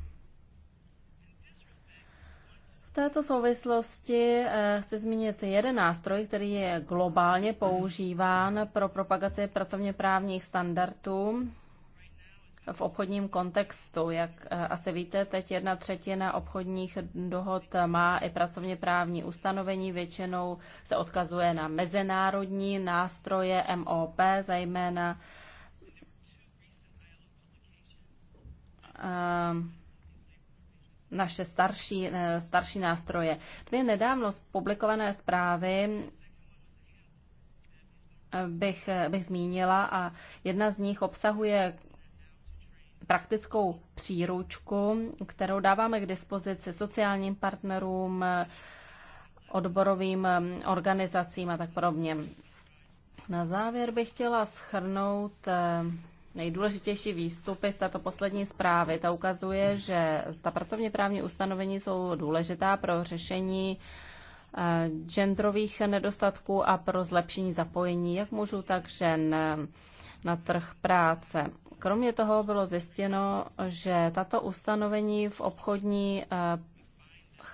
V této souvislosti eh, chci zmínit jeden nástroj, který je globálně používán pro propagaci pracovně právních standardů v obchodním kontextu. Jak eh, asi víte, teď jedna třetina obchodních dohod má i pracovně právní ustanovení. Většinou se odkazuje na mezinárodní nástroje MOP, zejména Eh, naše starší, eh, starší nástroje. Dvě nedávno publikované zprávy eh, bych, bych zmínila a jedna z nich obsahuje praktickou příručku, kterou dáváme k dispozici sociálním partnerům, odborovým organizacím a tak podobně. Na závěr bych chtěla schrnout nejdůležitější výstupy z této poslední zprávy. Ta ukazuje, že ta pracovně právní ustanovení jsou důležitá pro řešení eh, genderových nedostatků a pro zlepšení zapojení jak mužů, tak žen eh, na trh práce. Kromě toho bylo zjištěno, že tato ustanovení v obchodní eh,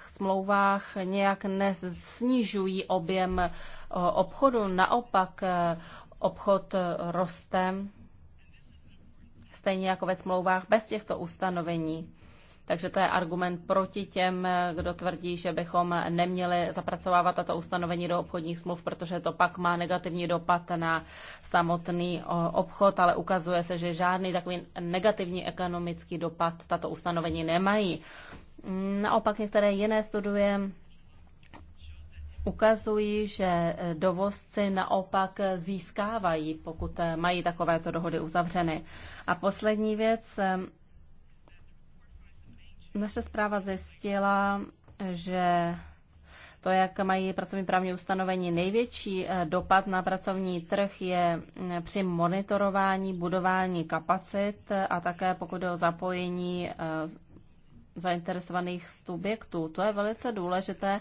smlouvách nějak nesnižují objem obchodu, naopak obchod roste stejně jako ve smlouvách bez těchto ustanovení. Takže to je argument proti těm, kdo tvrdí, že bychom neměli zapracovávat tato ustanovení do obchodních smluv, protože to pak má negativní dopad na samotný obchod, ale ukazuje se, že žádný takový negativní ekonomický dopad tato ustanovení nemají. Naopak některé jiné studie ukazují, že eh, dovozci naopak eh, získávají, pokud eh, mají takovéto dohody uzavřeny. A poslední věc. Naše zpráva zjistila, že to, jak mají pracovní právní ustanovení největší dopad na pracovní trh, je při monitorování, budování kapacit a také pokud je o zapojení zainteresovaných subjektů. To je velice důležité,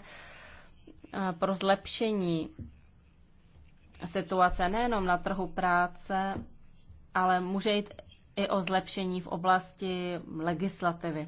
pro zlepšení situace nejenom na trhu práce, ale může jít i o zlepšení v oblasti legislativy.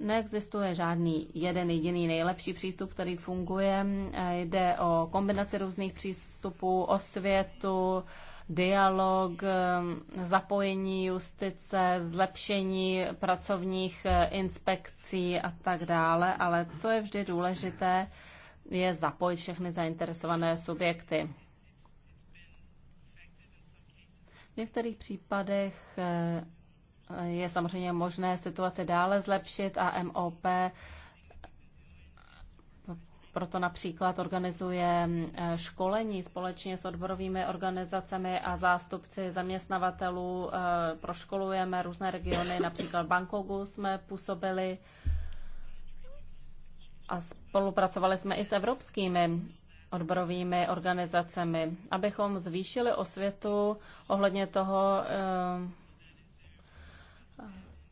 Neexistuje žádný jeden jediný nejlepší přístup, který funguje. Jde o kombinaci různých přístupů, o světu, dialog, um, zapojení justice, zlepšení pracovních eh, inspekcí a tak dále, ale co je vždy důležité, je zapojit všechny zainteresované subjekty. V některých případech eh, je samozřejmě možné situaci dále zlepšit a MOP proto například organizuje mm, eh, školení společně s odborovými organizacemi a zástupci zaměstnavatelů. Eh, proškolujeme různé regiony, například Bangkoku jsme působili a spolupracovali jsme i s evropskými odborovými organizacemi, abychom zvýšili osvětu ohledně toho, eh,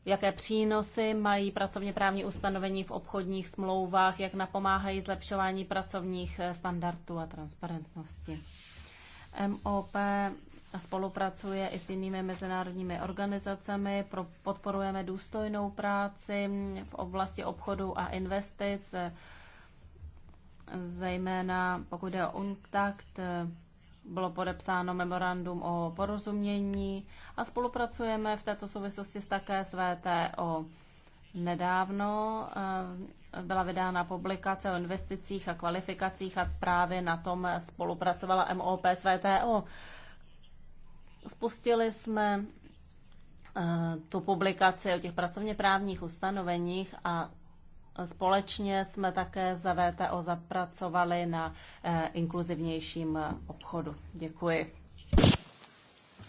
jaké přínosy mají pracovně právní ustanovení v obchodních smlouvách, jak napomáhají zlepšování pracovních eh, standardů a transparentnosti. MOP spolupracuje i s jinými mezinárodními organizacemi, podporujeme důstojnou práci v oblasti obchodu a investic, eh, zejména pokud je o UNCTAD, eh, bylo podepsáno memorandum o porozumění a spolupracujeme v této souvislosti s také s VTO. Nedávno eh, byla vydána publikace o investicích a kvalifikacích a právě na tom spolupracovala MOP s VTO. Spustili jsme eh, tu publikaci o těch pracovně právních ustanoveních a Společně jsme také za VTO zapracovali na eh, inkluzivnějším obchodu. Děkuji.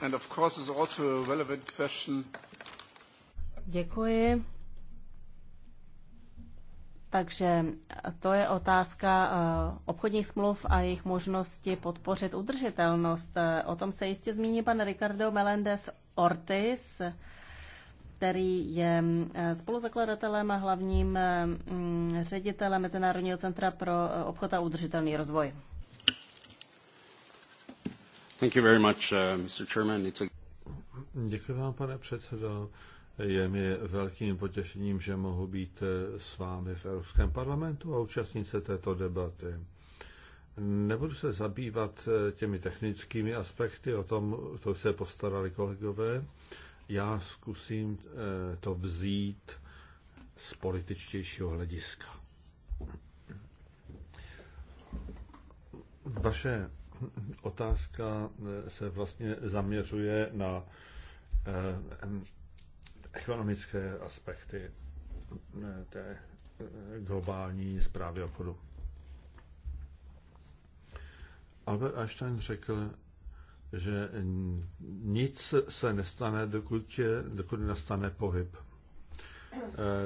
And of course is also a relevant question. Děkuji. Takže to je otázka eh, obchodních smluv a jejich možnosti podpořit udržitelnost. Eh, o tom se jistě zmíní pan Ricardo Melendez Ortiz který je mm, eh, spoluzakladatelem a hlavním eh, mm, ředitelem Mezinárodního centra pro eh, obchod a udržitelný rozvoj. Thank you very much, uh, Mr. Chairman. It's a... Děkuji vám, pane předsedo. Je mi velkým potěšením, že mohu být s vámi v Evropském parlamentu a účastnit se této debaty. Nebudu se zabývat těmi technickými aspekty, o tom to se postarali kolegové. Já zkusím eh, to vzít z političtějšího hlediska. Vaše otázka eh, se vlastně zaměřuje na eh, ekonomické aspekty té globální zprávy obchodu. Albert Einstein řekl, že nic se nestane, dokud, je dokud nastane pohyb. E,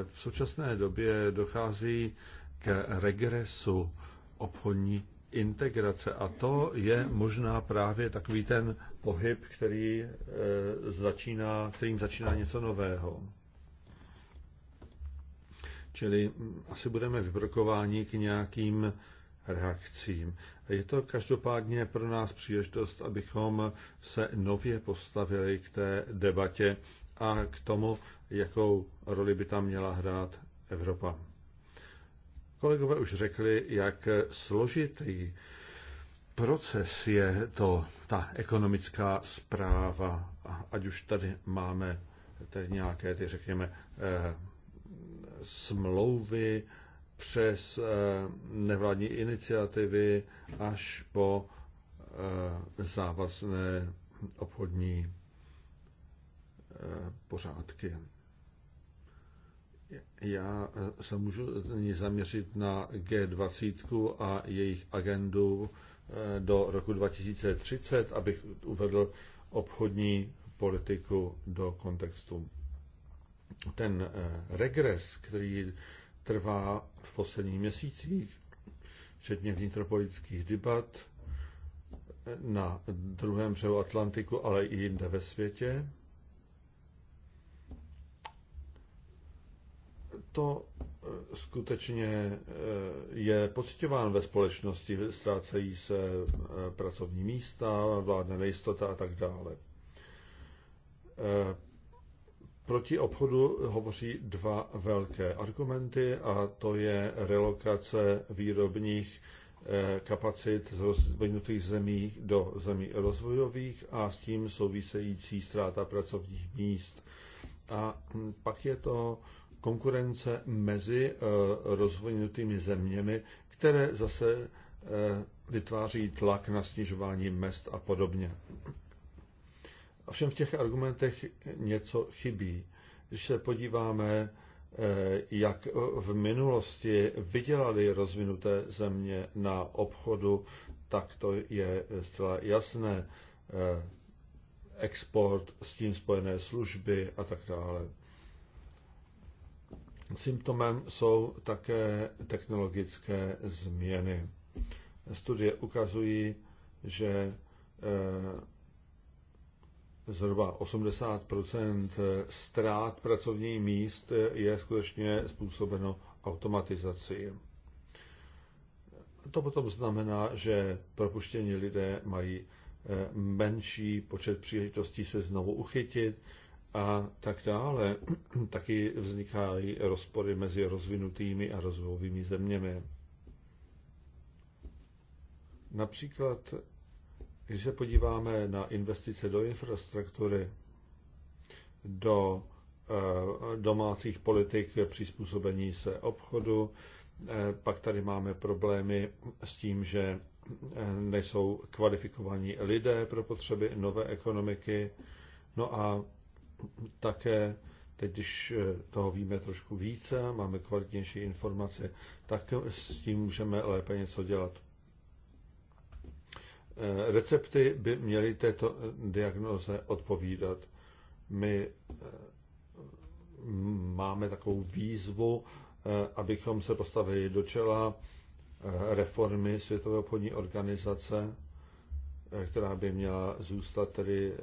v současné době dochází k regresu obchodní integrace a to je možná právě takový ten pohyb, který e, začíná, kterým začíná něco nového. Čili asi budeme vybrokováni k nějakým reakcím. Je to každopádně pro nás příležitost, abychom se nově postavili k té debatě a k tomu, jakou roli by tam měla hrát Evropa. Kolegové už řekli, jak složitý proces je to, ta ekonomická zpráva, ať už tady máme tady nějaké, ty řekněme, eh, smlouvy, přes eh, nevládní iniciativy až po eh, závazné obchodní eh, pořádky. Já se můžu zaměřit na G20 a jejich agendu do roku 2030, abych uvedl obchodní politiku do kontextu. Ten regres, který trvá v posledních měsících, včetně vnitropolitických debat na druhém břehu Atlantiku, ale i jinde ve světě. To eh, skutečně eh, je pocitován ve společnosti, ztrácejí se eh, pracovní místa, vládne nejistota a tak dále Proti obchodu hovoří dva velké argumenty a to je relokace výrobních eh, kapacit z rozvinutých zemí do zemí rozvojových a s tím související ztráta pracovních míst. A pak je to konkurence mezi eh, rozvinutými zeměmi, které zase eh, vytváří tlak na snižování mest a podobně. Ovšem v těch argumentech něco chybí. Když se podíváme, eh, jak v minulosti vydělali rozvinuté země na obchodu, tak to je zcela jasné. Eh, export, s tím spojené služby a tak dále. Symptomem jsou také technologické změny. Studie ukazují, že eh, zhruba 80 ztrát pracovních míst je skutečně způsobeno automatizací. To potom znamená, že propuštění lidé mají eh, menší počet příležitostí se znovu uchytit a tak dále. Taky vznikají rozpory mezi rozvinutými a rozvojovými zeměmi. Například když se podíváme na investice do infrastruktury, do eh, domácích politik přizpůsobení se obchodu, eh, pak tady máme problémy s tím, že eh, nejsou kvalifikovaní lidé pro potřeby nové ekonomiky. No a také teď, když toho víme trošku více, máme kvalitnější informace, tak s tím můžeme lépe něco dělat. Eh, recepty by měly této eh, diagnoze odpovídat. My eh, máme takovou výzvu, abychom se postavili do čela reformy Světové obchodní organizace, která by měla zůstat tedy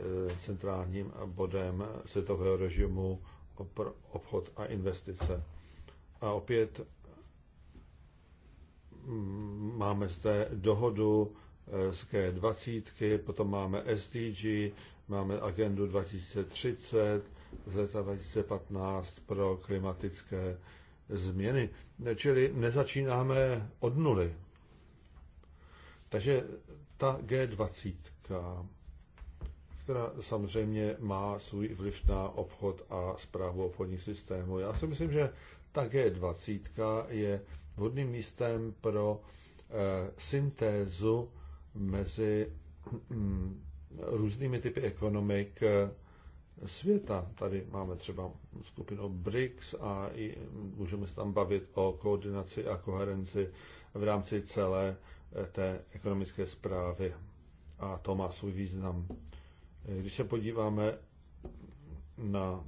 centrálním bodem světového režimu pro obchod a investice. A opět mm, máme zde dohodu Eh, z G20, potom máme SDG, máme agendu 2030 z leta 2015 pro klimatické změny. Čili nezačínáme od nuly. Takže ta G20, která samozřejmě má svůj vliv na obchod a zprávu obchodních systémů. Já si myslím, že ta G20 je vhodným místem pro eh, syntézu mezi mm, různými typy ekonomik eh, světa. Tady máme třeba skupinu BRICS a i můžeme se tam bavit o koordinaci a koherenci v rámci celé eh, té ekonomické zprávy. A to má svůj význam. Eh, když se podíváme na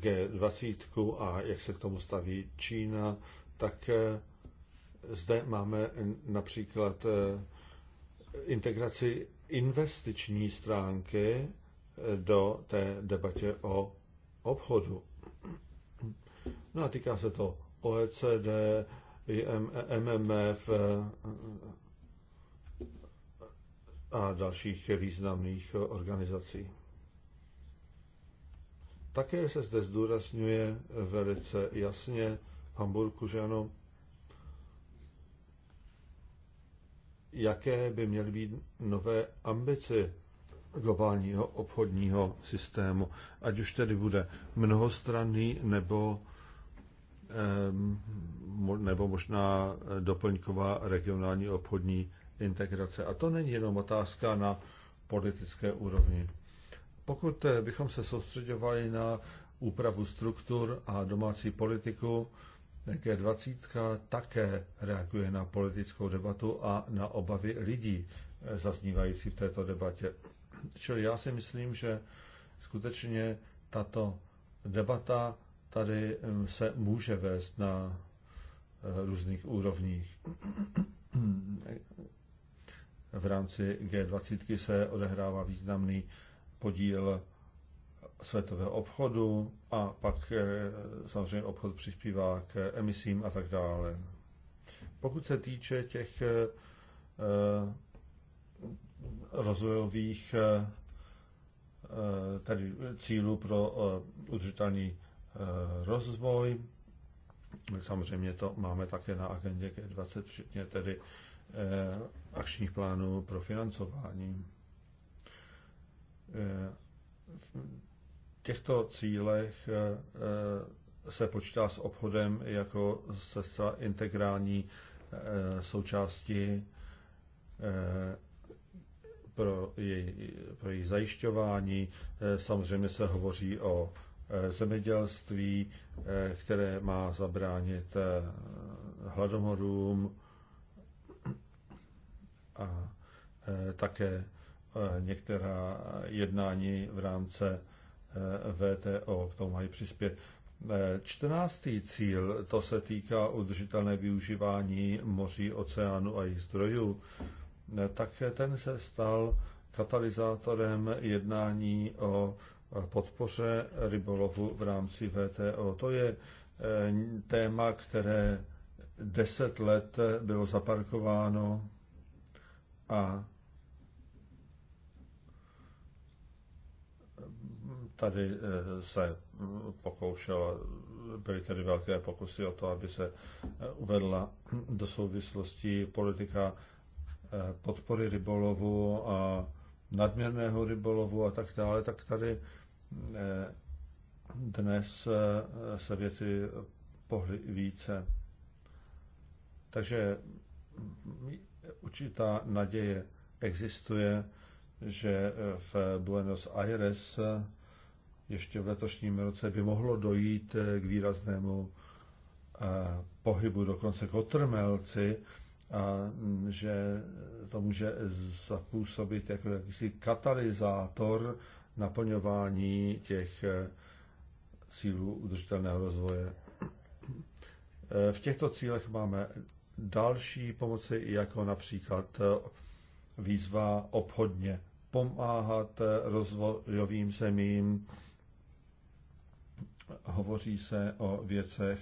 G20 a jak se k tomu staví Čína, tak zde máme například eh, integraci investiční stránky eh, do té debatě o obchodu. No a týká se to OECD, MMF eh, a dalších významných organizací. Také se zde zdůrazňuje velice jasně v Hamburku, že ano, jaké by měly být nové ambice globálního obchodního systému, ať už tedy bude mnohostranný nebo, nebo možná doplňková regionální obchodní integrace. A to není jenom otázka na politické úrovni. Pokud eh, bychom se soustředovali na úpravu struktur a domácí politiku, G20 také reaguje na politickou debatu a na obavy lidí eh, zaznívající v této debatě. Čili já si myslím, že skutečně tato debata tady hm, se může vést na eh, různých úrovních. V rámci G20 se odehrává významný podíl světového obchodu a pak eh, samozřejmě obchod přispívá k emisím a tak dále. Pokud se týče těch eh, eh, rozvojových tady cílů pro udržitelný rozvoj, samozřejmě to máme také na agendě G20, včetně tedy akčních plánů pro financování těchto cílech eh, eh, se počítá s obchodem jako se zcela integrální eh, součástí pro její, pro její zajišťování. Samozřejmě se hovoří o zemědělství, které má zabránit hladomorům a také některá jednání v rámci Eh, VTO k tomu mají přispět. Eh, čtrnáctý cíl, to se týká udržitelné využívání moří, oceánu a jejich zdrojů. Eh, tak ten se stal katalyzátorem jednání o podpoře rybolovu v rámci VTO. To je téma, které deset let bylo zaparkováno a Tady eh, se pokoušela byly tedy velké pokusy o to, aby se eh, uvedla do souvislosti politika eh, podpory rybolovu a nadměrného rybolovu a tak dále, tak tady dnes se věci pohly více. Takže mm, určitá naděje existuje, že v Buenos Aires ještě v letošním roce by mohlo dojít eh, k výraznému eh, pohybu, dokonce k otrmelci, a mm, že to může zapůsobit jako jakýsi katalyzátor naplňování těch eh, cílů udržitelného rozvoje. V těchto cílech máme další pomoci, jako například výzva obchodně pomáhat rozvojovým zemím, hovoří se o věcech,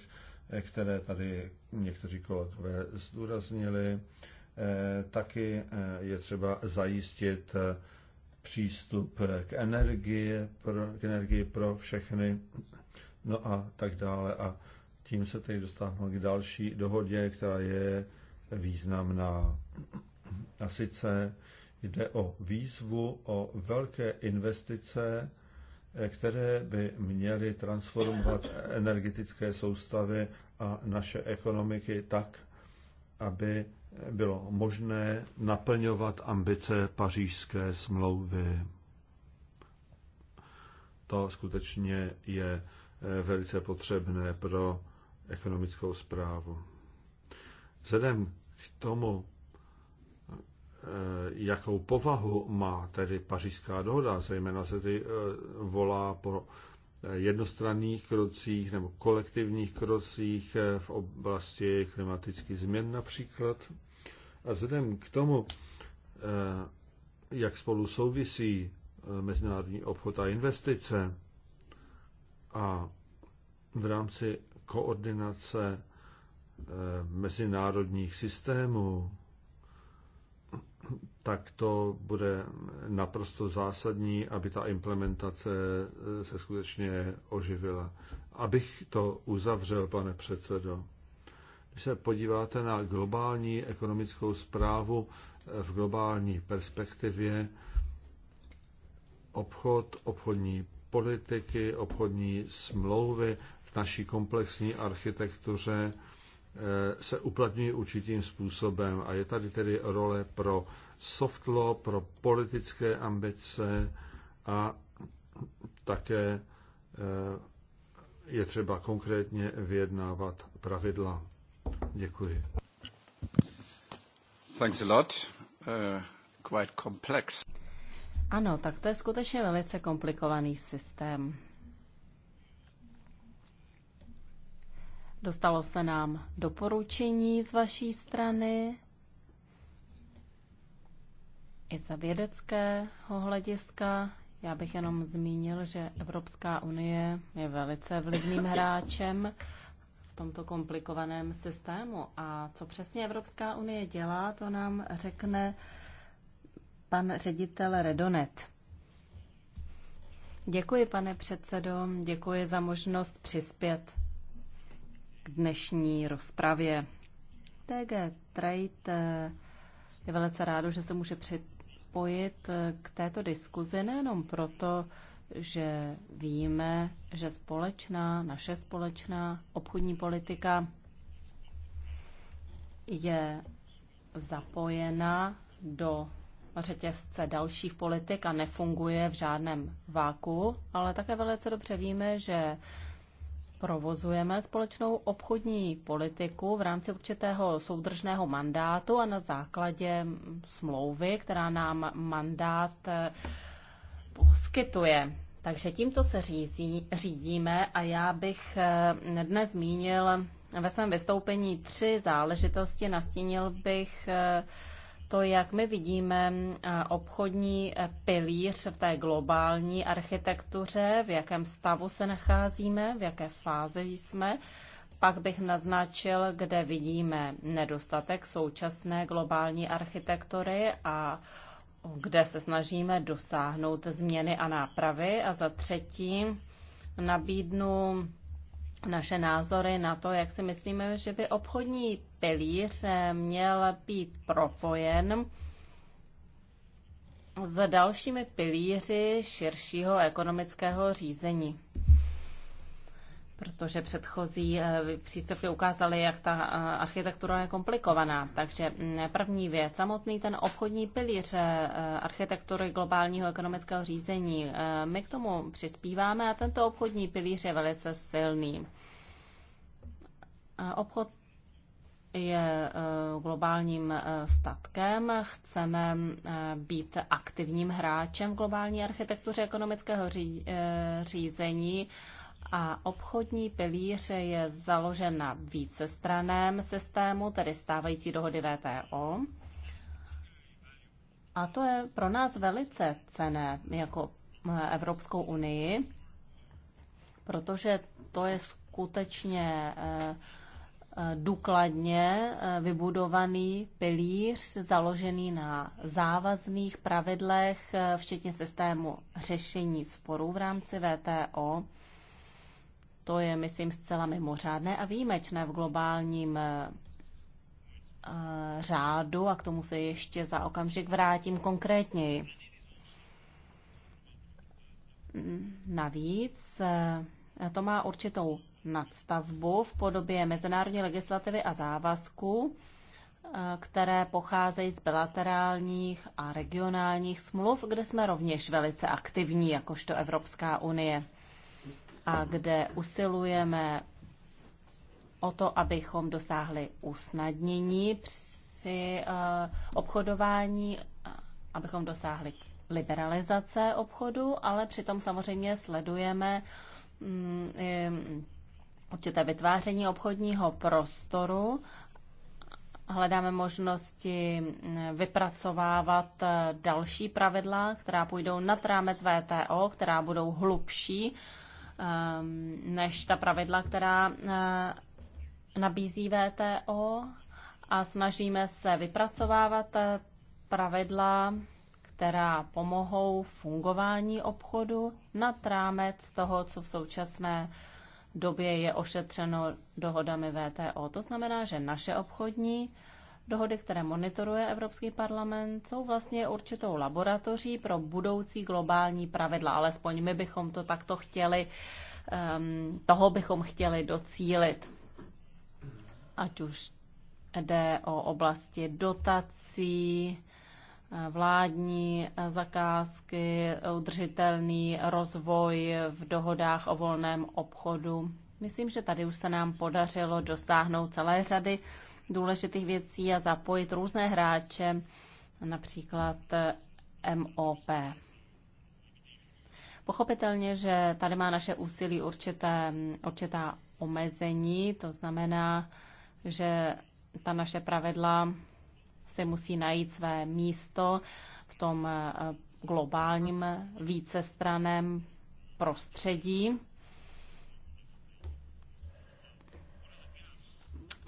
eh, které tady někteří kolegové zdůraznili. Eh, taky eh, je třeba zajistit přístup k energii, pro, k energii pro všechny, no a tak dále. A tím se tedy dostáváme k další dohodě, která je významná. A sice jde o výzvu, o velké investice, které by měly transformovat energetické soustavy a naše ekonomiky tak, aby bylo možné naplňovat ambice pařížské smlouvy. To skutečně je eh, velice potřebné pro ekonomickou zprávu. Vzhledem k tomu, Eh, jakou povahu má tedy pařížská dohoda, zejména se tedy eh, volá po eh, jednostranných krocích nebo kolektivních krocích v oblasti klimatických změn například. A vzhledem k tomu, jak spolu souvisí mezinárodní obchod a investice a v rámci koordinace mezinárodních systémů tak to bude naprosto zásadní, aby ta implementace eh, se skutečně oživila. Abych to uzavřel, pane předsedo, když se podíváte na globální ekonomickou zprávu eh, v globální perspektivě, obchod, obchodní politiky, obchodní smlouvy v naší komplexní architektuře eh, se uplatňují určitým způsobem a je tady tedy role pro soft law pro politické ambice a také eh, je třeba konkrétně vyjednávat pravidla. Děkuji. Thanks a lot. Uh, quite complex. Ano, tak to je skutečně velice komplikovaný systém. Dostalo se nám doporučení z vaší strany i za vědeckého hlediska. Já bych jenom zmínil, že Evropská unie je velice vlivným hráčem v tomto komplikovaném systému. A co přesně Evropská unie dělá, to nám řekne pan ředitel Redonet. Děkuji, pane předsedo, děkuji za možnost přispět k dnešní rozpravě. TG Trade eh, je velice rádo, že se může při zapojit eh, k této diskuzi nejenom proto, že víme, že společná, naše společná obchodní politika je zapojena do řetězce dalších politik a nefunguje v žádném váku, ale také velice dobře víme, že provozujeme společnou obchodní politiku v rámci určitého soudržného mandátu a na základě smlouvy, která nám mandát eh, poskytuje. Takže tímto se řízí, řídíme a já bych eh, dnes zmínil ve svém vystoupení tři záležitosti. Nastínil bych eh, to, jak my vidíme eh, obchodní eh, pilíř v té globální architektuře, v jakém stavu se nacházíme, v jaké fázi jsme. Pak bych naznačil, kde vidíme nedostatek současné globální architektury a kde se snažíme dosáhnout změny a nápravy. A za třetí nabídnu naše názory na to, jak si myslíme, že by obchodní pilíř eh, měl být propojen s dalšími pilíři širšího ekonomického řízení protože předchozí eh, příspěvky ukázaly, jak ta eh, architektura je komplikovaná. Takže mm, první věc, samotný ten obchodní pilíř eh, architektury globálního ekonomického řízení. My k tomu přispíváme a tento obchodní pilíř je velice silný. Obchod je globálním statkem, chceme být aktivním hráčem v globální architektuře ekonomického řízení a obchodní pilíř je založen na vícestraném systému, tedy stávající dohody VTO. A to je pro nás velice cené jako eh, Evropskou unii, protože to je skutečně eh, eh, důkladně vybudovaný pilíř založený na závazných pravidlech, včetně systému řešení sporů v rámci VTO. To je, myslím, zcela mimořádné a výjimečné v globálním eh, eh, řádu a k tomu se ještě za okamžik vrátím konkrétněji. Navíc eh, to má určitou nadstavbu v podobě mezinárodní legislativy a závazků, které pocházejí z bilaterálních a regionálních smluv, kde jsme rovněž velice aktivní, jakožto Evropská unie a kde usilujeme o to, abychom dosáhli usnadnění při eh, obchodování, abychom dosáhli liberalizace obchodu, ale přitom samozřejmě sledujeme mm, mm, určité vytváření obchodního prostoru. Hledáme možnosti mm, vypracovávat eh, další pravidla, která půjdou nad rámec VTO, která budou hlubší Ehm, než ta pravidla, která eh, nabízí VTO a snažíme se vypracovávat eh, pravidla, která pomohou fungování obchodu nad rámec toho, co v současné době je ošetřeno dohodami VTO. To znamená, že naše obchodní Dohody, které monitoruje Evropský parlament, jsou vlastně určitou laboratoří pro budoucí globální pravidla, alespoň my bychom to takto chtěli, ehm, toho bychom chtěli docílit. Ať už jde o oblasti dotací, eh, vládní zakázky, udržitelný rozvoj v dohodách o volném obchodu. Myslím, že tady už se nám podařilo dosáhnout celé řady důležitých věcí a zapojit různé hráče, například eh, MOP. Pochopitelně, že tady má naše úsilí určité, určitá omezení, to znamená, že ta naše pravidla si musí najít své místo v tom eh, globálním vícestraném prostředí.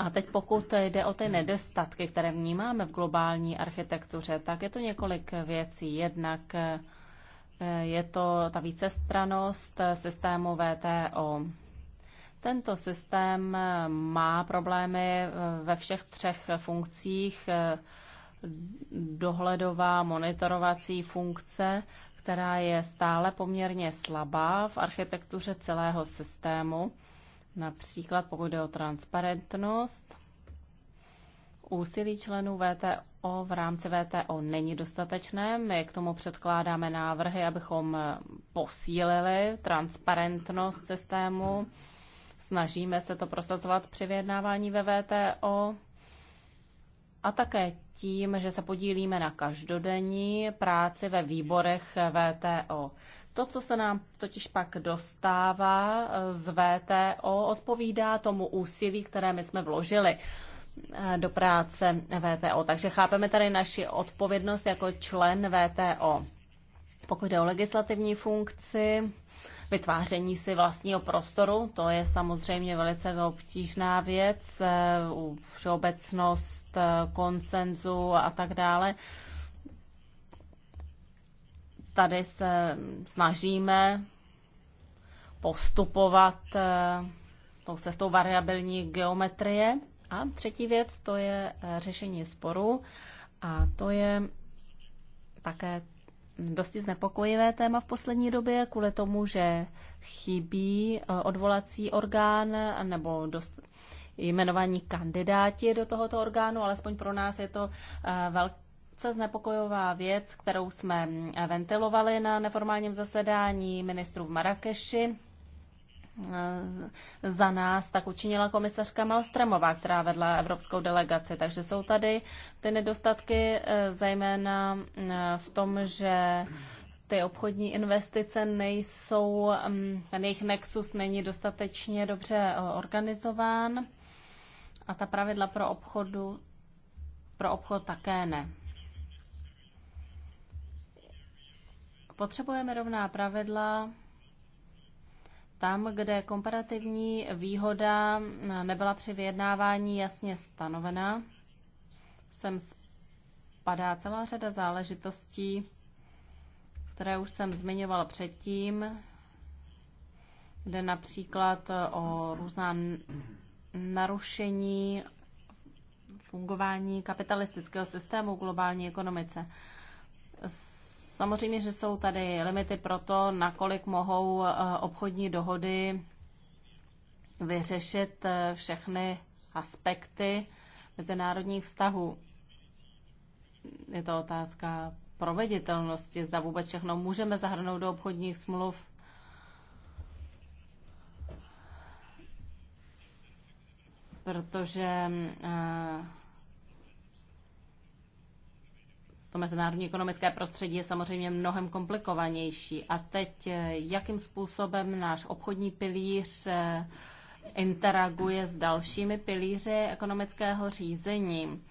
A teď pokud jde o ty nedostatky, které vnímáme v globální architektuře, tak je to několik věcí. Jednak eh, je to ta vícestranost systému VTO. Tento systém eh, má problémy eh, ve všech třech funkcích. Dohledová monitorovací funkce, která je stále poměrně slabá v architektuře celého systému. Například pokud jde o transparentnost, úsilí členů VTO v rámci VTO není dostatečné. My k tomu předkládáme návrhy, abychom posílili transparentnost systému. Snažíme se to prosazovat při vyjednávání ve VTO a také tím, že se podílíme na každodenní práci ve výborech VTO. To, co se nám totiž pak dostává z VTO, odpovídá tomu úsilí, které my jsme vložili eh, do práce VTO. Takže chápeme tady naši odpovědnost jako člen VTO. Pokud jde o legislativní funkci, vytváření si vlastního prostoru, to je samozřejmě velice obtížná věc, eh, všeobecnost, eh, konsenzu a tak dále. Tady se snažíme postupovat eh, tou cestou variabilní geometrie. A třetí věc, to je eh, řešení sporu. A to je také dosti znepokojivé téma v poslední době kvůli tomu, že chybí eh, odvolací orgán nebo dost jmenovaní kandidáti do tohoto orgánu, alespoň pro nás je to velký velice znepokojová věc, kterou jsme ventilovali na neformálním zasedání ministrů v Marrakeši. Za nás tak učinila komisařka Malstremová, která vedla evropskou delegaci. Takže jsou tady ty nedostatky, eh, zejména eh, v tom, že ty obchodní investice nejsou, mm, ten jejich nexus není dostatečně dobře eh, organizován a ta pravidla pro obchodu pro obchod také ne. Potřebujeme rovná pravidla tam, kde komparativní výhoda nebyla při vyjednávání jasně stanovena. Sem spadá celá řada záležitostí, které už jsem zmiňovala předtím, kde například o různá narušení fungování kapitalistického systému globální ekonomice. S Samozřejmě, že jsou tady limity pro to, nakolik mohou eh, obchodní dohody vyřešit eh, všechny aspekty mezinárodních vztahů. Je to otázka proveditelnosti, zda vůbec všechno můžeme zahrnout do obchodních smluv. Protože eh, To mezinárodní ekonomické prostředí je samozřejmě mnohem komplikovanější. A teď, eh, jakým způsobem náš obchodní pilíř eh, interaguje s dalšími pilíři ekonomického řízení?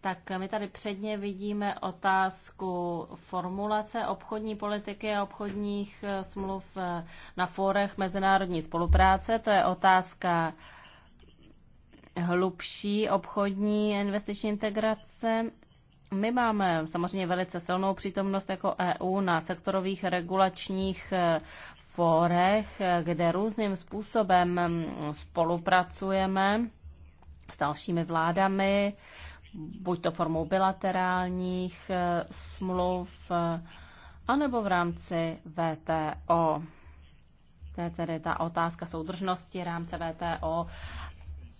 Tak my tady předně vidíme otázku formulace obchodní politiky a obchodních eh, smluv na fórech mezinárodní spolupráce. To je otázka hlubší obchodní investiční integrace my máme samozřejmě velice silnou přítomnost jako EU na sektorových regulačních eh, fórech, eh, kde různým způsobem mm, spolupracujeme s dalšími vládami, buď to formou bilaterálních eh, smluv, anebo v rámci VTO. To je tedy ta otázka soudržnosti rámce VTO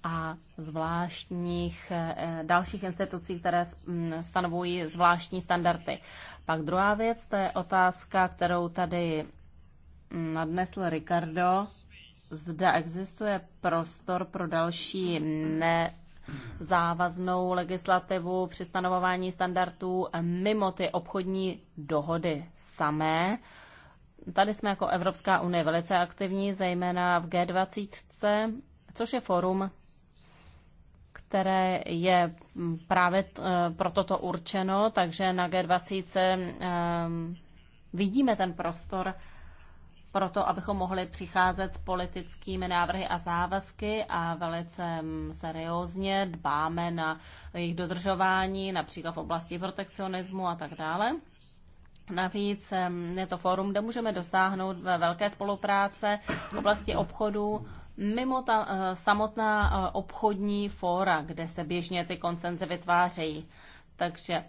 a zvláštních eh, dalších institucí, které mm, stanovují zvláštní standardy. Pak druhá věc, to je otázka, kterou tady mm, nadnesl Ricardo. Zda existuje prostor pro další ne závaznou legislativu při stanovování standardů mimo ty obchodní dohody samé. Tady jsme jako Evropská unie velice aktivní, zejména v G20, což je forum, které je právě eh, pro toto určeno, takže na G20 eh, vidíme ten prostor pro to, abychom mohli přicházet s politickými návrhy a závazky a velice mm, seriózně dbáme na jejich dodržování, například v oblasti protekcionismu a tak dále. Navíc mm, je to fórum, kde můžeme dosáhnout ve velké spolupráce v oblasti obchodu, mimo ta eh, samotná eh, obchodní fóra, kde se běžně ty koncenze vytvářejí. Takže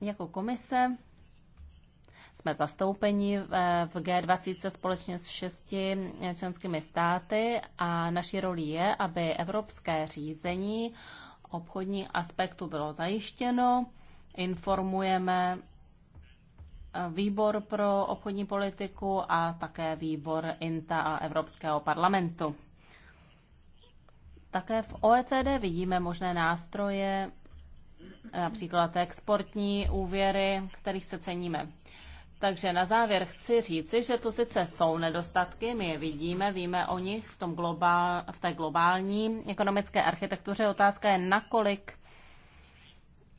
jako komise jsme zastoupeni v G20 společně s šesti eh, členskými státy a naší roli je, aby evropské řízení obchodní aspektu bylo zajištěno. Informujeme výbor pro obchodní politiku a také výbor INTA a Evropského parlamentu. Také v OECD vidíme možné nástroje, například exportní úvěry, kterých se ceníme. Takže na závěr chci říci, že to sice jsou nedostatky, my je vidíme, víme o nich v, tom globál, v té globální ekonomické architektuře. Otázka je, nakolik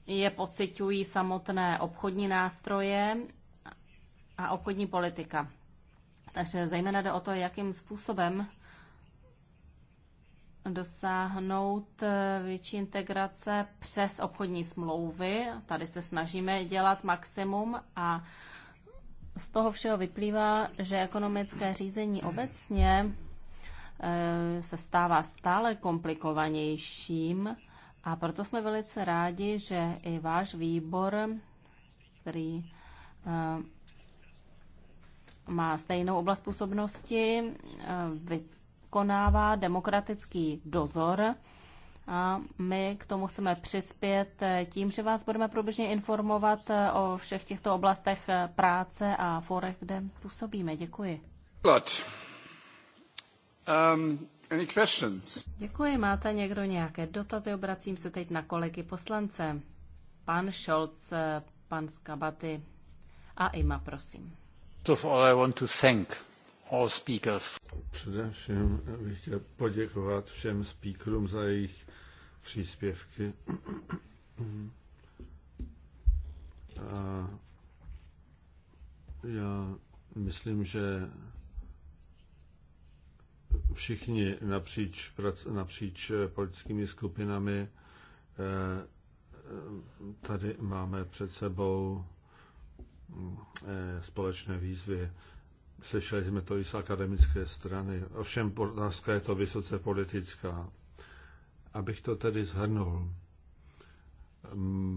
je pociťují samotné obchodní nástroje a obchodní politika. Takže zejména jde o to, jakým způsobem dosáhnout eh, větší integrace přes obchodní smlouvy. Tady se snažíme dělat maximum a z toho všeho vyplývá, že ekonomické řízení obecně eh, se stává stále komplikovanějším a proto jsme velice rádi, že i váš výbor, který eh, má stejnou oblast působnosti, eh, vykonává demokratický dozor a my k tomu chceme přispět eh, tím, že vás budeme průběžně informovat eh, o všech těchto oblastech práce a forech, kde působíme. Děkuji. Um, any questions? Děkuji. Máte někdo nějaké dotazy? Obracím se teď na kolegy poslance. Pan Scholz, pan Skabaty a Ima, prosím. Především bych chtěl poděkovat všem speakerům za jejich příspěvky. A já myslím, že všichni napříč, napříč politickými skupinami eh, tady máme před sebou Eh, společné výzvy. Slyšeli jsme to i z akademické strany. Ovšem otázka je to vysoce politická. Abych to tedy zhrnul.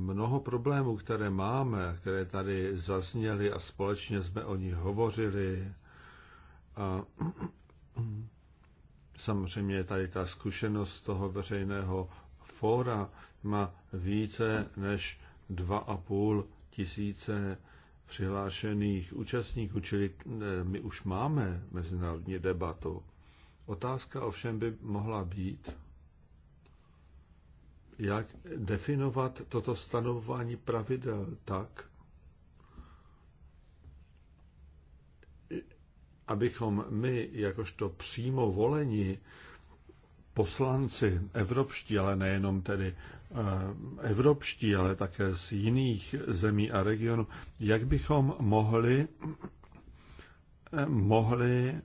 Mnoho problémů, které máme, které tady zazněly a společně jsme o nich hovořili, a samozřejmě tady ta zkušenost toho veřejného fóra má více než půl tisíce přihlášených účastníků, čili eh, my už máme mezinárodní debatu. Otázka ovšem by mohla být, jak definovat toto stanovování pravidel tak, abychom my, jakožto přímo volení, poslanci evropští, ale nejenom tedy eh, evropští, ale také z jiných zemí a regionů, jak bychom mohli, eh, mohli eh,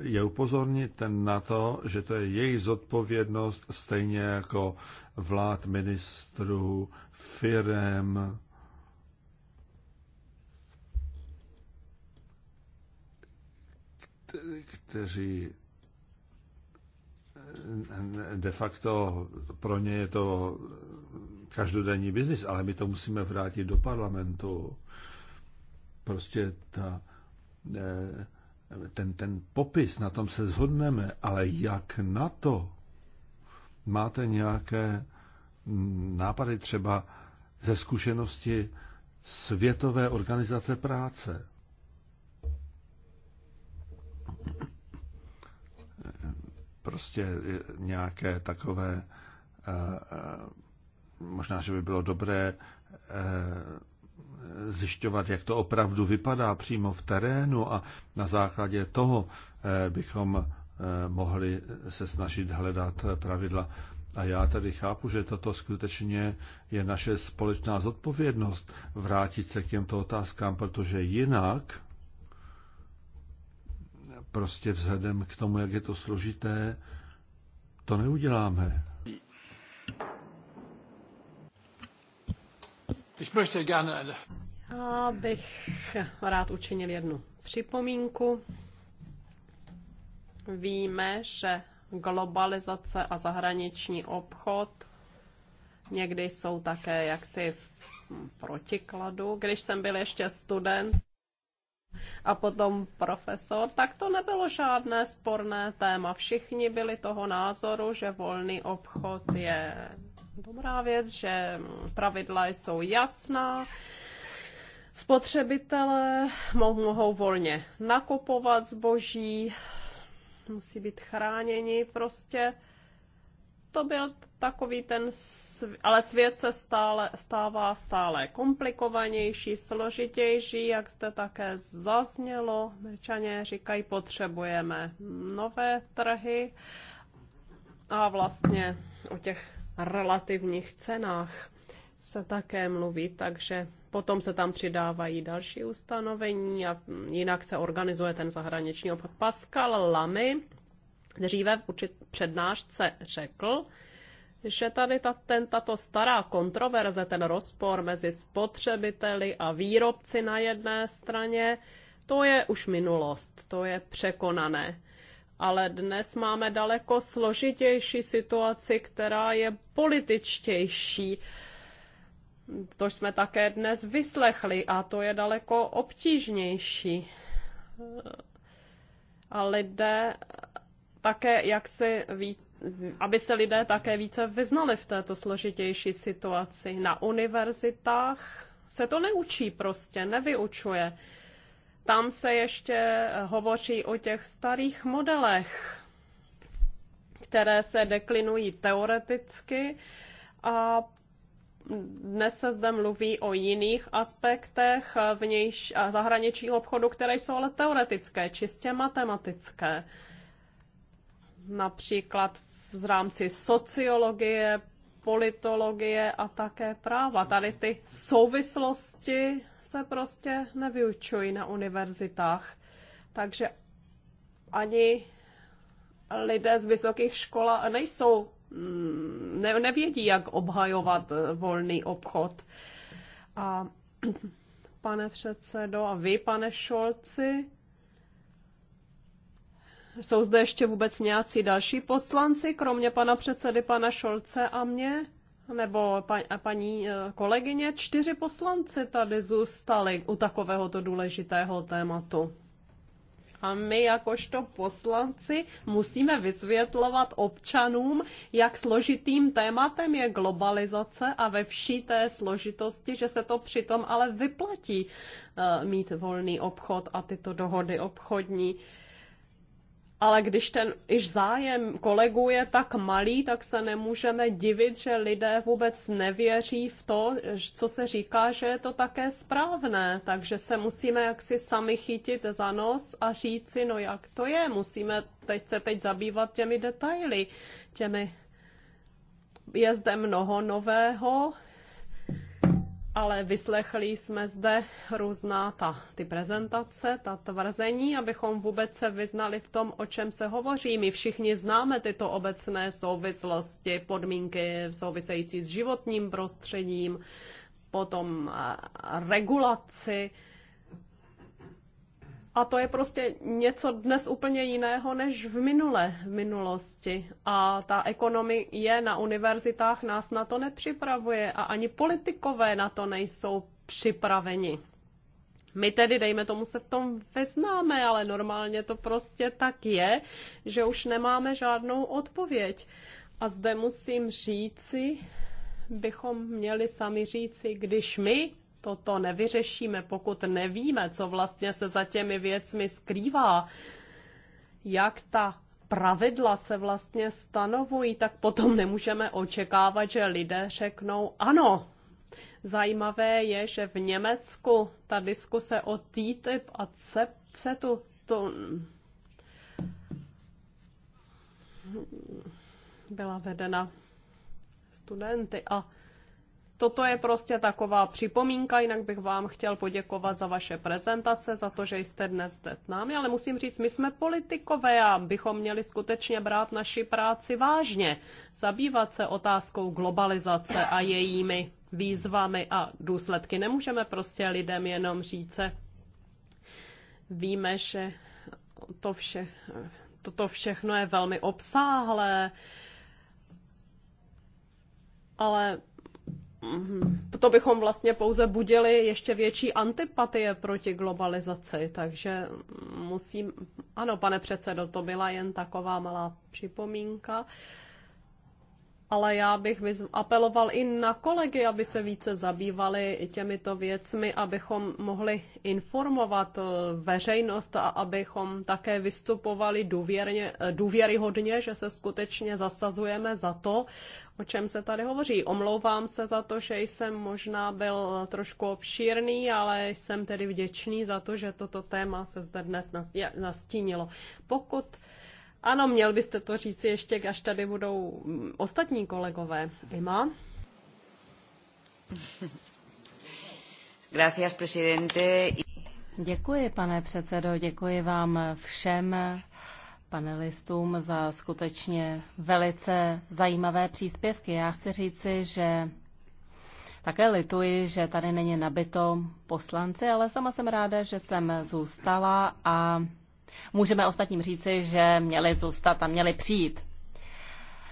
je upozornit na to, že to je jejich zodpovědnost stejně jako vlád ministrů, firem, kteří de facto pro ně je to každodenní biznis, ale my to musíme vrátit do parlamentu. Prostě ta, eh, ten, ten popis, na tom se zhodneme, ale jak na to? Máte nějaké nápady třeba ze zkušenosti Světové organizace práce? prostě nějaké takové, eh, eh, možná, že by bylo dobré eh, zjišťovat, jak to opravdu vypadá přímo v terénu a na základě toho bychom mohli se snažit hledat pravidla. A já tady chápu, že toto skutečně je naše společná zodpovědnost vrátit se k těmto otázkám, protože jinak prostě vzhledem k tomu, jak je to složité, to neuděláme. Já bych rád učinil jednu připomínku. Víme, že globalizace a zahraniční obchod někdy jsou také jaksi v protikladu. Když jsem byl ještě student, a potom profesor, tak to nebylo žádné sporné téma. Všichni byli toho názoru, že volný obchod je dobrá věc, že pravidla jsou jasná, spotřebitelé mohou volně nakupovat zboží, musí být chráněni prostě to byl takový ten, ale svět se stále, stává stále komplikovanější, složitější, jak jste také zaznělo. Američané říkají, potřebujeme nové trhy a vlastně o těch relativních cenách se také mluví, takže potom se tam přidávají další ustanovení a jinak se organizuje ten zahraniční obchod. Pascal Lamy, dříve v určit přednášce řekl, že tady ta, ten, tato stará kontroverze, ten rozpor mezi spotřebiteli a výrobci na jedné straně, to je už minulost, to je překonané. Ale dnes máme daleko složitější situaci, která je političtější. To jsme také dnes vyslechli a to je daleko obtížnější. A lidé také, jak si ví, aby se lidé také více vyznali v této složitější situaci. Na univerzitách se to neučí prostě, nevyučuje. Tam se ještě hovoří o těch starých modelech, které se deklinují teoreticky a dnes se zde mluví o jiných aspektech vnějš, zahraničního obchodu, které jsou ale teoretické, čistě matematické například v rámci sociologie, politologie a také práva. Tady ty souvislosti se prostě nevyučují na univerzitách. Takže ani lidé z vysokých škol nejsou, mm, ne, nevědí, jak obhajovat volný obchod. A pane předsedo, a vy, pane Šolci, jsou zde ještě vůbec nějací další poslanci, kromě pana předsedy, pana Šolce a mě? Nebo pa, a paní eh, kolegyně? Čtyři poslanci tady zůstali u takovéhoto důležitého tématu. A my jakožto poslanci musíme vysvětlovat občanům, jak složitým tématem je globalizace a ve vší té složitosti, že se to přitom ale vyplatí eh, mít volný obchod a tyto dohody obchodní ale když ten iž zájem kolegů je tak malý, tak se nemůžeme divit, že lidé vůbec nevěří v to, co se říká, že je to také správné. Takže se musíme jaksi sami chytit za nos a říci, no jak to je, musíme teď se teď zabývat těmi detaily, těmi je zde mnoho nového, ale vyslechli jsme zde různá ta, ty prezentace, ta tvrzení, abychom vůbec se vyznali v tom, o čem se hovoří. My všichni známe tyto obecné souvislosti, podmínky související s životním prostředím, potom eh, regulaci a to je prostě něco dnes úplně jiného než v minule, v minulosti. A ta ekonomie je na univerzitách nás na to nepřipravuje a ani politikové na to nejsou připraveni. My tedy, dejme tomu, se v tom veznáme, ale normálně to prostě tak je, že už nemáme žádnou odpověď. A zde musím říci, bychom měli sami říci, když my toto nevyřešíme, pokud nevíme, co vlastně se za těmi věcmi skrývá, jak ta pravidla se vlastně stanovují, tak potom nemůžeme očekávat, že lidé řeknou ano. Zajímavé je, že v Německu ta diskuse o TTIP a CETu, to byla vedena studenty a Toto je prostě taková připomínka, jinak bych vám chtěl poděkovat za vaše prezentace, za to, že jste dnes zde s námi, ale musím říct, my jsme politikové a bychom měli skutečně brát naši práci vážně, zabývat se otázkou globalizace a jejími výzvami a důsledky. Nemůžeme prostě lidem jenom říct, víme, že to vše, toto všechno je velmi obsáhlé, ale Mhm. to bychom vlastně pouze budili ještě větší antipatie proti globalizaci, takže musím, ano pane předsedo, to byla jen taková malá připomínka. Uh, ale já bych apeloval i na kolegy, aby se více zabývali těmito věcmi, abychom mohli informovat eh, veřejnost a abychom také vystupovali důvěrně, eh, důvěryhodně, že se skutečně zasazujeme za to, o čem se tady hovoří. Omlouvám se za to, že jsem možná byl eh, trošku obšírný, ale jsem tedy vděčný za to, že toto téma se zde dnes nastínilo. Pokud ano, měl byste to říci ještě, až tady budou mm, ostatní kolegové. Ima? Gracias, presidente. Děkuji, pane předsedo, děkuji vám všem panelistům za skutečně velice zajímavé příspěvky. Já chci říci, že také lituji, že tady není nabito poslanci, ale sama jsem ráda, že jsem zůstala a Můžeme ostatním říci, že měli zůstat a měli přijít.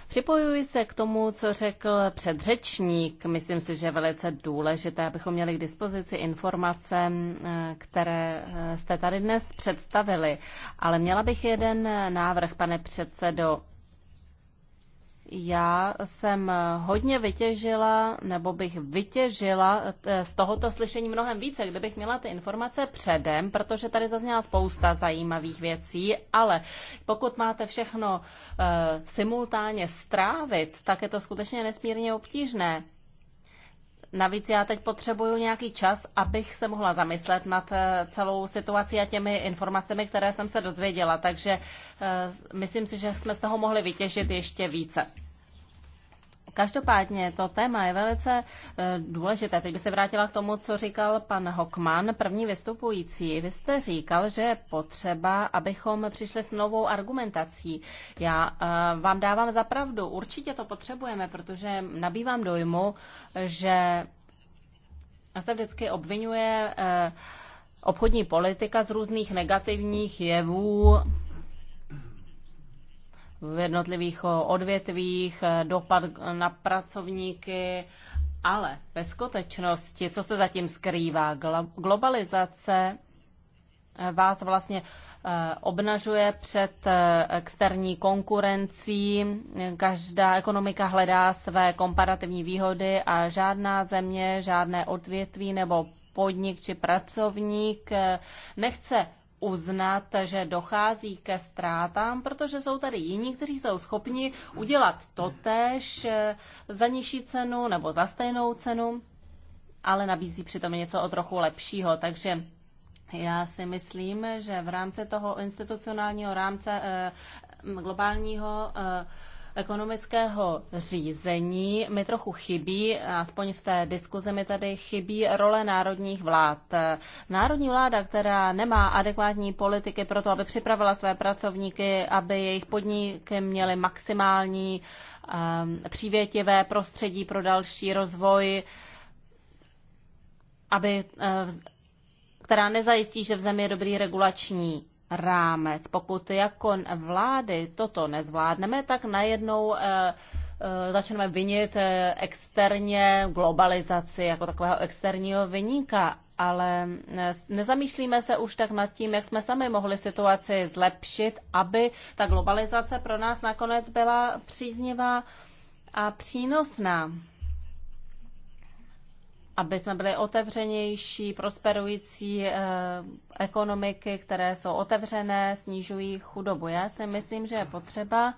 Připojuji se k tomu, co řekl předřečník. Myslím si, že je velice důležité, abychom měli k dispozici informace, eh, které eh, jste tady dnes představili. Ale měla bych jeden návrh, pane předsedo. Já jsem hodně vytěžila, nebo bych vytěžila eh, z tohoto slyšení mnohem více, kdybych měla ty informace předem, protože tady zazněla spousta zajímavých věcí, ale pokud máte všechno uh, simultánně strávit, tak je to skutečně nesmírně obtížné. Navíc já teď potřebuju nějaký čas, abych se mohla zamyslet nad eh, celou situací a těmi informacemi, které jsem se dozvěděla. Takže uh, myslím si, že jsme z toho mohli vytěžit ještě více. Každopádně to téma je velice eh, důležité. Teď bych se vrátila k tomu, co říkal pan Hockman, první vystupující. Vy jste říkal, že je potřeba, abychom přišli s novou argumentací. Já eh, vám dávám za pravdu. Určitě to potřebujeme, protože nabývám dojmu, že se vždycky obvinuje eh, obchodní politika z různých negativních jevů, v jednotlivých eh, odvětvích, eh, dopad na pracovníky, ale ve skutečnosti, co se zatím skrývá, globalizace eh, vás vlastně obnažuje před externí konkurencí. Každá ekonomika hledá své komparativní výhody a žádná země, žádné odvětví nebo podnik či pracovník nechce uznat, že dochází ke ztrátám, protože jsou tady jiní, kteří jsou schopni udělat totéž eh, za nižší cenu nebo za stejnou cenu, ale nabízí přitom něco o trochu lepšího. Takže já si myslím, že v rámci toho institucionálního rámce eh, globálního eh, ekonomického řízení mi trochu chybí, aspoň v té diskuzi mi tady chybí role národních vlád. Národní vláda, která nemá adekvátní politiky pro to, aby připravila své pracovníky, aby jejich podniky měly maximální um, přívětivé prostředí pro další rozvoj, aby, eh, která nezajistí, že v zemi je dobrý regulační rámec. Pokud jako vlády toto nezvládneme, tak najednou eh, eh, začneme vinit eh, externě globalizaci jako takového externího vyníka, ale nezamýšlíme se už tak nad tím, jak jsme sami mohli situaci zlepšit, aby ta globalizace pro nás nakonec byla příznivá a přínosná aby jsme byli otevřenější, prosperující eh, ekonomiky, které jsou otevřené, snižují chudobu. Já si myslím, že je potřeba,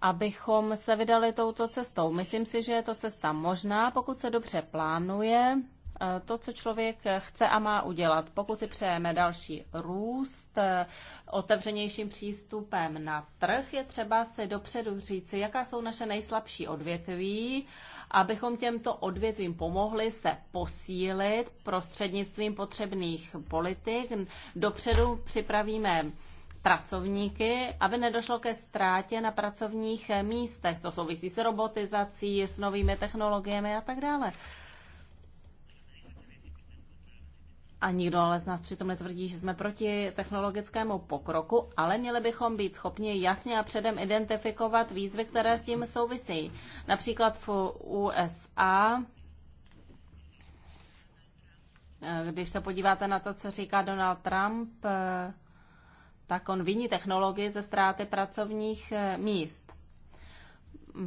abychom se vydali touto cestou. Myslím si, že je to cesta možná, pokud se dobře plánuje eh, to, co člověk chce a má udělat. Pokud si přejeme další růst, eh, otevřenějším přístupem na trh, je třeba si dopředu říci, jaká jsou naše nejslabší odvětví abychom těmto odvětvím pomohli se posílit prostřednictvím potřebných politik. Dopředu připravíme pracovníky, aby nedošlo ke ztrátě na pracovních místech. To souvisí s robotizací, s novými technologiemi a tak dále. a nikdo ale z nás přitom netvrdí, že jsme proti technologickému pokroku, ale měli bychom být schopni jasně a předem identifikovat výzvy, které s tím souvisí. Například v USA, když se podíváte na to, co říká Donald Trump, eh, tak on viní technologii ze ztráty pracovních eh, míst.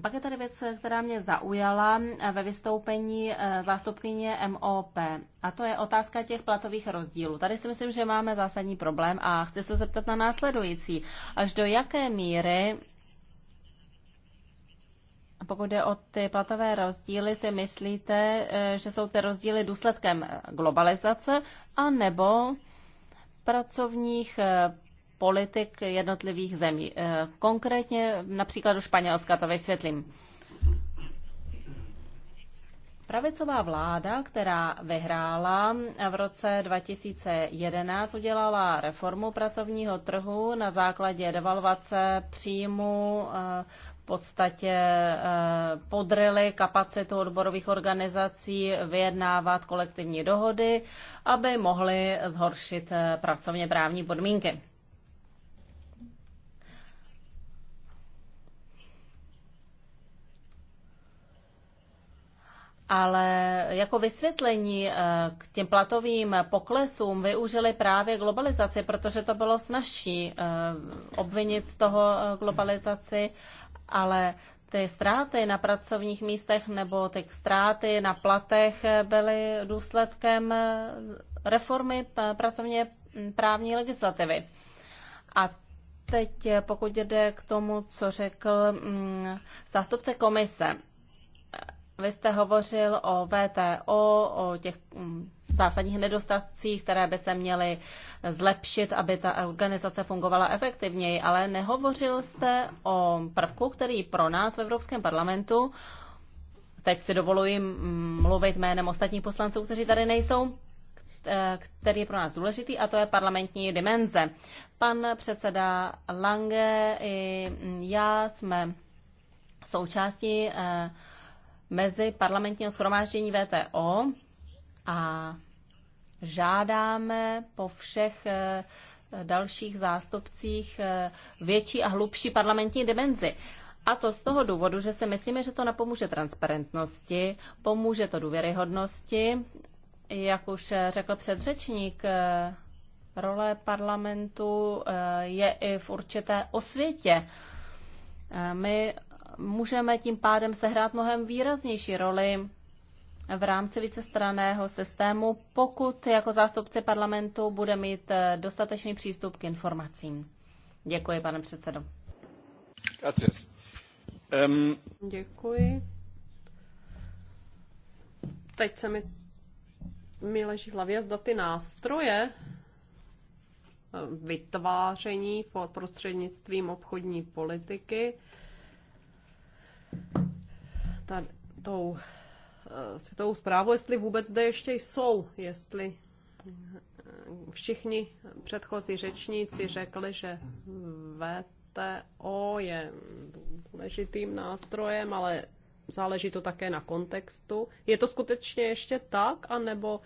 Pak je tady věc, která mě zaujala eh, ve vystoupení eh, zástupkyně MOP, a to je otázka těch platových rozdílů. Tady si myslím, že máme zásadní problém a chci se zeptat na následující. Až do jaké míry pokud jde o ty platové rozdíly, si myslíte, eh, že jsou ty rozdíly důsledkem globalizace a nebo pracovních politik jednotlivých zemí. Eh, konkrétně například do Španělska to vysvětlím. Pravicová vláda, která vyhrála v roce 2011, udělala reformu pracovního trhu na základě devalvace příjmu, eh, v podstatě eh, podryly kapacitu odborových organizací vyjednávat kolektivní dohody, aby mohly zhoršit pracovně právní podmínky. ale jako vysvětlení eh, k těm platovým poklesům využili právě globalizaci, protože to bylo snažší eh, obvinit z toho eh, globalizaci, ale ty ztráty na pracovních místech nebo ty ztráty na platech byly důsledkem reformy pracovně hm, právní legislativy. A teď pokud jde k tomu, co řekl hm, zástupce komise, vy jste hovořil o VTO, o těch mm, zásadních nedostatcích, které by se měly zlepšit, aby ta organizace fungovala efektivněji, ale nehovořil jste o prvku, který pro nás v Evropském parlamentu teď si dovoluji mm, mluvit jménem ostatních poslanců, kteří tady nejsou, eh, který je pro nás důležitý, a to je parlamentní dimenze. Pan předseda Lange i mm, já jsme součástí eh, mezi parlamentního schromáždění VTO a žádáme po všech eh, dalších zástupcích eh, větší a hlubší parlamentní dimenzi. A to z toho důvodu, že si myslíme, že to napomůže transparentnosti, pomůže to důvěryhodnosti. Jak už eh, řekl předřečník, role parlamentu je i v určité osvětě. My můžeme tím pádem sehrát mnohem výraznější roli v rámci vícestraného systému, pokud jako zástupce parlamentu bude mít eh, dostatečný přístup k informacím. Děkuji, pane předsedo. Um... Děkuji. Teď se mi, mi leží v hlavě, zda ty nástroje eh, vytváření prostřednictvím obchodní politiky ta, tou eh, světovou zprávu, jestli vůbec zde ještě jsou, jestli eh, všichni předchozí řečníci řekli, že VTO je důležitým nástrojem, ale záleží to také na kontextu. Je to skutečně ještě tak, anebo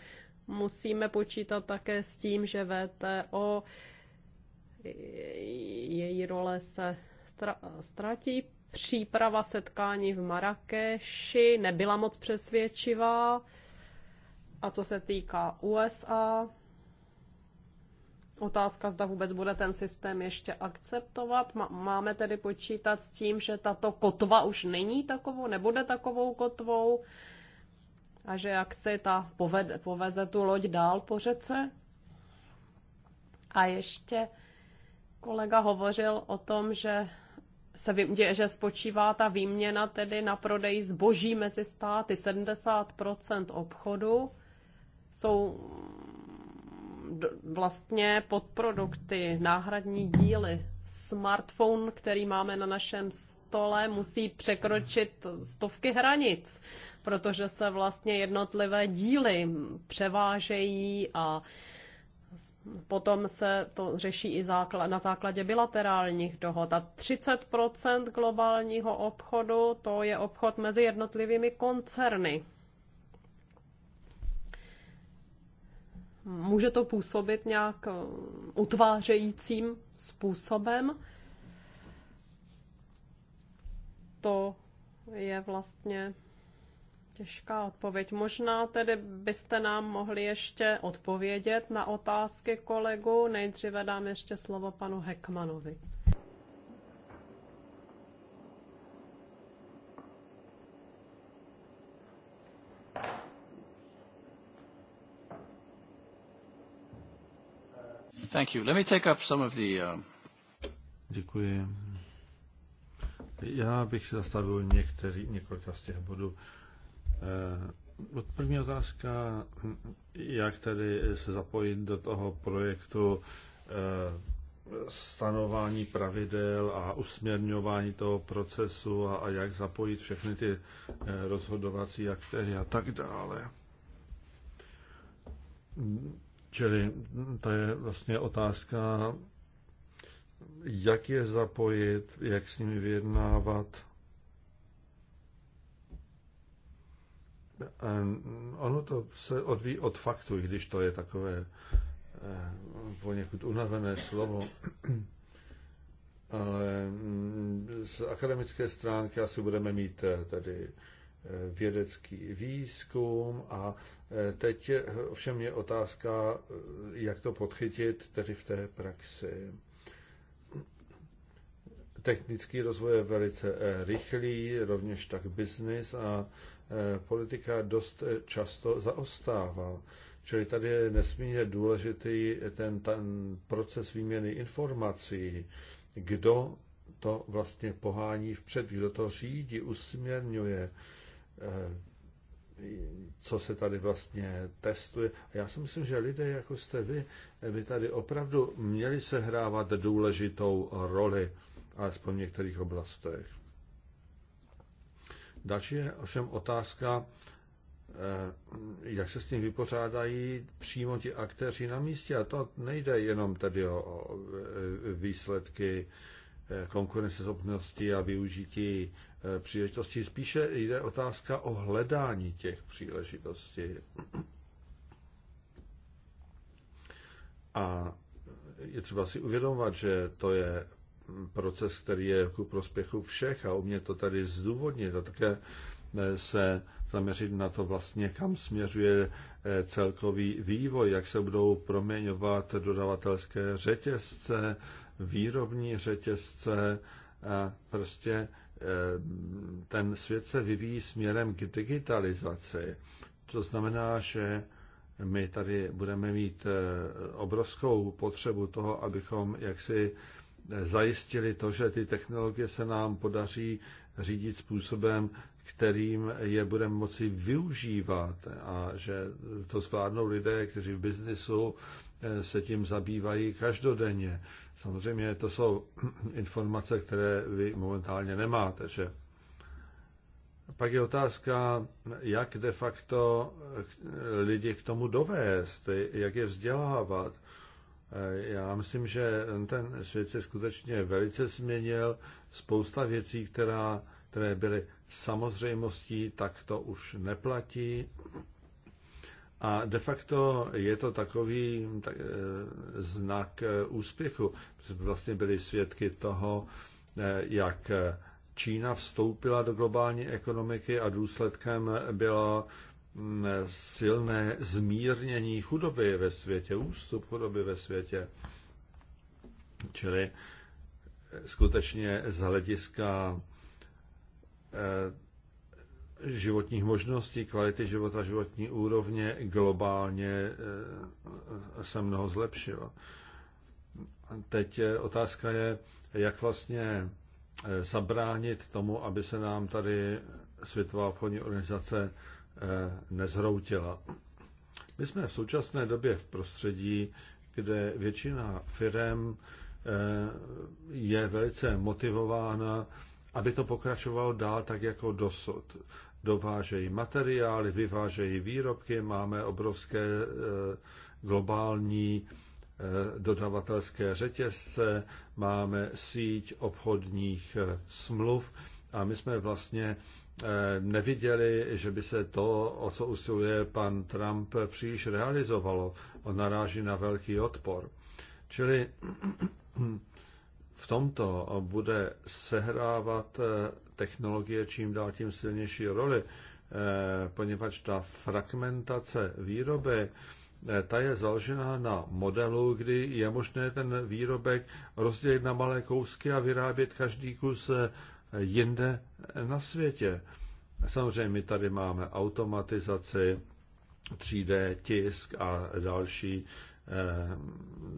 musíme počítat také s tím, že VTO eh, její role se ztratí, Příprava setkání v Marrakeši nebyla moc přesvědčivá. A co se týká USA, Otázka, zda vůbec bude ten systém ještě akceptovat. Máme tedy počítat s tím, že tato kotva už není takovou, nebude takovou kotvou a že jak si ta povede, poveze tu loď dál po řece. A ještě kolega hovořil o tom, že se vyměně, že spočívá ta výměna tedy na prodej zboží mezi státy. 70% obchodu jsou mm, vlastně podprodukty, náhradní díly. Smartphone, který máme na našem stole, musí překročit stovky hranic, protože se vlastně jednotlivé díly převážejí a uh, Potom se to řeší i základ, na základě bilaterálních dohod. A 30 globálního obchodu to je obchod mezi jednotlivými koncerny. Může to působit nějak eh, utvářejícím způsobem. To je vlastně Těžká odpověď. Možná tedy byste nám mohli ještě odpovědět na otázky kolegu. Nejdříve dám ještě slovo panu Hekmanovi. Thank you. Let me take up some of the, uh... Děkuji. Já bych se zastavil některý, několika z těch bodů. Eh, první otázka, jak tedy se zapojit do toho projektu eh, stanování pravidel a usměrňování toho procesu a, jak zapojit všechny ty eh, rozhodovací aktéry a tak dále. Čili to je vlastně otázka, jak je zapojit, jak s nimi vyjednávat, Ono to se odvíjí od faktu, i když to je takové eh, poněkud unavené slovo. Ale mm, z akademické stránky asi budeme mít eh, tady eh, vědecký výzkum a teď ovšem je otázka, jak to podchytit tedy v té praxi technický rozvoj je velice eh, rychlý, rovněž tak biznis a eh, politika dost eh, často zaostává. Čili tady je nesmírně důležitý ten, ten proces výměny informací, kdo to vlastně pohání vpřed, kdo to řídí, usměrňuje, co se tady vlastně testuje. A já si myslím, že lidé, jako jste vy, by tady opravdu měli sehrávat důležitou roli alespoň v některých oblastech. Další je ovšem otázka, eh, jak se s tím vypořádají přímo ti aktéři na místě. A to nejde jenom tedy o eh, výsledky eh, konkurenceschopnosti a využití příležitostí. Spíše jde otázka o hledání těch příležitostí. A je třeba si uvědomovat, že to je proces, který je ku prospěchu všech a umět to tady zdůvodnit a také eh, se zaměřit na to vlastně, kam směřuje eh, celkový vývoj, jak se budou proměňovat dodavatelské řetězce, výrobní řetězce, a prostě eh, ten svět se vyvíjí směrem k digitalizaci. To znamená, že my tady budeme mít obrovskou potřebu toho, abychom jaksi zajistili to, že ty technologie se nám podaří řídit způsobem, kterým je budeme moci využívat a že to zvládnou lidé, kteří v biznisu eh, se tím zabývají každodenně. Samozřejmě to jsou informace, které vy momentálně nemáte. Že? Pak je otázka, jak de facto eh, eh, lidi k tomu dovést, jak je vzdělávat. Eh, já myslím, že ten svět se skutečně velice změnil. Spousta věcí, která, které byly samozřejmostí, tak to už neplatí. A de facto je to takový tak, eh, znak eh, úspěchu. Jsme vlastně byli svědky toho, jak Čína vstoupila do globální ekonomiky a důsledkem bylo silné zmírnění chudoby ve světě, ústup chudoby ve světě. Čili eh, skutečně z hlediska eh, životních možností, kvality života, životní úrovně globálně eh, se mnoho zlepšilo. Teď otázka je, jak vlastně zabránit tomu, aby se nám tady Světová obchodní organizace Eh, nezhroutila. My jsme v současné době v prostředí, kde většina firm eh, je velice motivována, aby to pokračovalo dál tak jako dosud. Dovážejí materiály, vyvážejí výrobky, máme obrovské eh, globální dodavatelské řetězce, máme síť obchodních smluv a my jsme vlastně Eh, neviděli, že by se to, o co usiluje pan Trump, příliš realizovalo. On naráží na velký odpor. Čili v tomto bude sehrávat eh, technologie čím dál tím silnější roli, eh, poněvadž ta fragmentace výroby, ta je založena na modelu, kdy je možné ten výrobek rozdělit na malé kousky a vyrábět každý kus jinde na světě. Samozřejmě my tady máme automatizaci, 3D tisk a další, eh,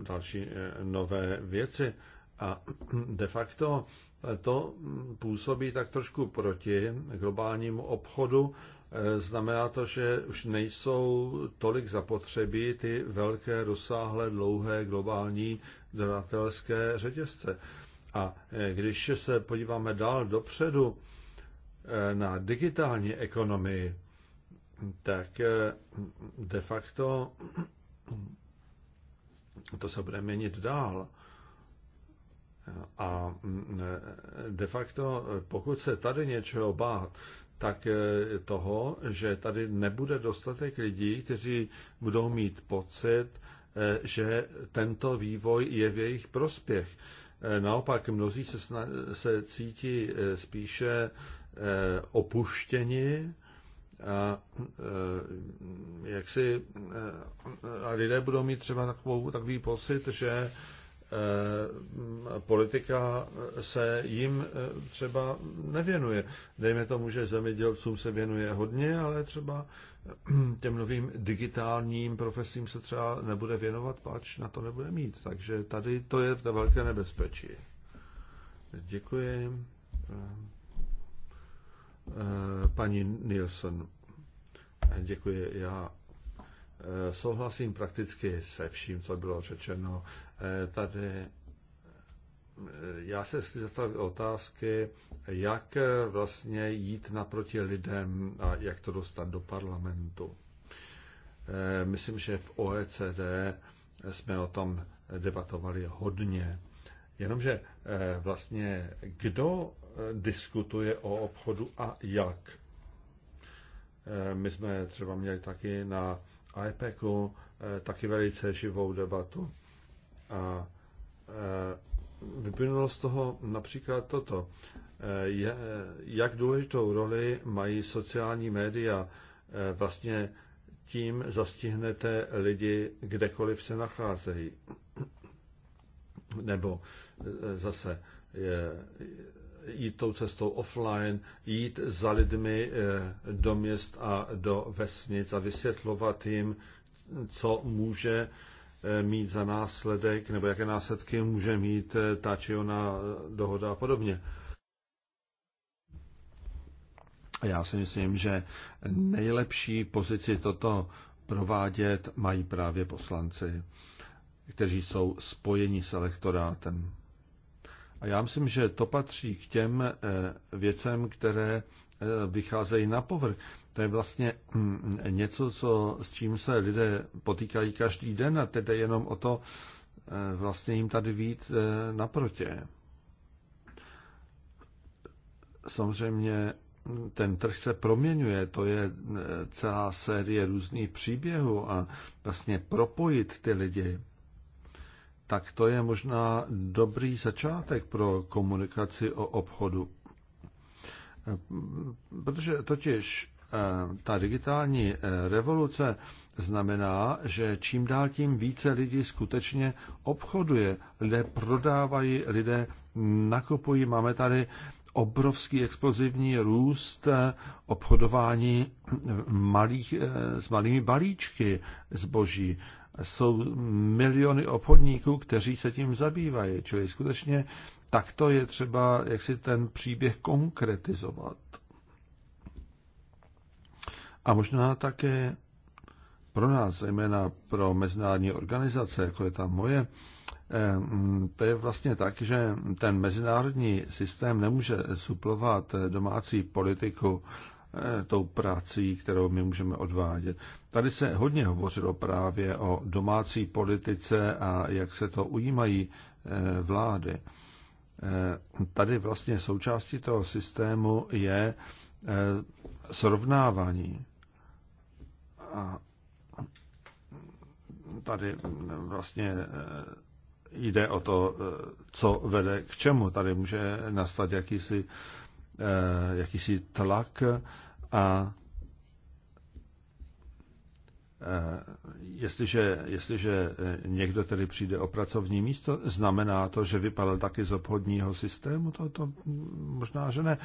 další eh, nové věci. A de facto to působí tak trošku proti globálnímu obchodu. Eh, znamená to, že už nejsou tolik zapotřebí ty velké, rozsáhlé, dlouhé globální dodatelské řetězce. A e, když se podíváme dál dopředu e, na digitální ekonomii, tak e, de facto to se bude měnit dál. A de facto, pokud se tady něčeho bát, tak toho, že tady nebude dostatek lidí, kteří budou mít pocit, že tento vývoj je v jejich prospěch. Eh, naopak mnozí se, sna- se cítí eh, spíše eh, opuštěni a jak si a lidé budou mít třeba takovou, takový pocit, že politika se jim třeba nevěnuje. Dejme tomu, že zemědělcům se věnuje hodně, ale třeba těm novým digitálním profesím se třeba nebude věnovat, pač na to nebude mít. Takže tady to je v velké nebezpečí. Děkuji. Eh, paní Nielsen, děkuji. Já eh, souhlasím prakticky se vším, co bylo řečeno. Eh, tady já se dostal otázky, jak eh, vlastně jít naproti lidem a jak to dostat do parlamentu. Eh, myslím, že v OECD jsme o tom debatovali hodně. Jenomže eh, vlastně kdo diskutuje o obchodu a jak? My jsme třeba měli taky na IPECu taky velice živou debatu. A vyplynulo z toho například toto. Eh, jak důležitou roli mají sociální média? Eh, vlastně tím zastihnete lidi kdekoliv se nacházejí. Nebo eh, zase jít tou cestou offline, jít za lidmi do měst a do vesnic a vysvětlovat jim, co může Eh, mít za následek, nebo jaké následky může mít eh, ta či ona dohoda a podobně. Já si myslím, že nejlepší pozici toto provádět mají právě poslanci, kteří jsou spojeni s elektorátem. A já myslím, že to patří k těm eh, věcem, které vycházejí na povrch to je vlastně mm, něco, co, s čím se lidé potýkají každý den a tedy jenom o to eh, vlastně jim tady vít eh, naprotě. Samozřejmě mm, ten trh se proměňuje, to je eh, celá série různých příběhů a vlastně propojit ty lidi, tak to je možná dobrý začátek pro komunikaci o obchodu. Protože totiž Eh, ta digitální eh, revoluce znamená, že čím dál tím více lidí skutečně obchoduje, lidé prodávají, lidé nakupují. Máme tady obrovský explozivní růst eh, obchodování malých, s malými balíčky zboží. Jsou miliony obchodníků, kteří se tím zabývají. Čili skutečně takto je třeba jak si ten příběh konkretizovat. A možná také pro nás, zejména pro mezinárodní organizace, jako je tam moje, to je vlastně tak, že ten mezinárodní systém nemůže suplovat domácí politiku eh, tou prací, kterou my můžeme odvádět. Tady se hodně hovořilo právě o domácí politice a jak se to ujímají eh, vlády. Eh, tady vlastně součástí toho systému je srovnávání a tady vlastně e, jde o to, e, co vede k čemu. Tady může nastat jakýsi, e, jakýsi tlak a Eh, jestliže, jestliže eh, někdo tedy přijde o pracovní místo, znamená to, že vypadl taky z obchodního systému? To, to možná, že ne.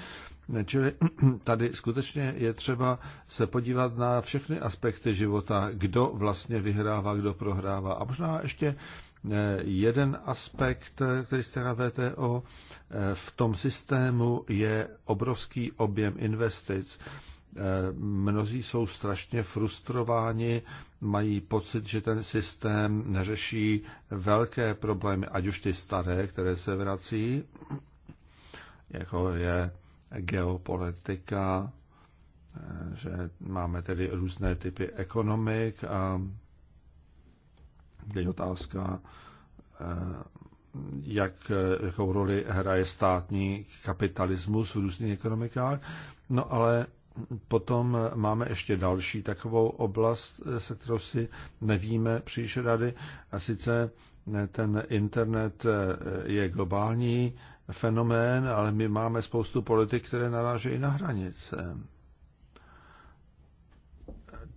Čili tady skutečně je třeba se podívat na všechny aspekty života, kdo vlastně vyhrává, kdo prohrává. A možná ještě eh, jeden aspekt, který jste na VTO, v tom systému je obrovský objem investic. Mnozí jsou strašně frustrováni, mají pocit, že ten systém neřeší velké problémy, ať už ty staré, které se vrací, jako je geopolitika, že máme tedy různé typy ekonomik a je otázka, jak, jakou roli hraje státní kapitalismus v různých ekonomikách. No ale Potom máme ještě další takovou oblast, se kterou si nevíme příliš rady, a sice ten internet je globální fenomén, ale my máme spoustu politik, které narážejí na hranice.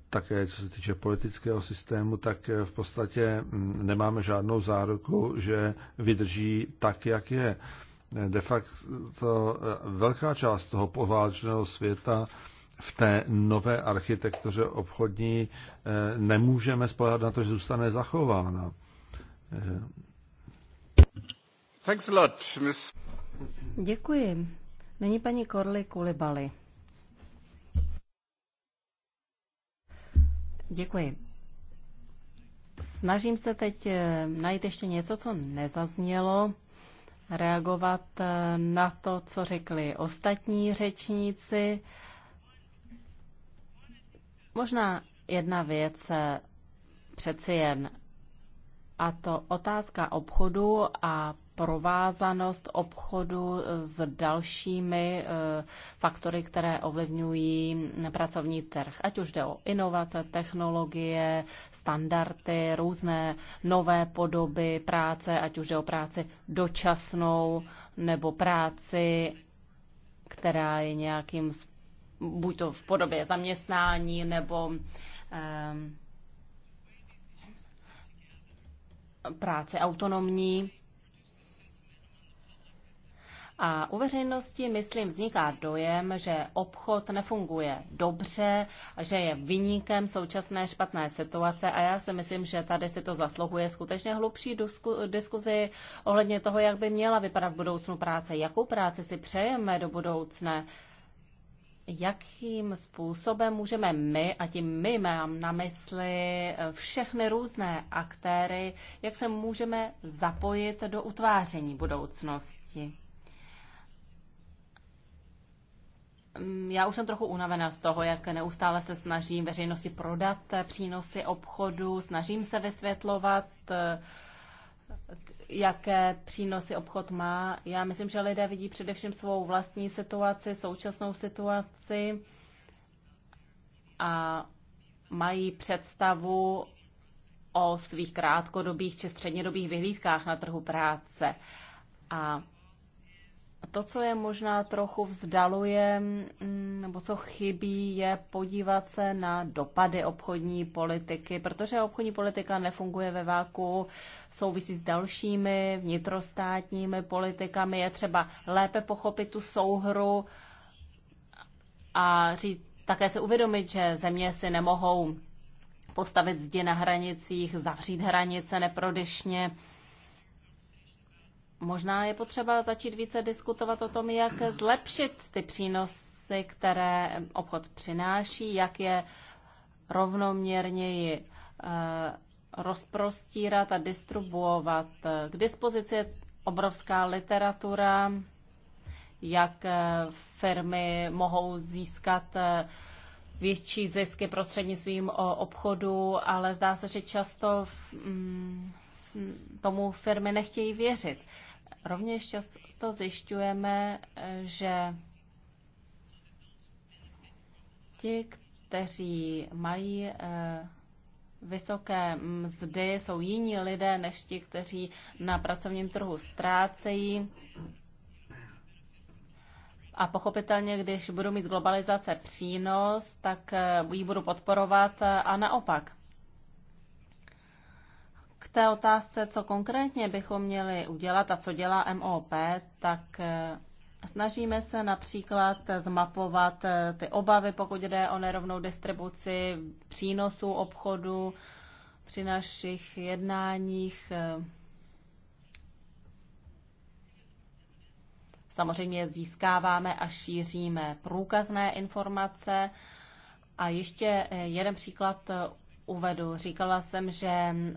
Také co se týče politického systému, tak v podstatě nemáme žádnou záruku, že vydrží tak, jak je de facto eh, velká část toho poválečného světa v té nové architektuře obchodní eh, nemůžeme spolehat na to, že zůstane zachována. Eh. Thanks a lot, miss. Děkuji. Není paní Korly Kulibaly. Děkuji. Snažím se teď najít ještě něco, co nezaznělo reagovat eh, na to, co řekli ostatní řečníci. Možná jedna věc eh, přeci jen, a to otázka obchodu a provázanost obchodu s dalšími eh, faktory, které ovlivňují pracovní trh. Ať už jde o inovace, technologie, standardy, různé nové podoby práce, ať už jde o práci dočasnou nebo práci, která je nějakým, buď to v podobě zaměstnání nebo eh, práce autonomní. A u veřejnosti, myslím, vzniká dojem, že obchod nefunguje dobře, že je vyníkem současné špatné situace a já si myslím, že tady si to zasluhuje skutečně hlubší diskuzi ohledně toho, jak by měla vypadat v budoucnu práce, jakou práci si přejeme do budoucna, jakým způsobem můžeme my, a tím my mám na mysli všechny různé aktéry, jak se můžeme zapojit do utváření budoucnosti. Mm, já už jsem trochu unavená z toho, jak neustále se snažím veřejnosti prodat eh, přínosy obchodu, snažím se vysvětlovat, eh, jaké přínosy obchod má. Já myslím, že lidé vidí především svou vlastní situaci, současnou situaci a mají představu o svých krátkodobých či střednědobých vyhlídkách na trhu práce. A to, co je možná trochu vzdaluje, mm, nebo co chybí, je podívat se na dopady obchodní politiky, protože obchodní politika nefunguje ve váku, souvisí s dalšími vnitrostátními politikami. Je třeba lépe pochopit tu souhru a říct, také se uvědomit, že země si nemohou postavit zdi na hranicích, zavřít hranice neprodešně Možná je potřeba začít více diskutovat o tom, jak zlepšit ty přínosy, které obchod přináší, jak je rovnoměrněji eh, rozprostírat a distribuovat. Eh, k dispozici je obrovská literatura, jak eh, firmy mohou získat větší zisky prostřednictvím obchodu, ale zdá se, že často mm, tomu firmy nechtějí věřit. Rovněž často zjišťujeme, že ti, kteří mají eh, vysoké mzdy, jsou jiní lidé než ti, kteří na pracovním trhu ztrácejí. A pochopitelně, když budu mít z globalizace přínos, tak eh, ji budu podporovat eh, a naopak. K té otázce, co konkrétně bychom měli udělat a co dělá MOP, tak eh, Snažíme se například zmapovat eh, ty obavy, pokud jde o nerovnou distribuci přínosů obchodu při našich jednáních. Eh. Samozřejmě získáváme a šíříme průkazné informace. A ještě jeden příklad uvedu. Říkala jsem, že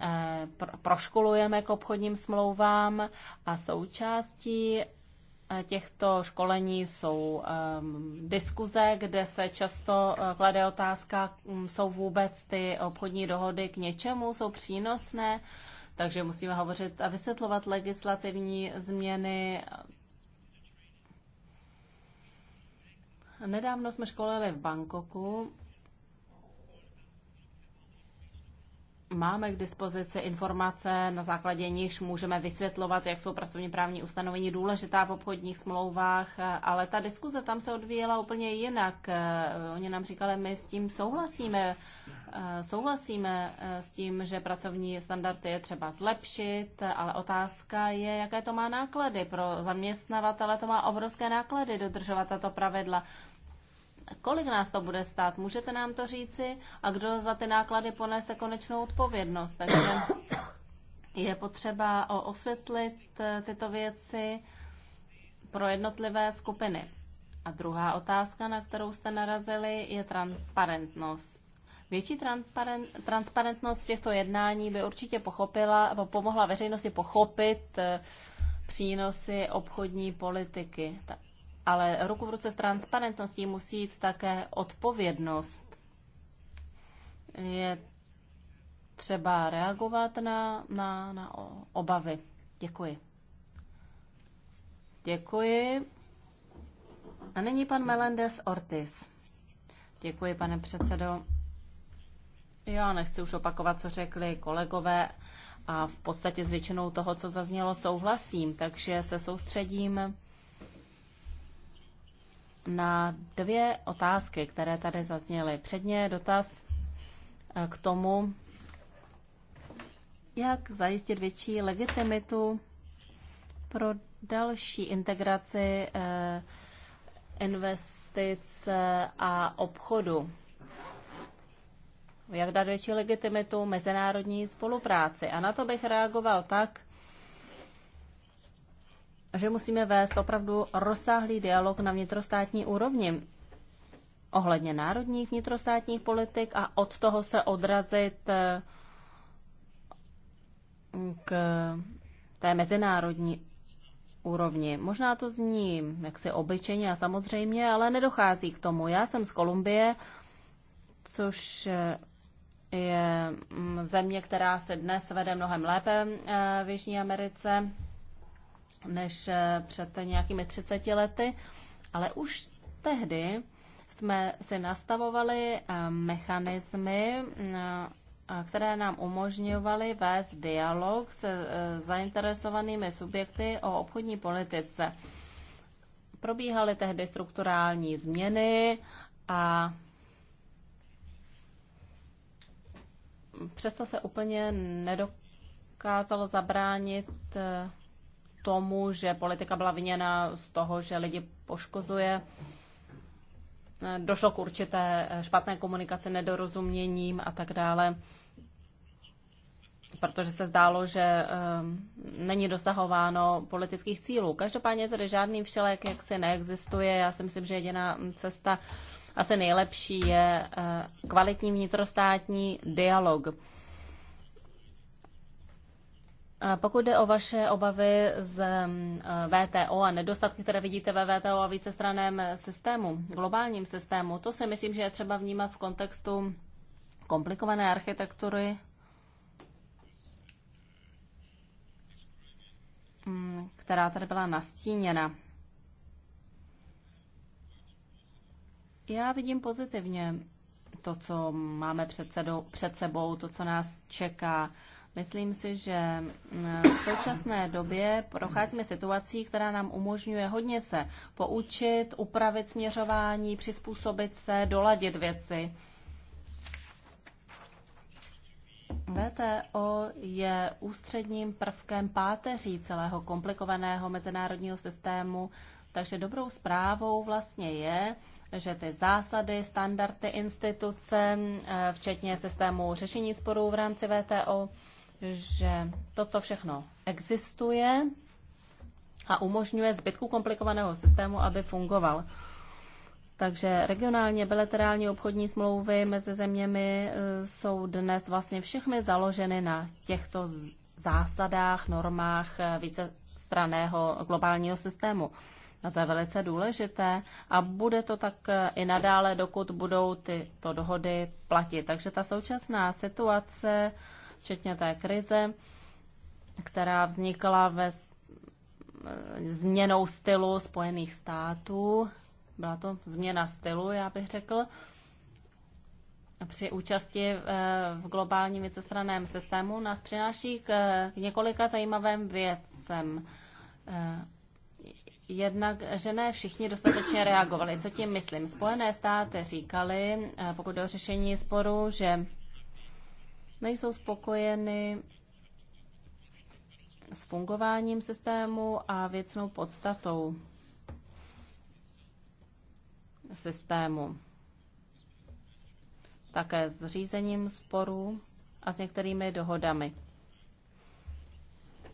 eh, proškolujeme k obchodním smlouvám a součástí eh, těchto školení jsou ehm, diskuze, kde se často eh, klade otázka, mm, jsou vůbec ty obchodní dohody k něčemu, jsou přínosné, takže musíme hovořit a vysvětlovat legislativní změny, Nedávno jsme školili v Bangkoku máme k dispozici informace, na základě nichž můžeme vysvětlovat, jak jsou pracovně právní ustanovení důležitá v obchodních smlouvách, ale ta diskuze tam se odvíjela úplně jinak. Oni nám říkali, my s tím souhlasíme, souhlasíme s tím, že pracovní standardy je třeba zlepšit, ale otázka je, jaké to má náklady. Pro zaměstnavatele to má obrovské náklady dodržovat tato pravidla. Kolik nás to bude stát? Můžete nám to říci? A kdo za ty náklady ponese konečnou odpovědnost? Takže je potřeba osvětlit eh, tyto věci pro jednotlivé skupiny. A druhá otázka, na kterou jste narazili, je transparentnost. Větší transparentnost těchto jednání by určitě pochopila, pomohla veřejnosti pochopit eh, přínosy obchodní politiky. Tak ale ruku v ruce s transparentností musí jít také odpovědnost. Je třeba reagovat na, na, na obavy. Děkuji. Děkuji. A nyní pan Melendez Ortiz. Děkuji, pane předsedo. Já nechci už opakovat, co řekli kolegové a v podstatě s většinou toho, co zaznělo, souhlasím, takže se soustředím na dvě otázky, které tady zazněly. Předně dotaz eh, k tomu, jak zajistit větší legitimitu pro další integraci eh, investic a obchodu. Jak dát větší legitimitu mezinárodní spolupráci? A na to bych reagoval tak, že musíme vést opravdu rozsáhlý dialog na vnitrostátní úrovni ohledně národních vnitrostátních politik a od toho se odrazit eh, k té mezinárodní úrovni. Možná to zní jaksi obyčejně a samozřejmě, ale nedochází k tomu. Já jsem z Kolumbie, což eh, je mm, země, která se dnes vede mnohem lépe eh, v Jižní Americe než eh, před nějakými 30 lety, ale už tehdy jsme si nastavovali eh, mechanismy, mm, eh, které nám umožňovaly vést dialog s zainteresovanými subjekty o obchodní politice. Probíhaly tehdy strukturální změny a přesto se úplně nedokázalo zabránit tomu, že politika byla viněna z toho, že lidi poškozuje. Došlo k určité špatné komunikaci, nedorozuměním a tak dále, protože se zdálo, že ehm, není dosahováno politických cílů. Každopádně tedy žádný všelek jaksi neexistuje. Já si myslím, že jediná cesta asi nejlepší je eh, kvalitní vnitrostátní dialog. Pokud jde o vaše obavy z mm, eh, VTO a nedostatky, které vidíte ve VTO a vícestraném systému, globálním systému, to si myslím, že je třeba vnímat v kontextu komplikované architektury, mm, která tady byla nastíněna. Já vidím pozitivně to, co máme před, před sebou, to, co nás čeká. Myslím si, že mm, v současné době procházíme situací, která nám umožňuje hodně se poučit, upravit směřování, přizpůsobit se, doladit věci. VTO je ústředním prvkem páteří celého komplikovaného mezinárodního systému, takže dobrou zprávou vlastně je, že ty zásady, standardy, instituce, eh, včetně systému řešení sporů v rámci VTO, že toto všechno existuje a umožňuje zbytku komplikovaného systému, aby fungoval. Takže regionálně bilaterální obchodní smlouvy mezi zeměmi eh, jsou dnes vlastně všechny založeny na těchto zásadách, normách eh, vícestraného globálního systému. A to je velice důležité a bude to tak eh, i nadále, dokud budou tyto dohody platit. Takže ta současná situace včetně té krize, která vznikla ve změnou stylu Spojených států. Byla to změna stylu, já bych řekl při účasti eh, v globálním vícestraném systému nás přináší k několika zajímavým věcem. Eh, jednak, že ne všichni dostatečně reagovali. Co tím myslím? Spojené státy říkali, eh, pokud o řešení sporu, že nejsou spokojeny s fungováním systému a věcnou podstatou systému. Také s řízením sporů a s některými dohodami.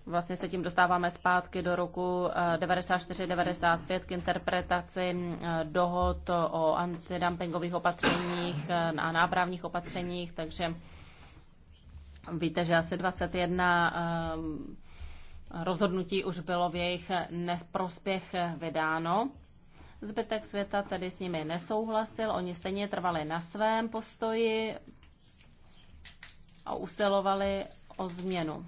Vlastně se tím dostáváme zpátky do roku 94-95 eh, k interpretaci eh, dohod o antidumpingových opatřeních eh, a nápravních opatřeních, takže Víte, že asi 21 ehm, rozhodnutí už bylo v jejich nesprospěch vydáno. Zbytek světa tedy s nimi nesouhlasil, oni stejně trvali na svém postoji a usilovali o změnu.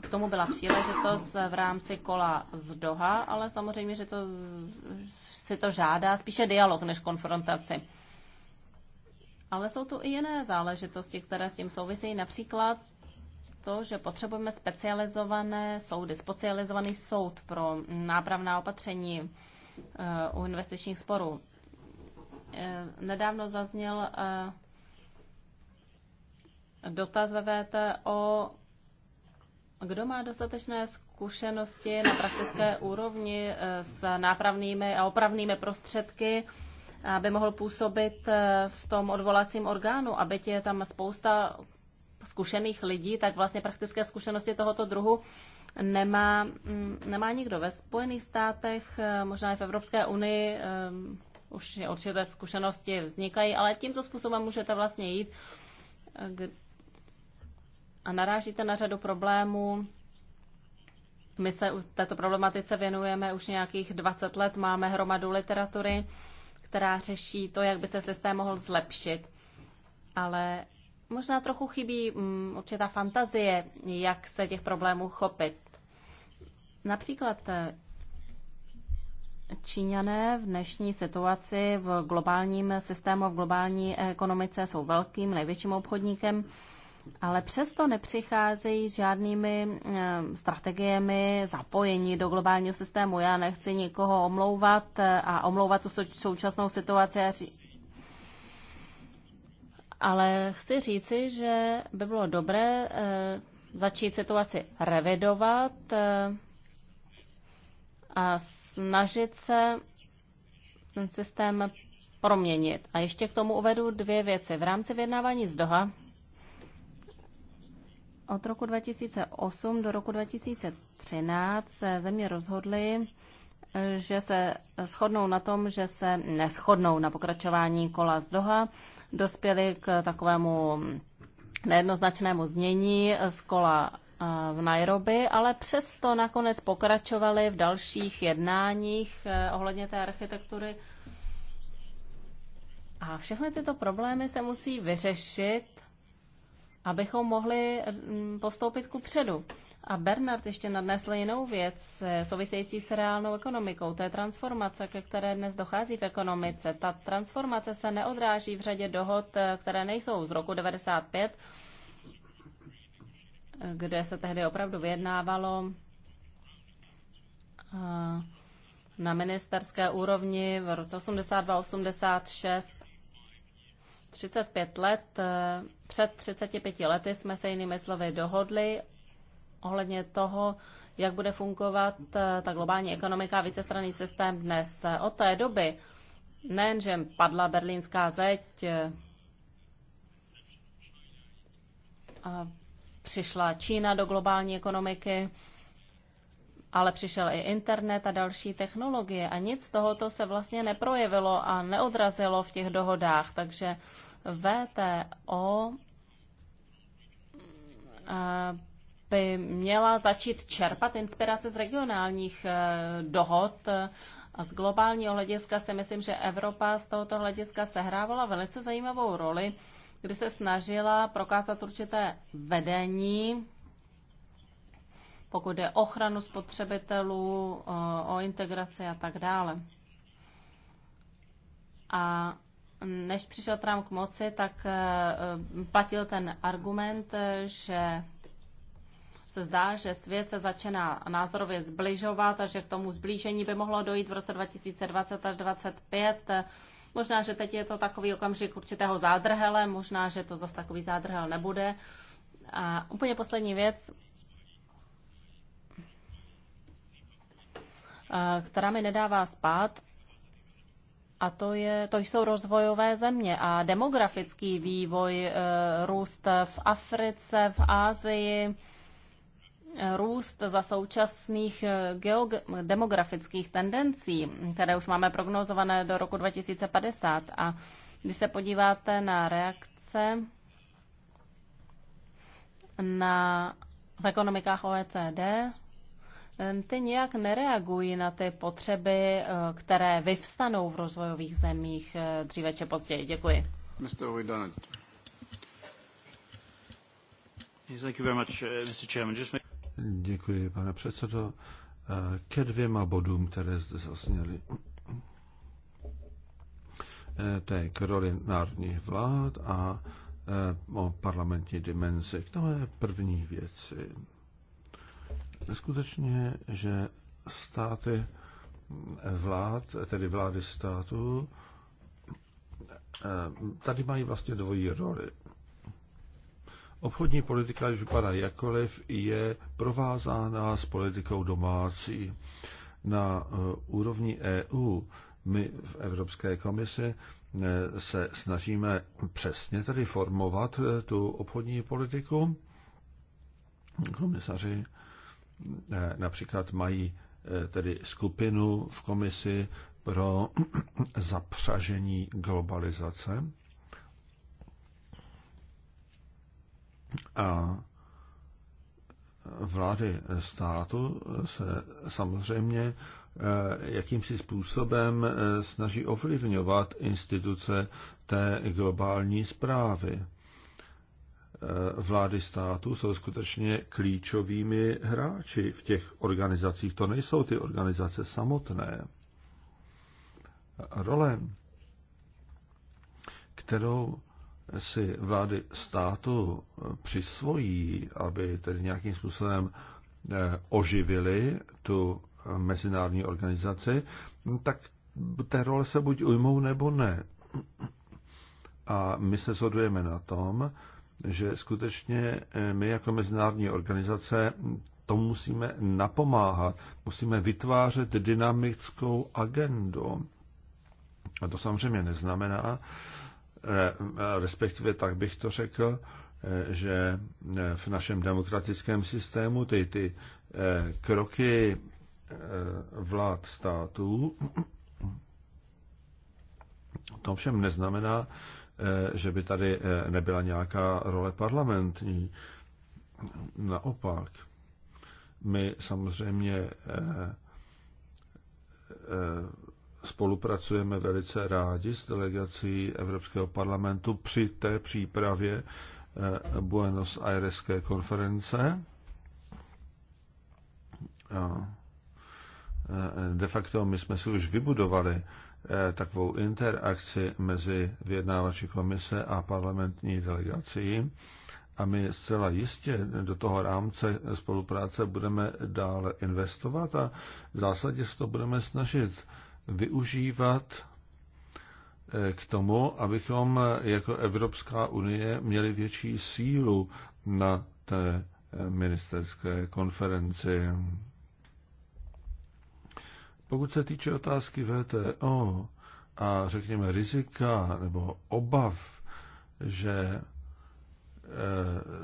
K tomu byla příležitost v rámci kola z Doha, ale samozřejmě, že to si to žádá spíše dialog než konfrontaci. Ale jsou tu i jiné záležitosti, které s tím souvisí. například to, že potřebujeme specializované soudy, specializovaný soud pro nápravná opatření eh, u investičních sporů. Eh, nedávno zazněl eh, dotaz ve VTO, kdo má dostatečné zkušenosti na praktické úrovni s nápravnými a opravnými prostředky aby mohl působit eh, v tom odvolacím orgánu, aby je tam spousta zkušených lidí, tak vlastně praktické zkušenosti tohoto druhu nemá, mm, nemá nikdo. Ve Spojených státech, eh, možná i v Evropské unii, eh, už určité zkušenosti vznikají, ale tímto způsobem můžete vlastně jít a narážíte na řadu problémů. My se této problematice věnujeme už nějakých 20 let, máme hromadu literatury která řeší to, jak by se systém mohl zlepšit. Ale možná trochu chybí mm, určitá fantazie, jak se těch problémů chopit. Například eh, Číňané v dnešní situaci v globálním systému, v globální ekonomice jsou velkým, největším obchodníkem ale přesto nepřicházejí s žádnými eh, strategiemi zapojení do globálního systému. Já nechci nikoho omlouvat eh, a omlouvat tu současnou situaci a ale chci říci, že by bylo dobré eh, začít situaci revidovat a snažit se ten systém proměnit. A ještě k tomu uvedu dvě věci. V rámci vyjednávání z Doha od roku 2008 do roku 2013 se země rozhodly, že se shodnou na tom, že se neschodnou na pokračování kola z Doha. Dospěli k takovému nejednoznačnému znění z kola eh, v Nairobi, ale přesto nakonec pokračovali v dalších jednáních eh, ohledně té architektury. A všechny tyto problémy se musí vyřešit abychom mohli mm, postoupit ku předu. A Bernard ještě nadnesl jinou věc eh, související s reálnou ekonomikou. To je transformace, ke které dnes dochází v ekonomice. Ta transformace se neodráží v řadě dohod, eh, které nejsou z roku 95, kde se tehdy opravdu vyjednávalo eh, na ministerské úrovni v roce 82-86 35 let, eh, před 35 lety jsme se jinými slovy dohodli ohledně toho, jak bude fungovat eh, ta globální ekonomika a vícestranný systém dnes. Od té doby nejenže padla berlínská zeď, eh, a přišla Čína do globální ekonomiky, ale přišel i internet a další technologie a nic z tohoto se vlastně neprojevilo a neodrazilo v těch dohodách. Takže VTO eh, by měla začít čerpat inspirace z regionálních eh, dohod eh, a z globálního hlediska si myslím, že Evropa z tohoto hlediska sehrávala velice zajímavou roli, kdy se snažila prokázat určité vedení pokud jde o ochranu spotřebitelů, o integraci a tak dále. A než přišel Trump k moci, tak e, platil ten argument, že se zdá, že svět se začíná názorově zbližovat a že k tomu zblížení by mohlo dojít v roce 2020 až 2025. Možná, že teď je to takový okamžik určitého zádrhele, možná, že to zase takový zádrhel nebude. A úplně poslední věc, která mi nedává spát, a to, je, to jsou rozvojové země a demografický vývoj, e, růst v Africe, v Ázii, e, růst za současných e, geog- demografických tendencí, které už máme prognozované do roku 2050. A když se podíváte na reakce na, v ekonomikách OECD, Ehm, ty nějak nereagují na ty potřeby, eh, které vyvstanou v rozvojových zemích eh, dříve či později. Děkuji. Mr. Eh, Děkuji, pane předsedo. Ke dvěma bodům, které zde zasněly. To je k roli národních vlád a o parlamentní dimenzi. To je první věci skutečně, že státy vlád, tedy vlády států, eh, tady mají vlastně dvojí roli. Obchodní politika, když vypadá jakoliv, je provázána s politikou domácí. Na eh, úrovni EU my v Evropské komisi eh, se snažíme přesně tedy formovat tu obchodní politiku. Komisaři Eh, například mají eh, tedy skupinu v komisi pro zapřažení globalizace. A vlády státu se samozřejmě eh, jakýmsi způsobem snaží ovlivňovat instituce té globální zprávy. Eh, vlády státu jsou skutečně klíčovými hráči v těch organizacích. To nejsou ty organizace samotné. Role, kterou si vlády státu přisvojí, aby tedy nějakým způsobem eh, oživili tu mezinárodní organizaci, tak té role se buď ujmou nebo ne. A my se shodujeme na tom, že skutečně eh, my jako mezinárodní organizace to musíme napomáhat. Musíme vytvářet dynamickou agendu. A to samozřejmě neznamená, eh, respektive tak bych to řekl, eh, že v našem demokratickém systému ty, ty kroky vlád států to všem neznamená, Eh, že by tady eh, nebyla nějaká role parlamentní. Naopak, my samozřejmě eh, spolupracujeme velice rádi s delegací Evropského parlamentu při té přípravě Buenos Aireské konference. De facto my jsme si už vybudovali Eh, takovou interakci mezi vyjednávači komise a parlamentní delegací a my zcela jistě do toho rámce spolupráce budeme dále investovat a v zásadě se to budeme snažit využívat eh, k tomu, abychom jako Evropská unie měli větší sílu na té eh, ministerské konferenci. Pokud se týče otázky VTO a řekněme rizika nebo obav, že eh,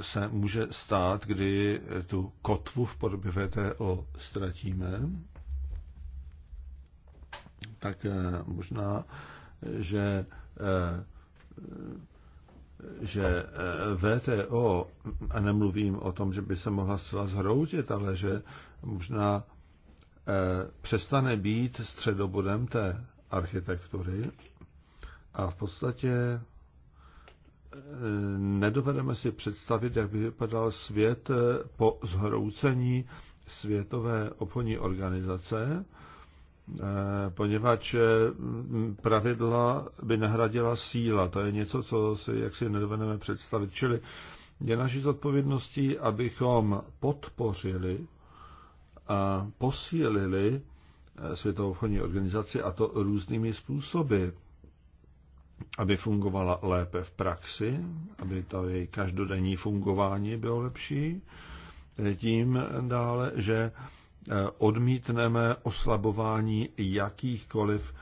se může stát, kdy tu kotvu v podobě VTO ztratíme, tak eh, možná, že, eh, že VTO, a nemluvím o tom, že by se mohla zcela zhroutit, ale že možná Eh, přestane být středobodem té architektury a v podstatě eh, nedovedeme si představit, jak by vypadal svět eh, po zhroucení Světové obchodní organizace, poněvadž pravidla by nahradila síla. To je něco, co si jaksi nedovedeme představit. Čili je naší zodpovědností, abychom podpořili a posílili eh, Světovou obchodní organizaci a to různými způsoby, aby fungovala lépe v praxi, aby to její každodenní fungování bylo lepší, eh, tím dále, že eh, odmítneme oslabování jakýchkoliv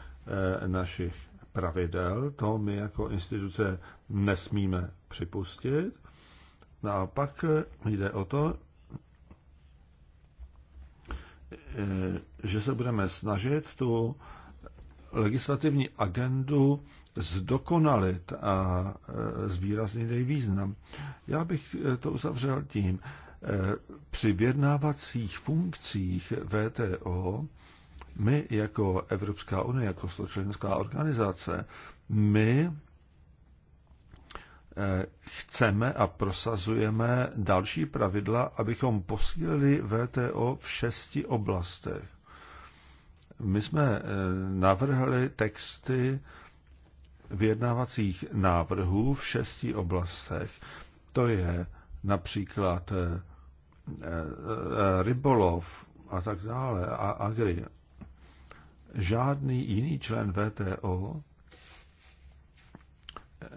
našich pravidel. To my jako instituce nesmíme připustit. No a pak jde o to, že se budeme snažit tu legislativní agendu zdokonalit a e, zvýraznit její význam. Já bych e, to uzavřel tím, e, při vědnávacích funkcích VTO my jako Evropská unie, jako členská organizace, my Eh, chceme a prosazujeme další pravidla, abychom posílili VTO v šesti oblastech. My jsme eh, navrhli texty vyjednávacích návrhů v šesti oblastech. To je například eh, rybolov a tak dále a agri. Žádný jiný člen VTO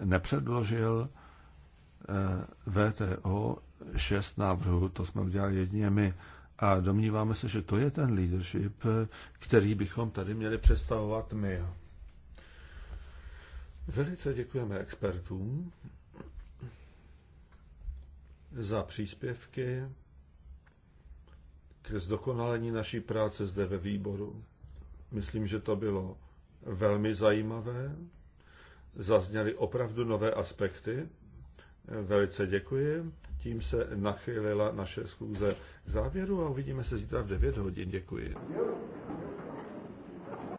nepředložil eh, VTO šest návrhů, to jsme udělali jedině my. A domníváme se, že to je ten leadership, eh, který bychom tady měli představovat my. Velice děkujeme expertům za příspěvky k zdokonalení naší práce zde ve výboru. Myslím, že to bylo velmi zajímavé zazněly opravdu nové aspekty. Velice děkuji. Tím se nachylila naše schůze k závěru a uvidíme se zítra v 9 hodin. Děkuji.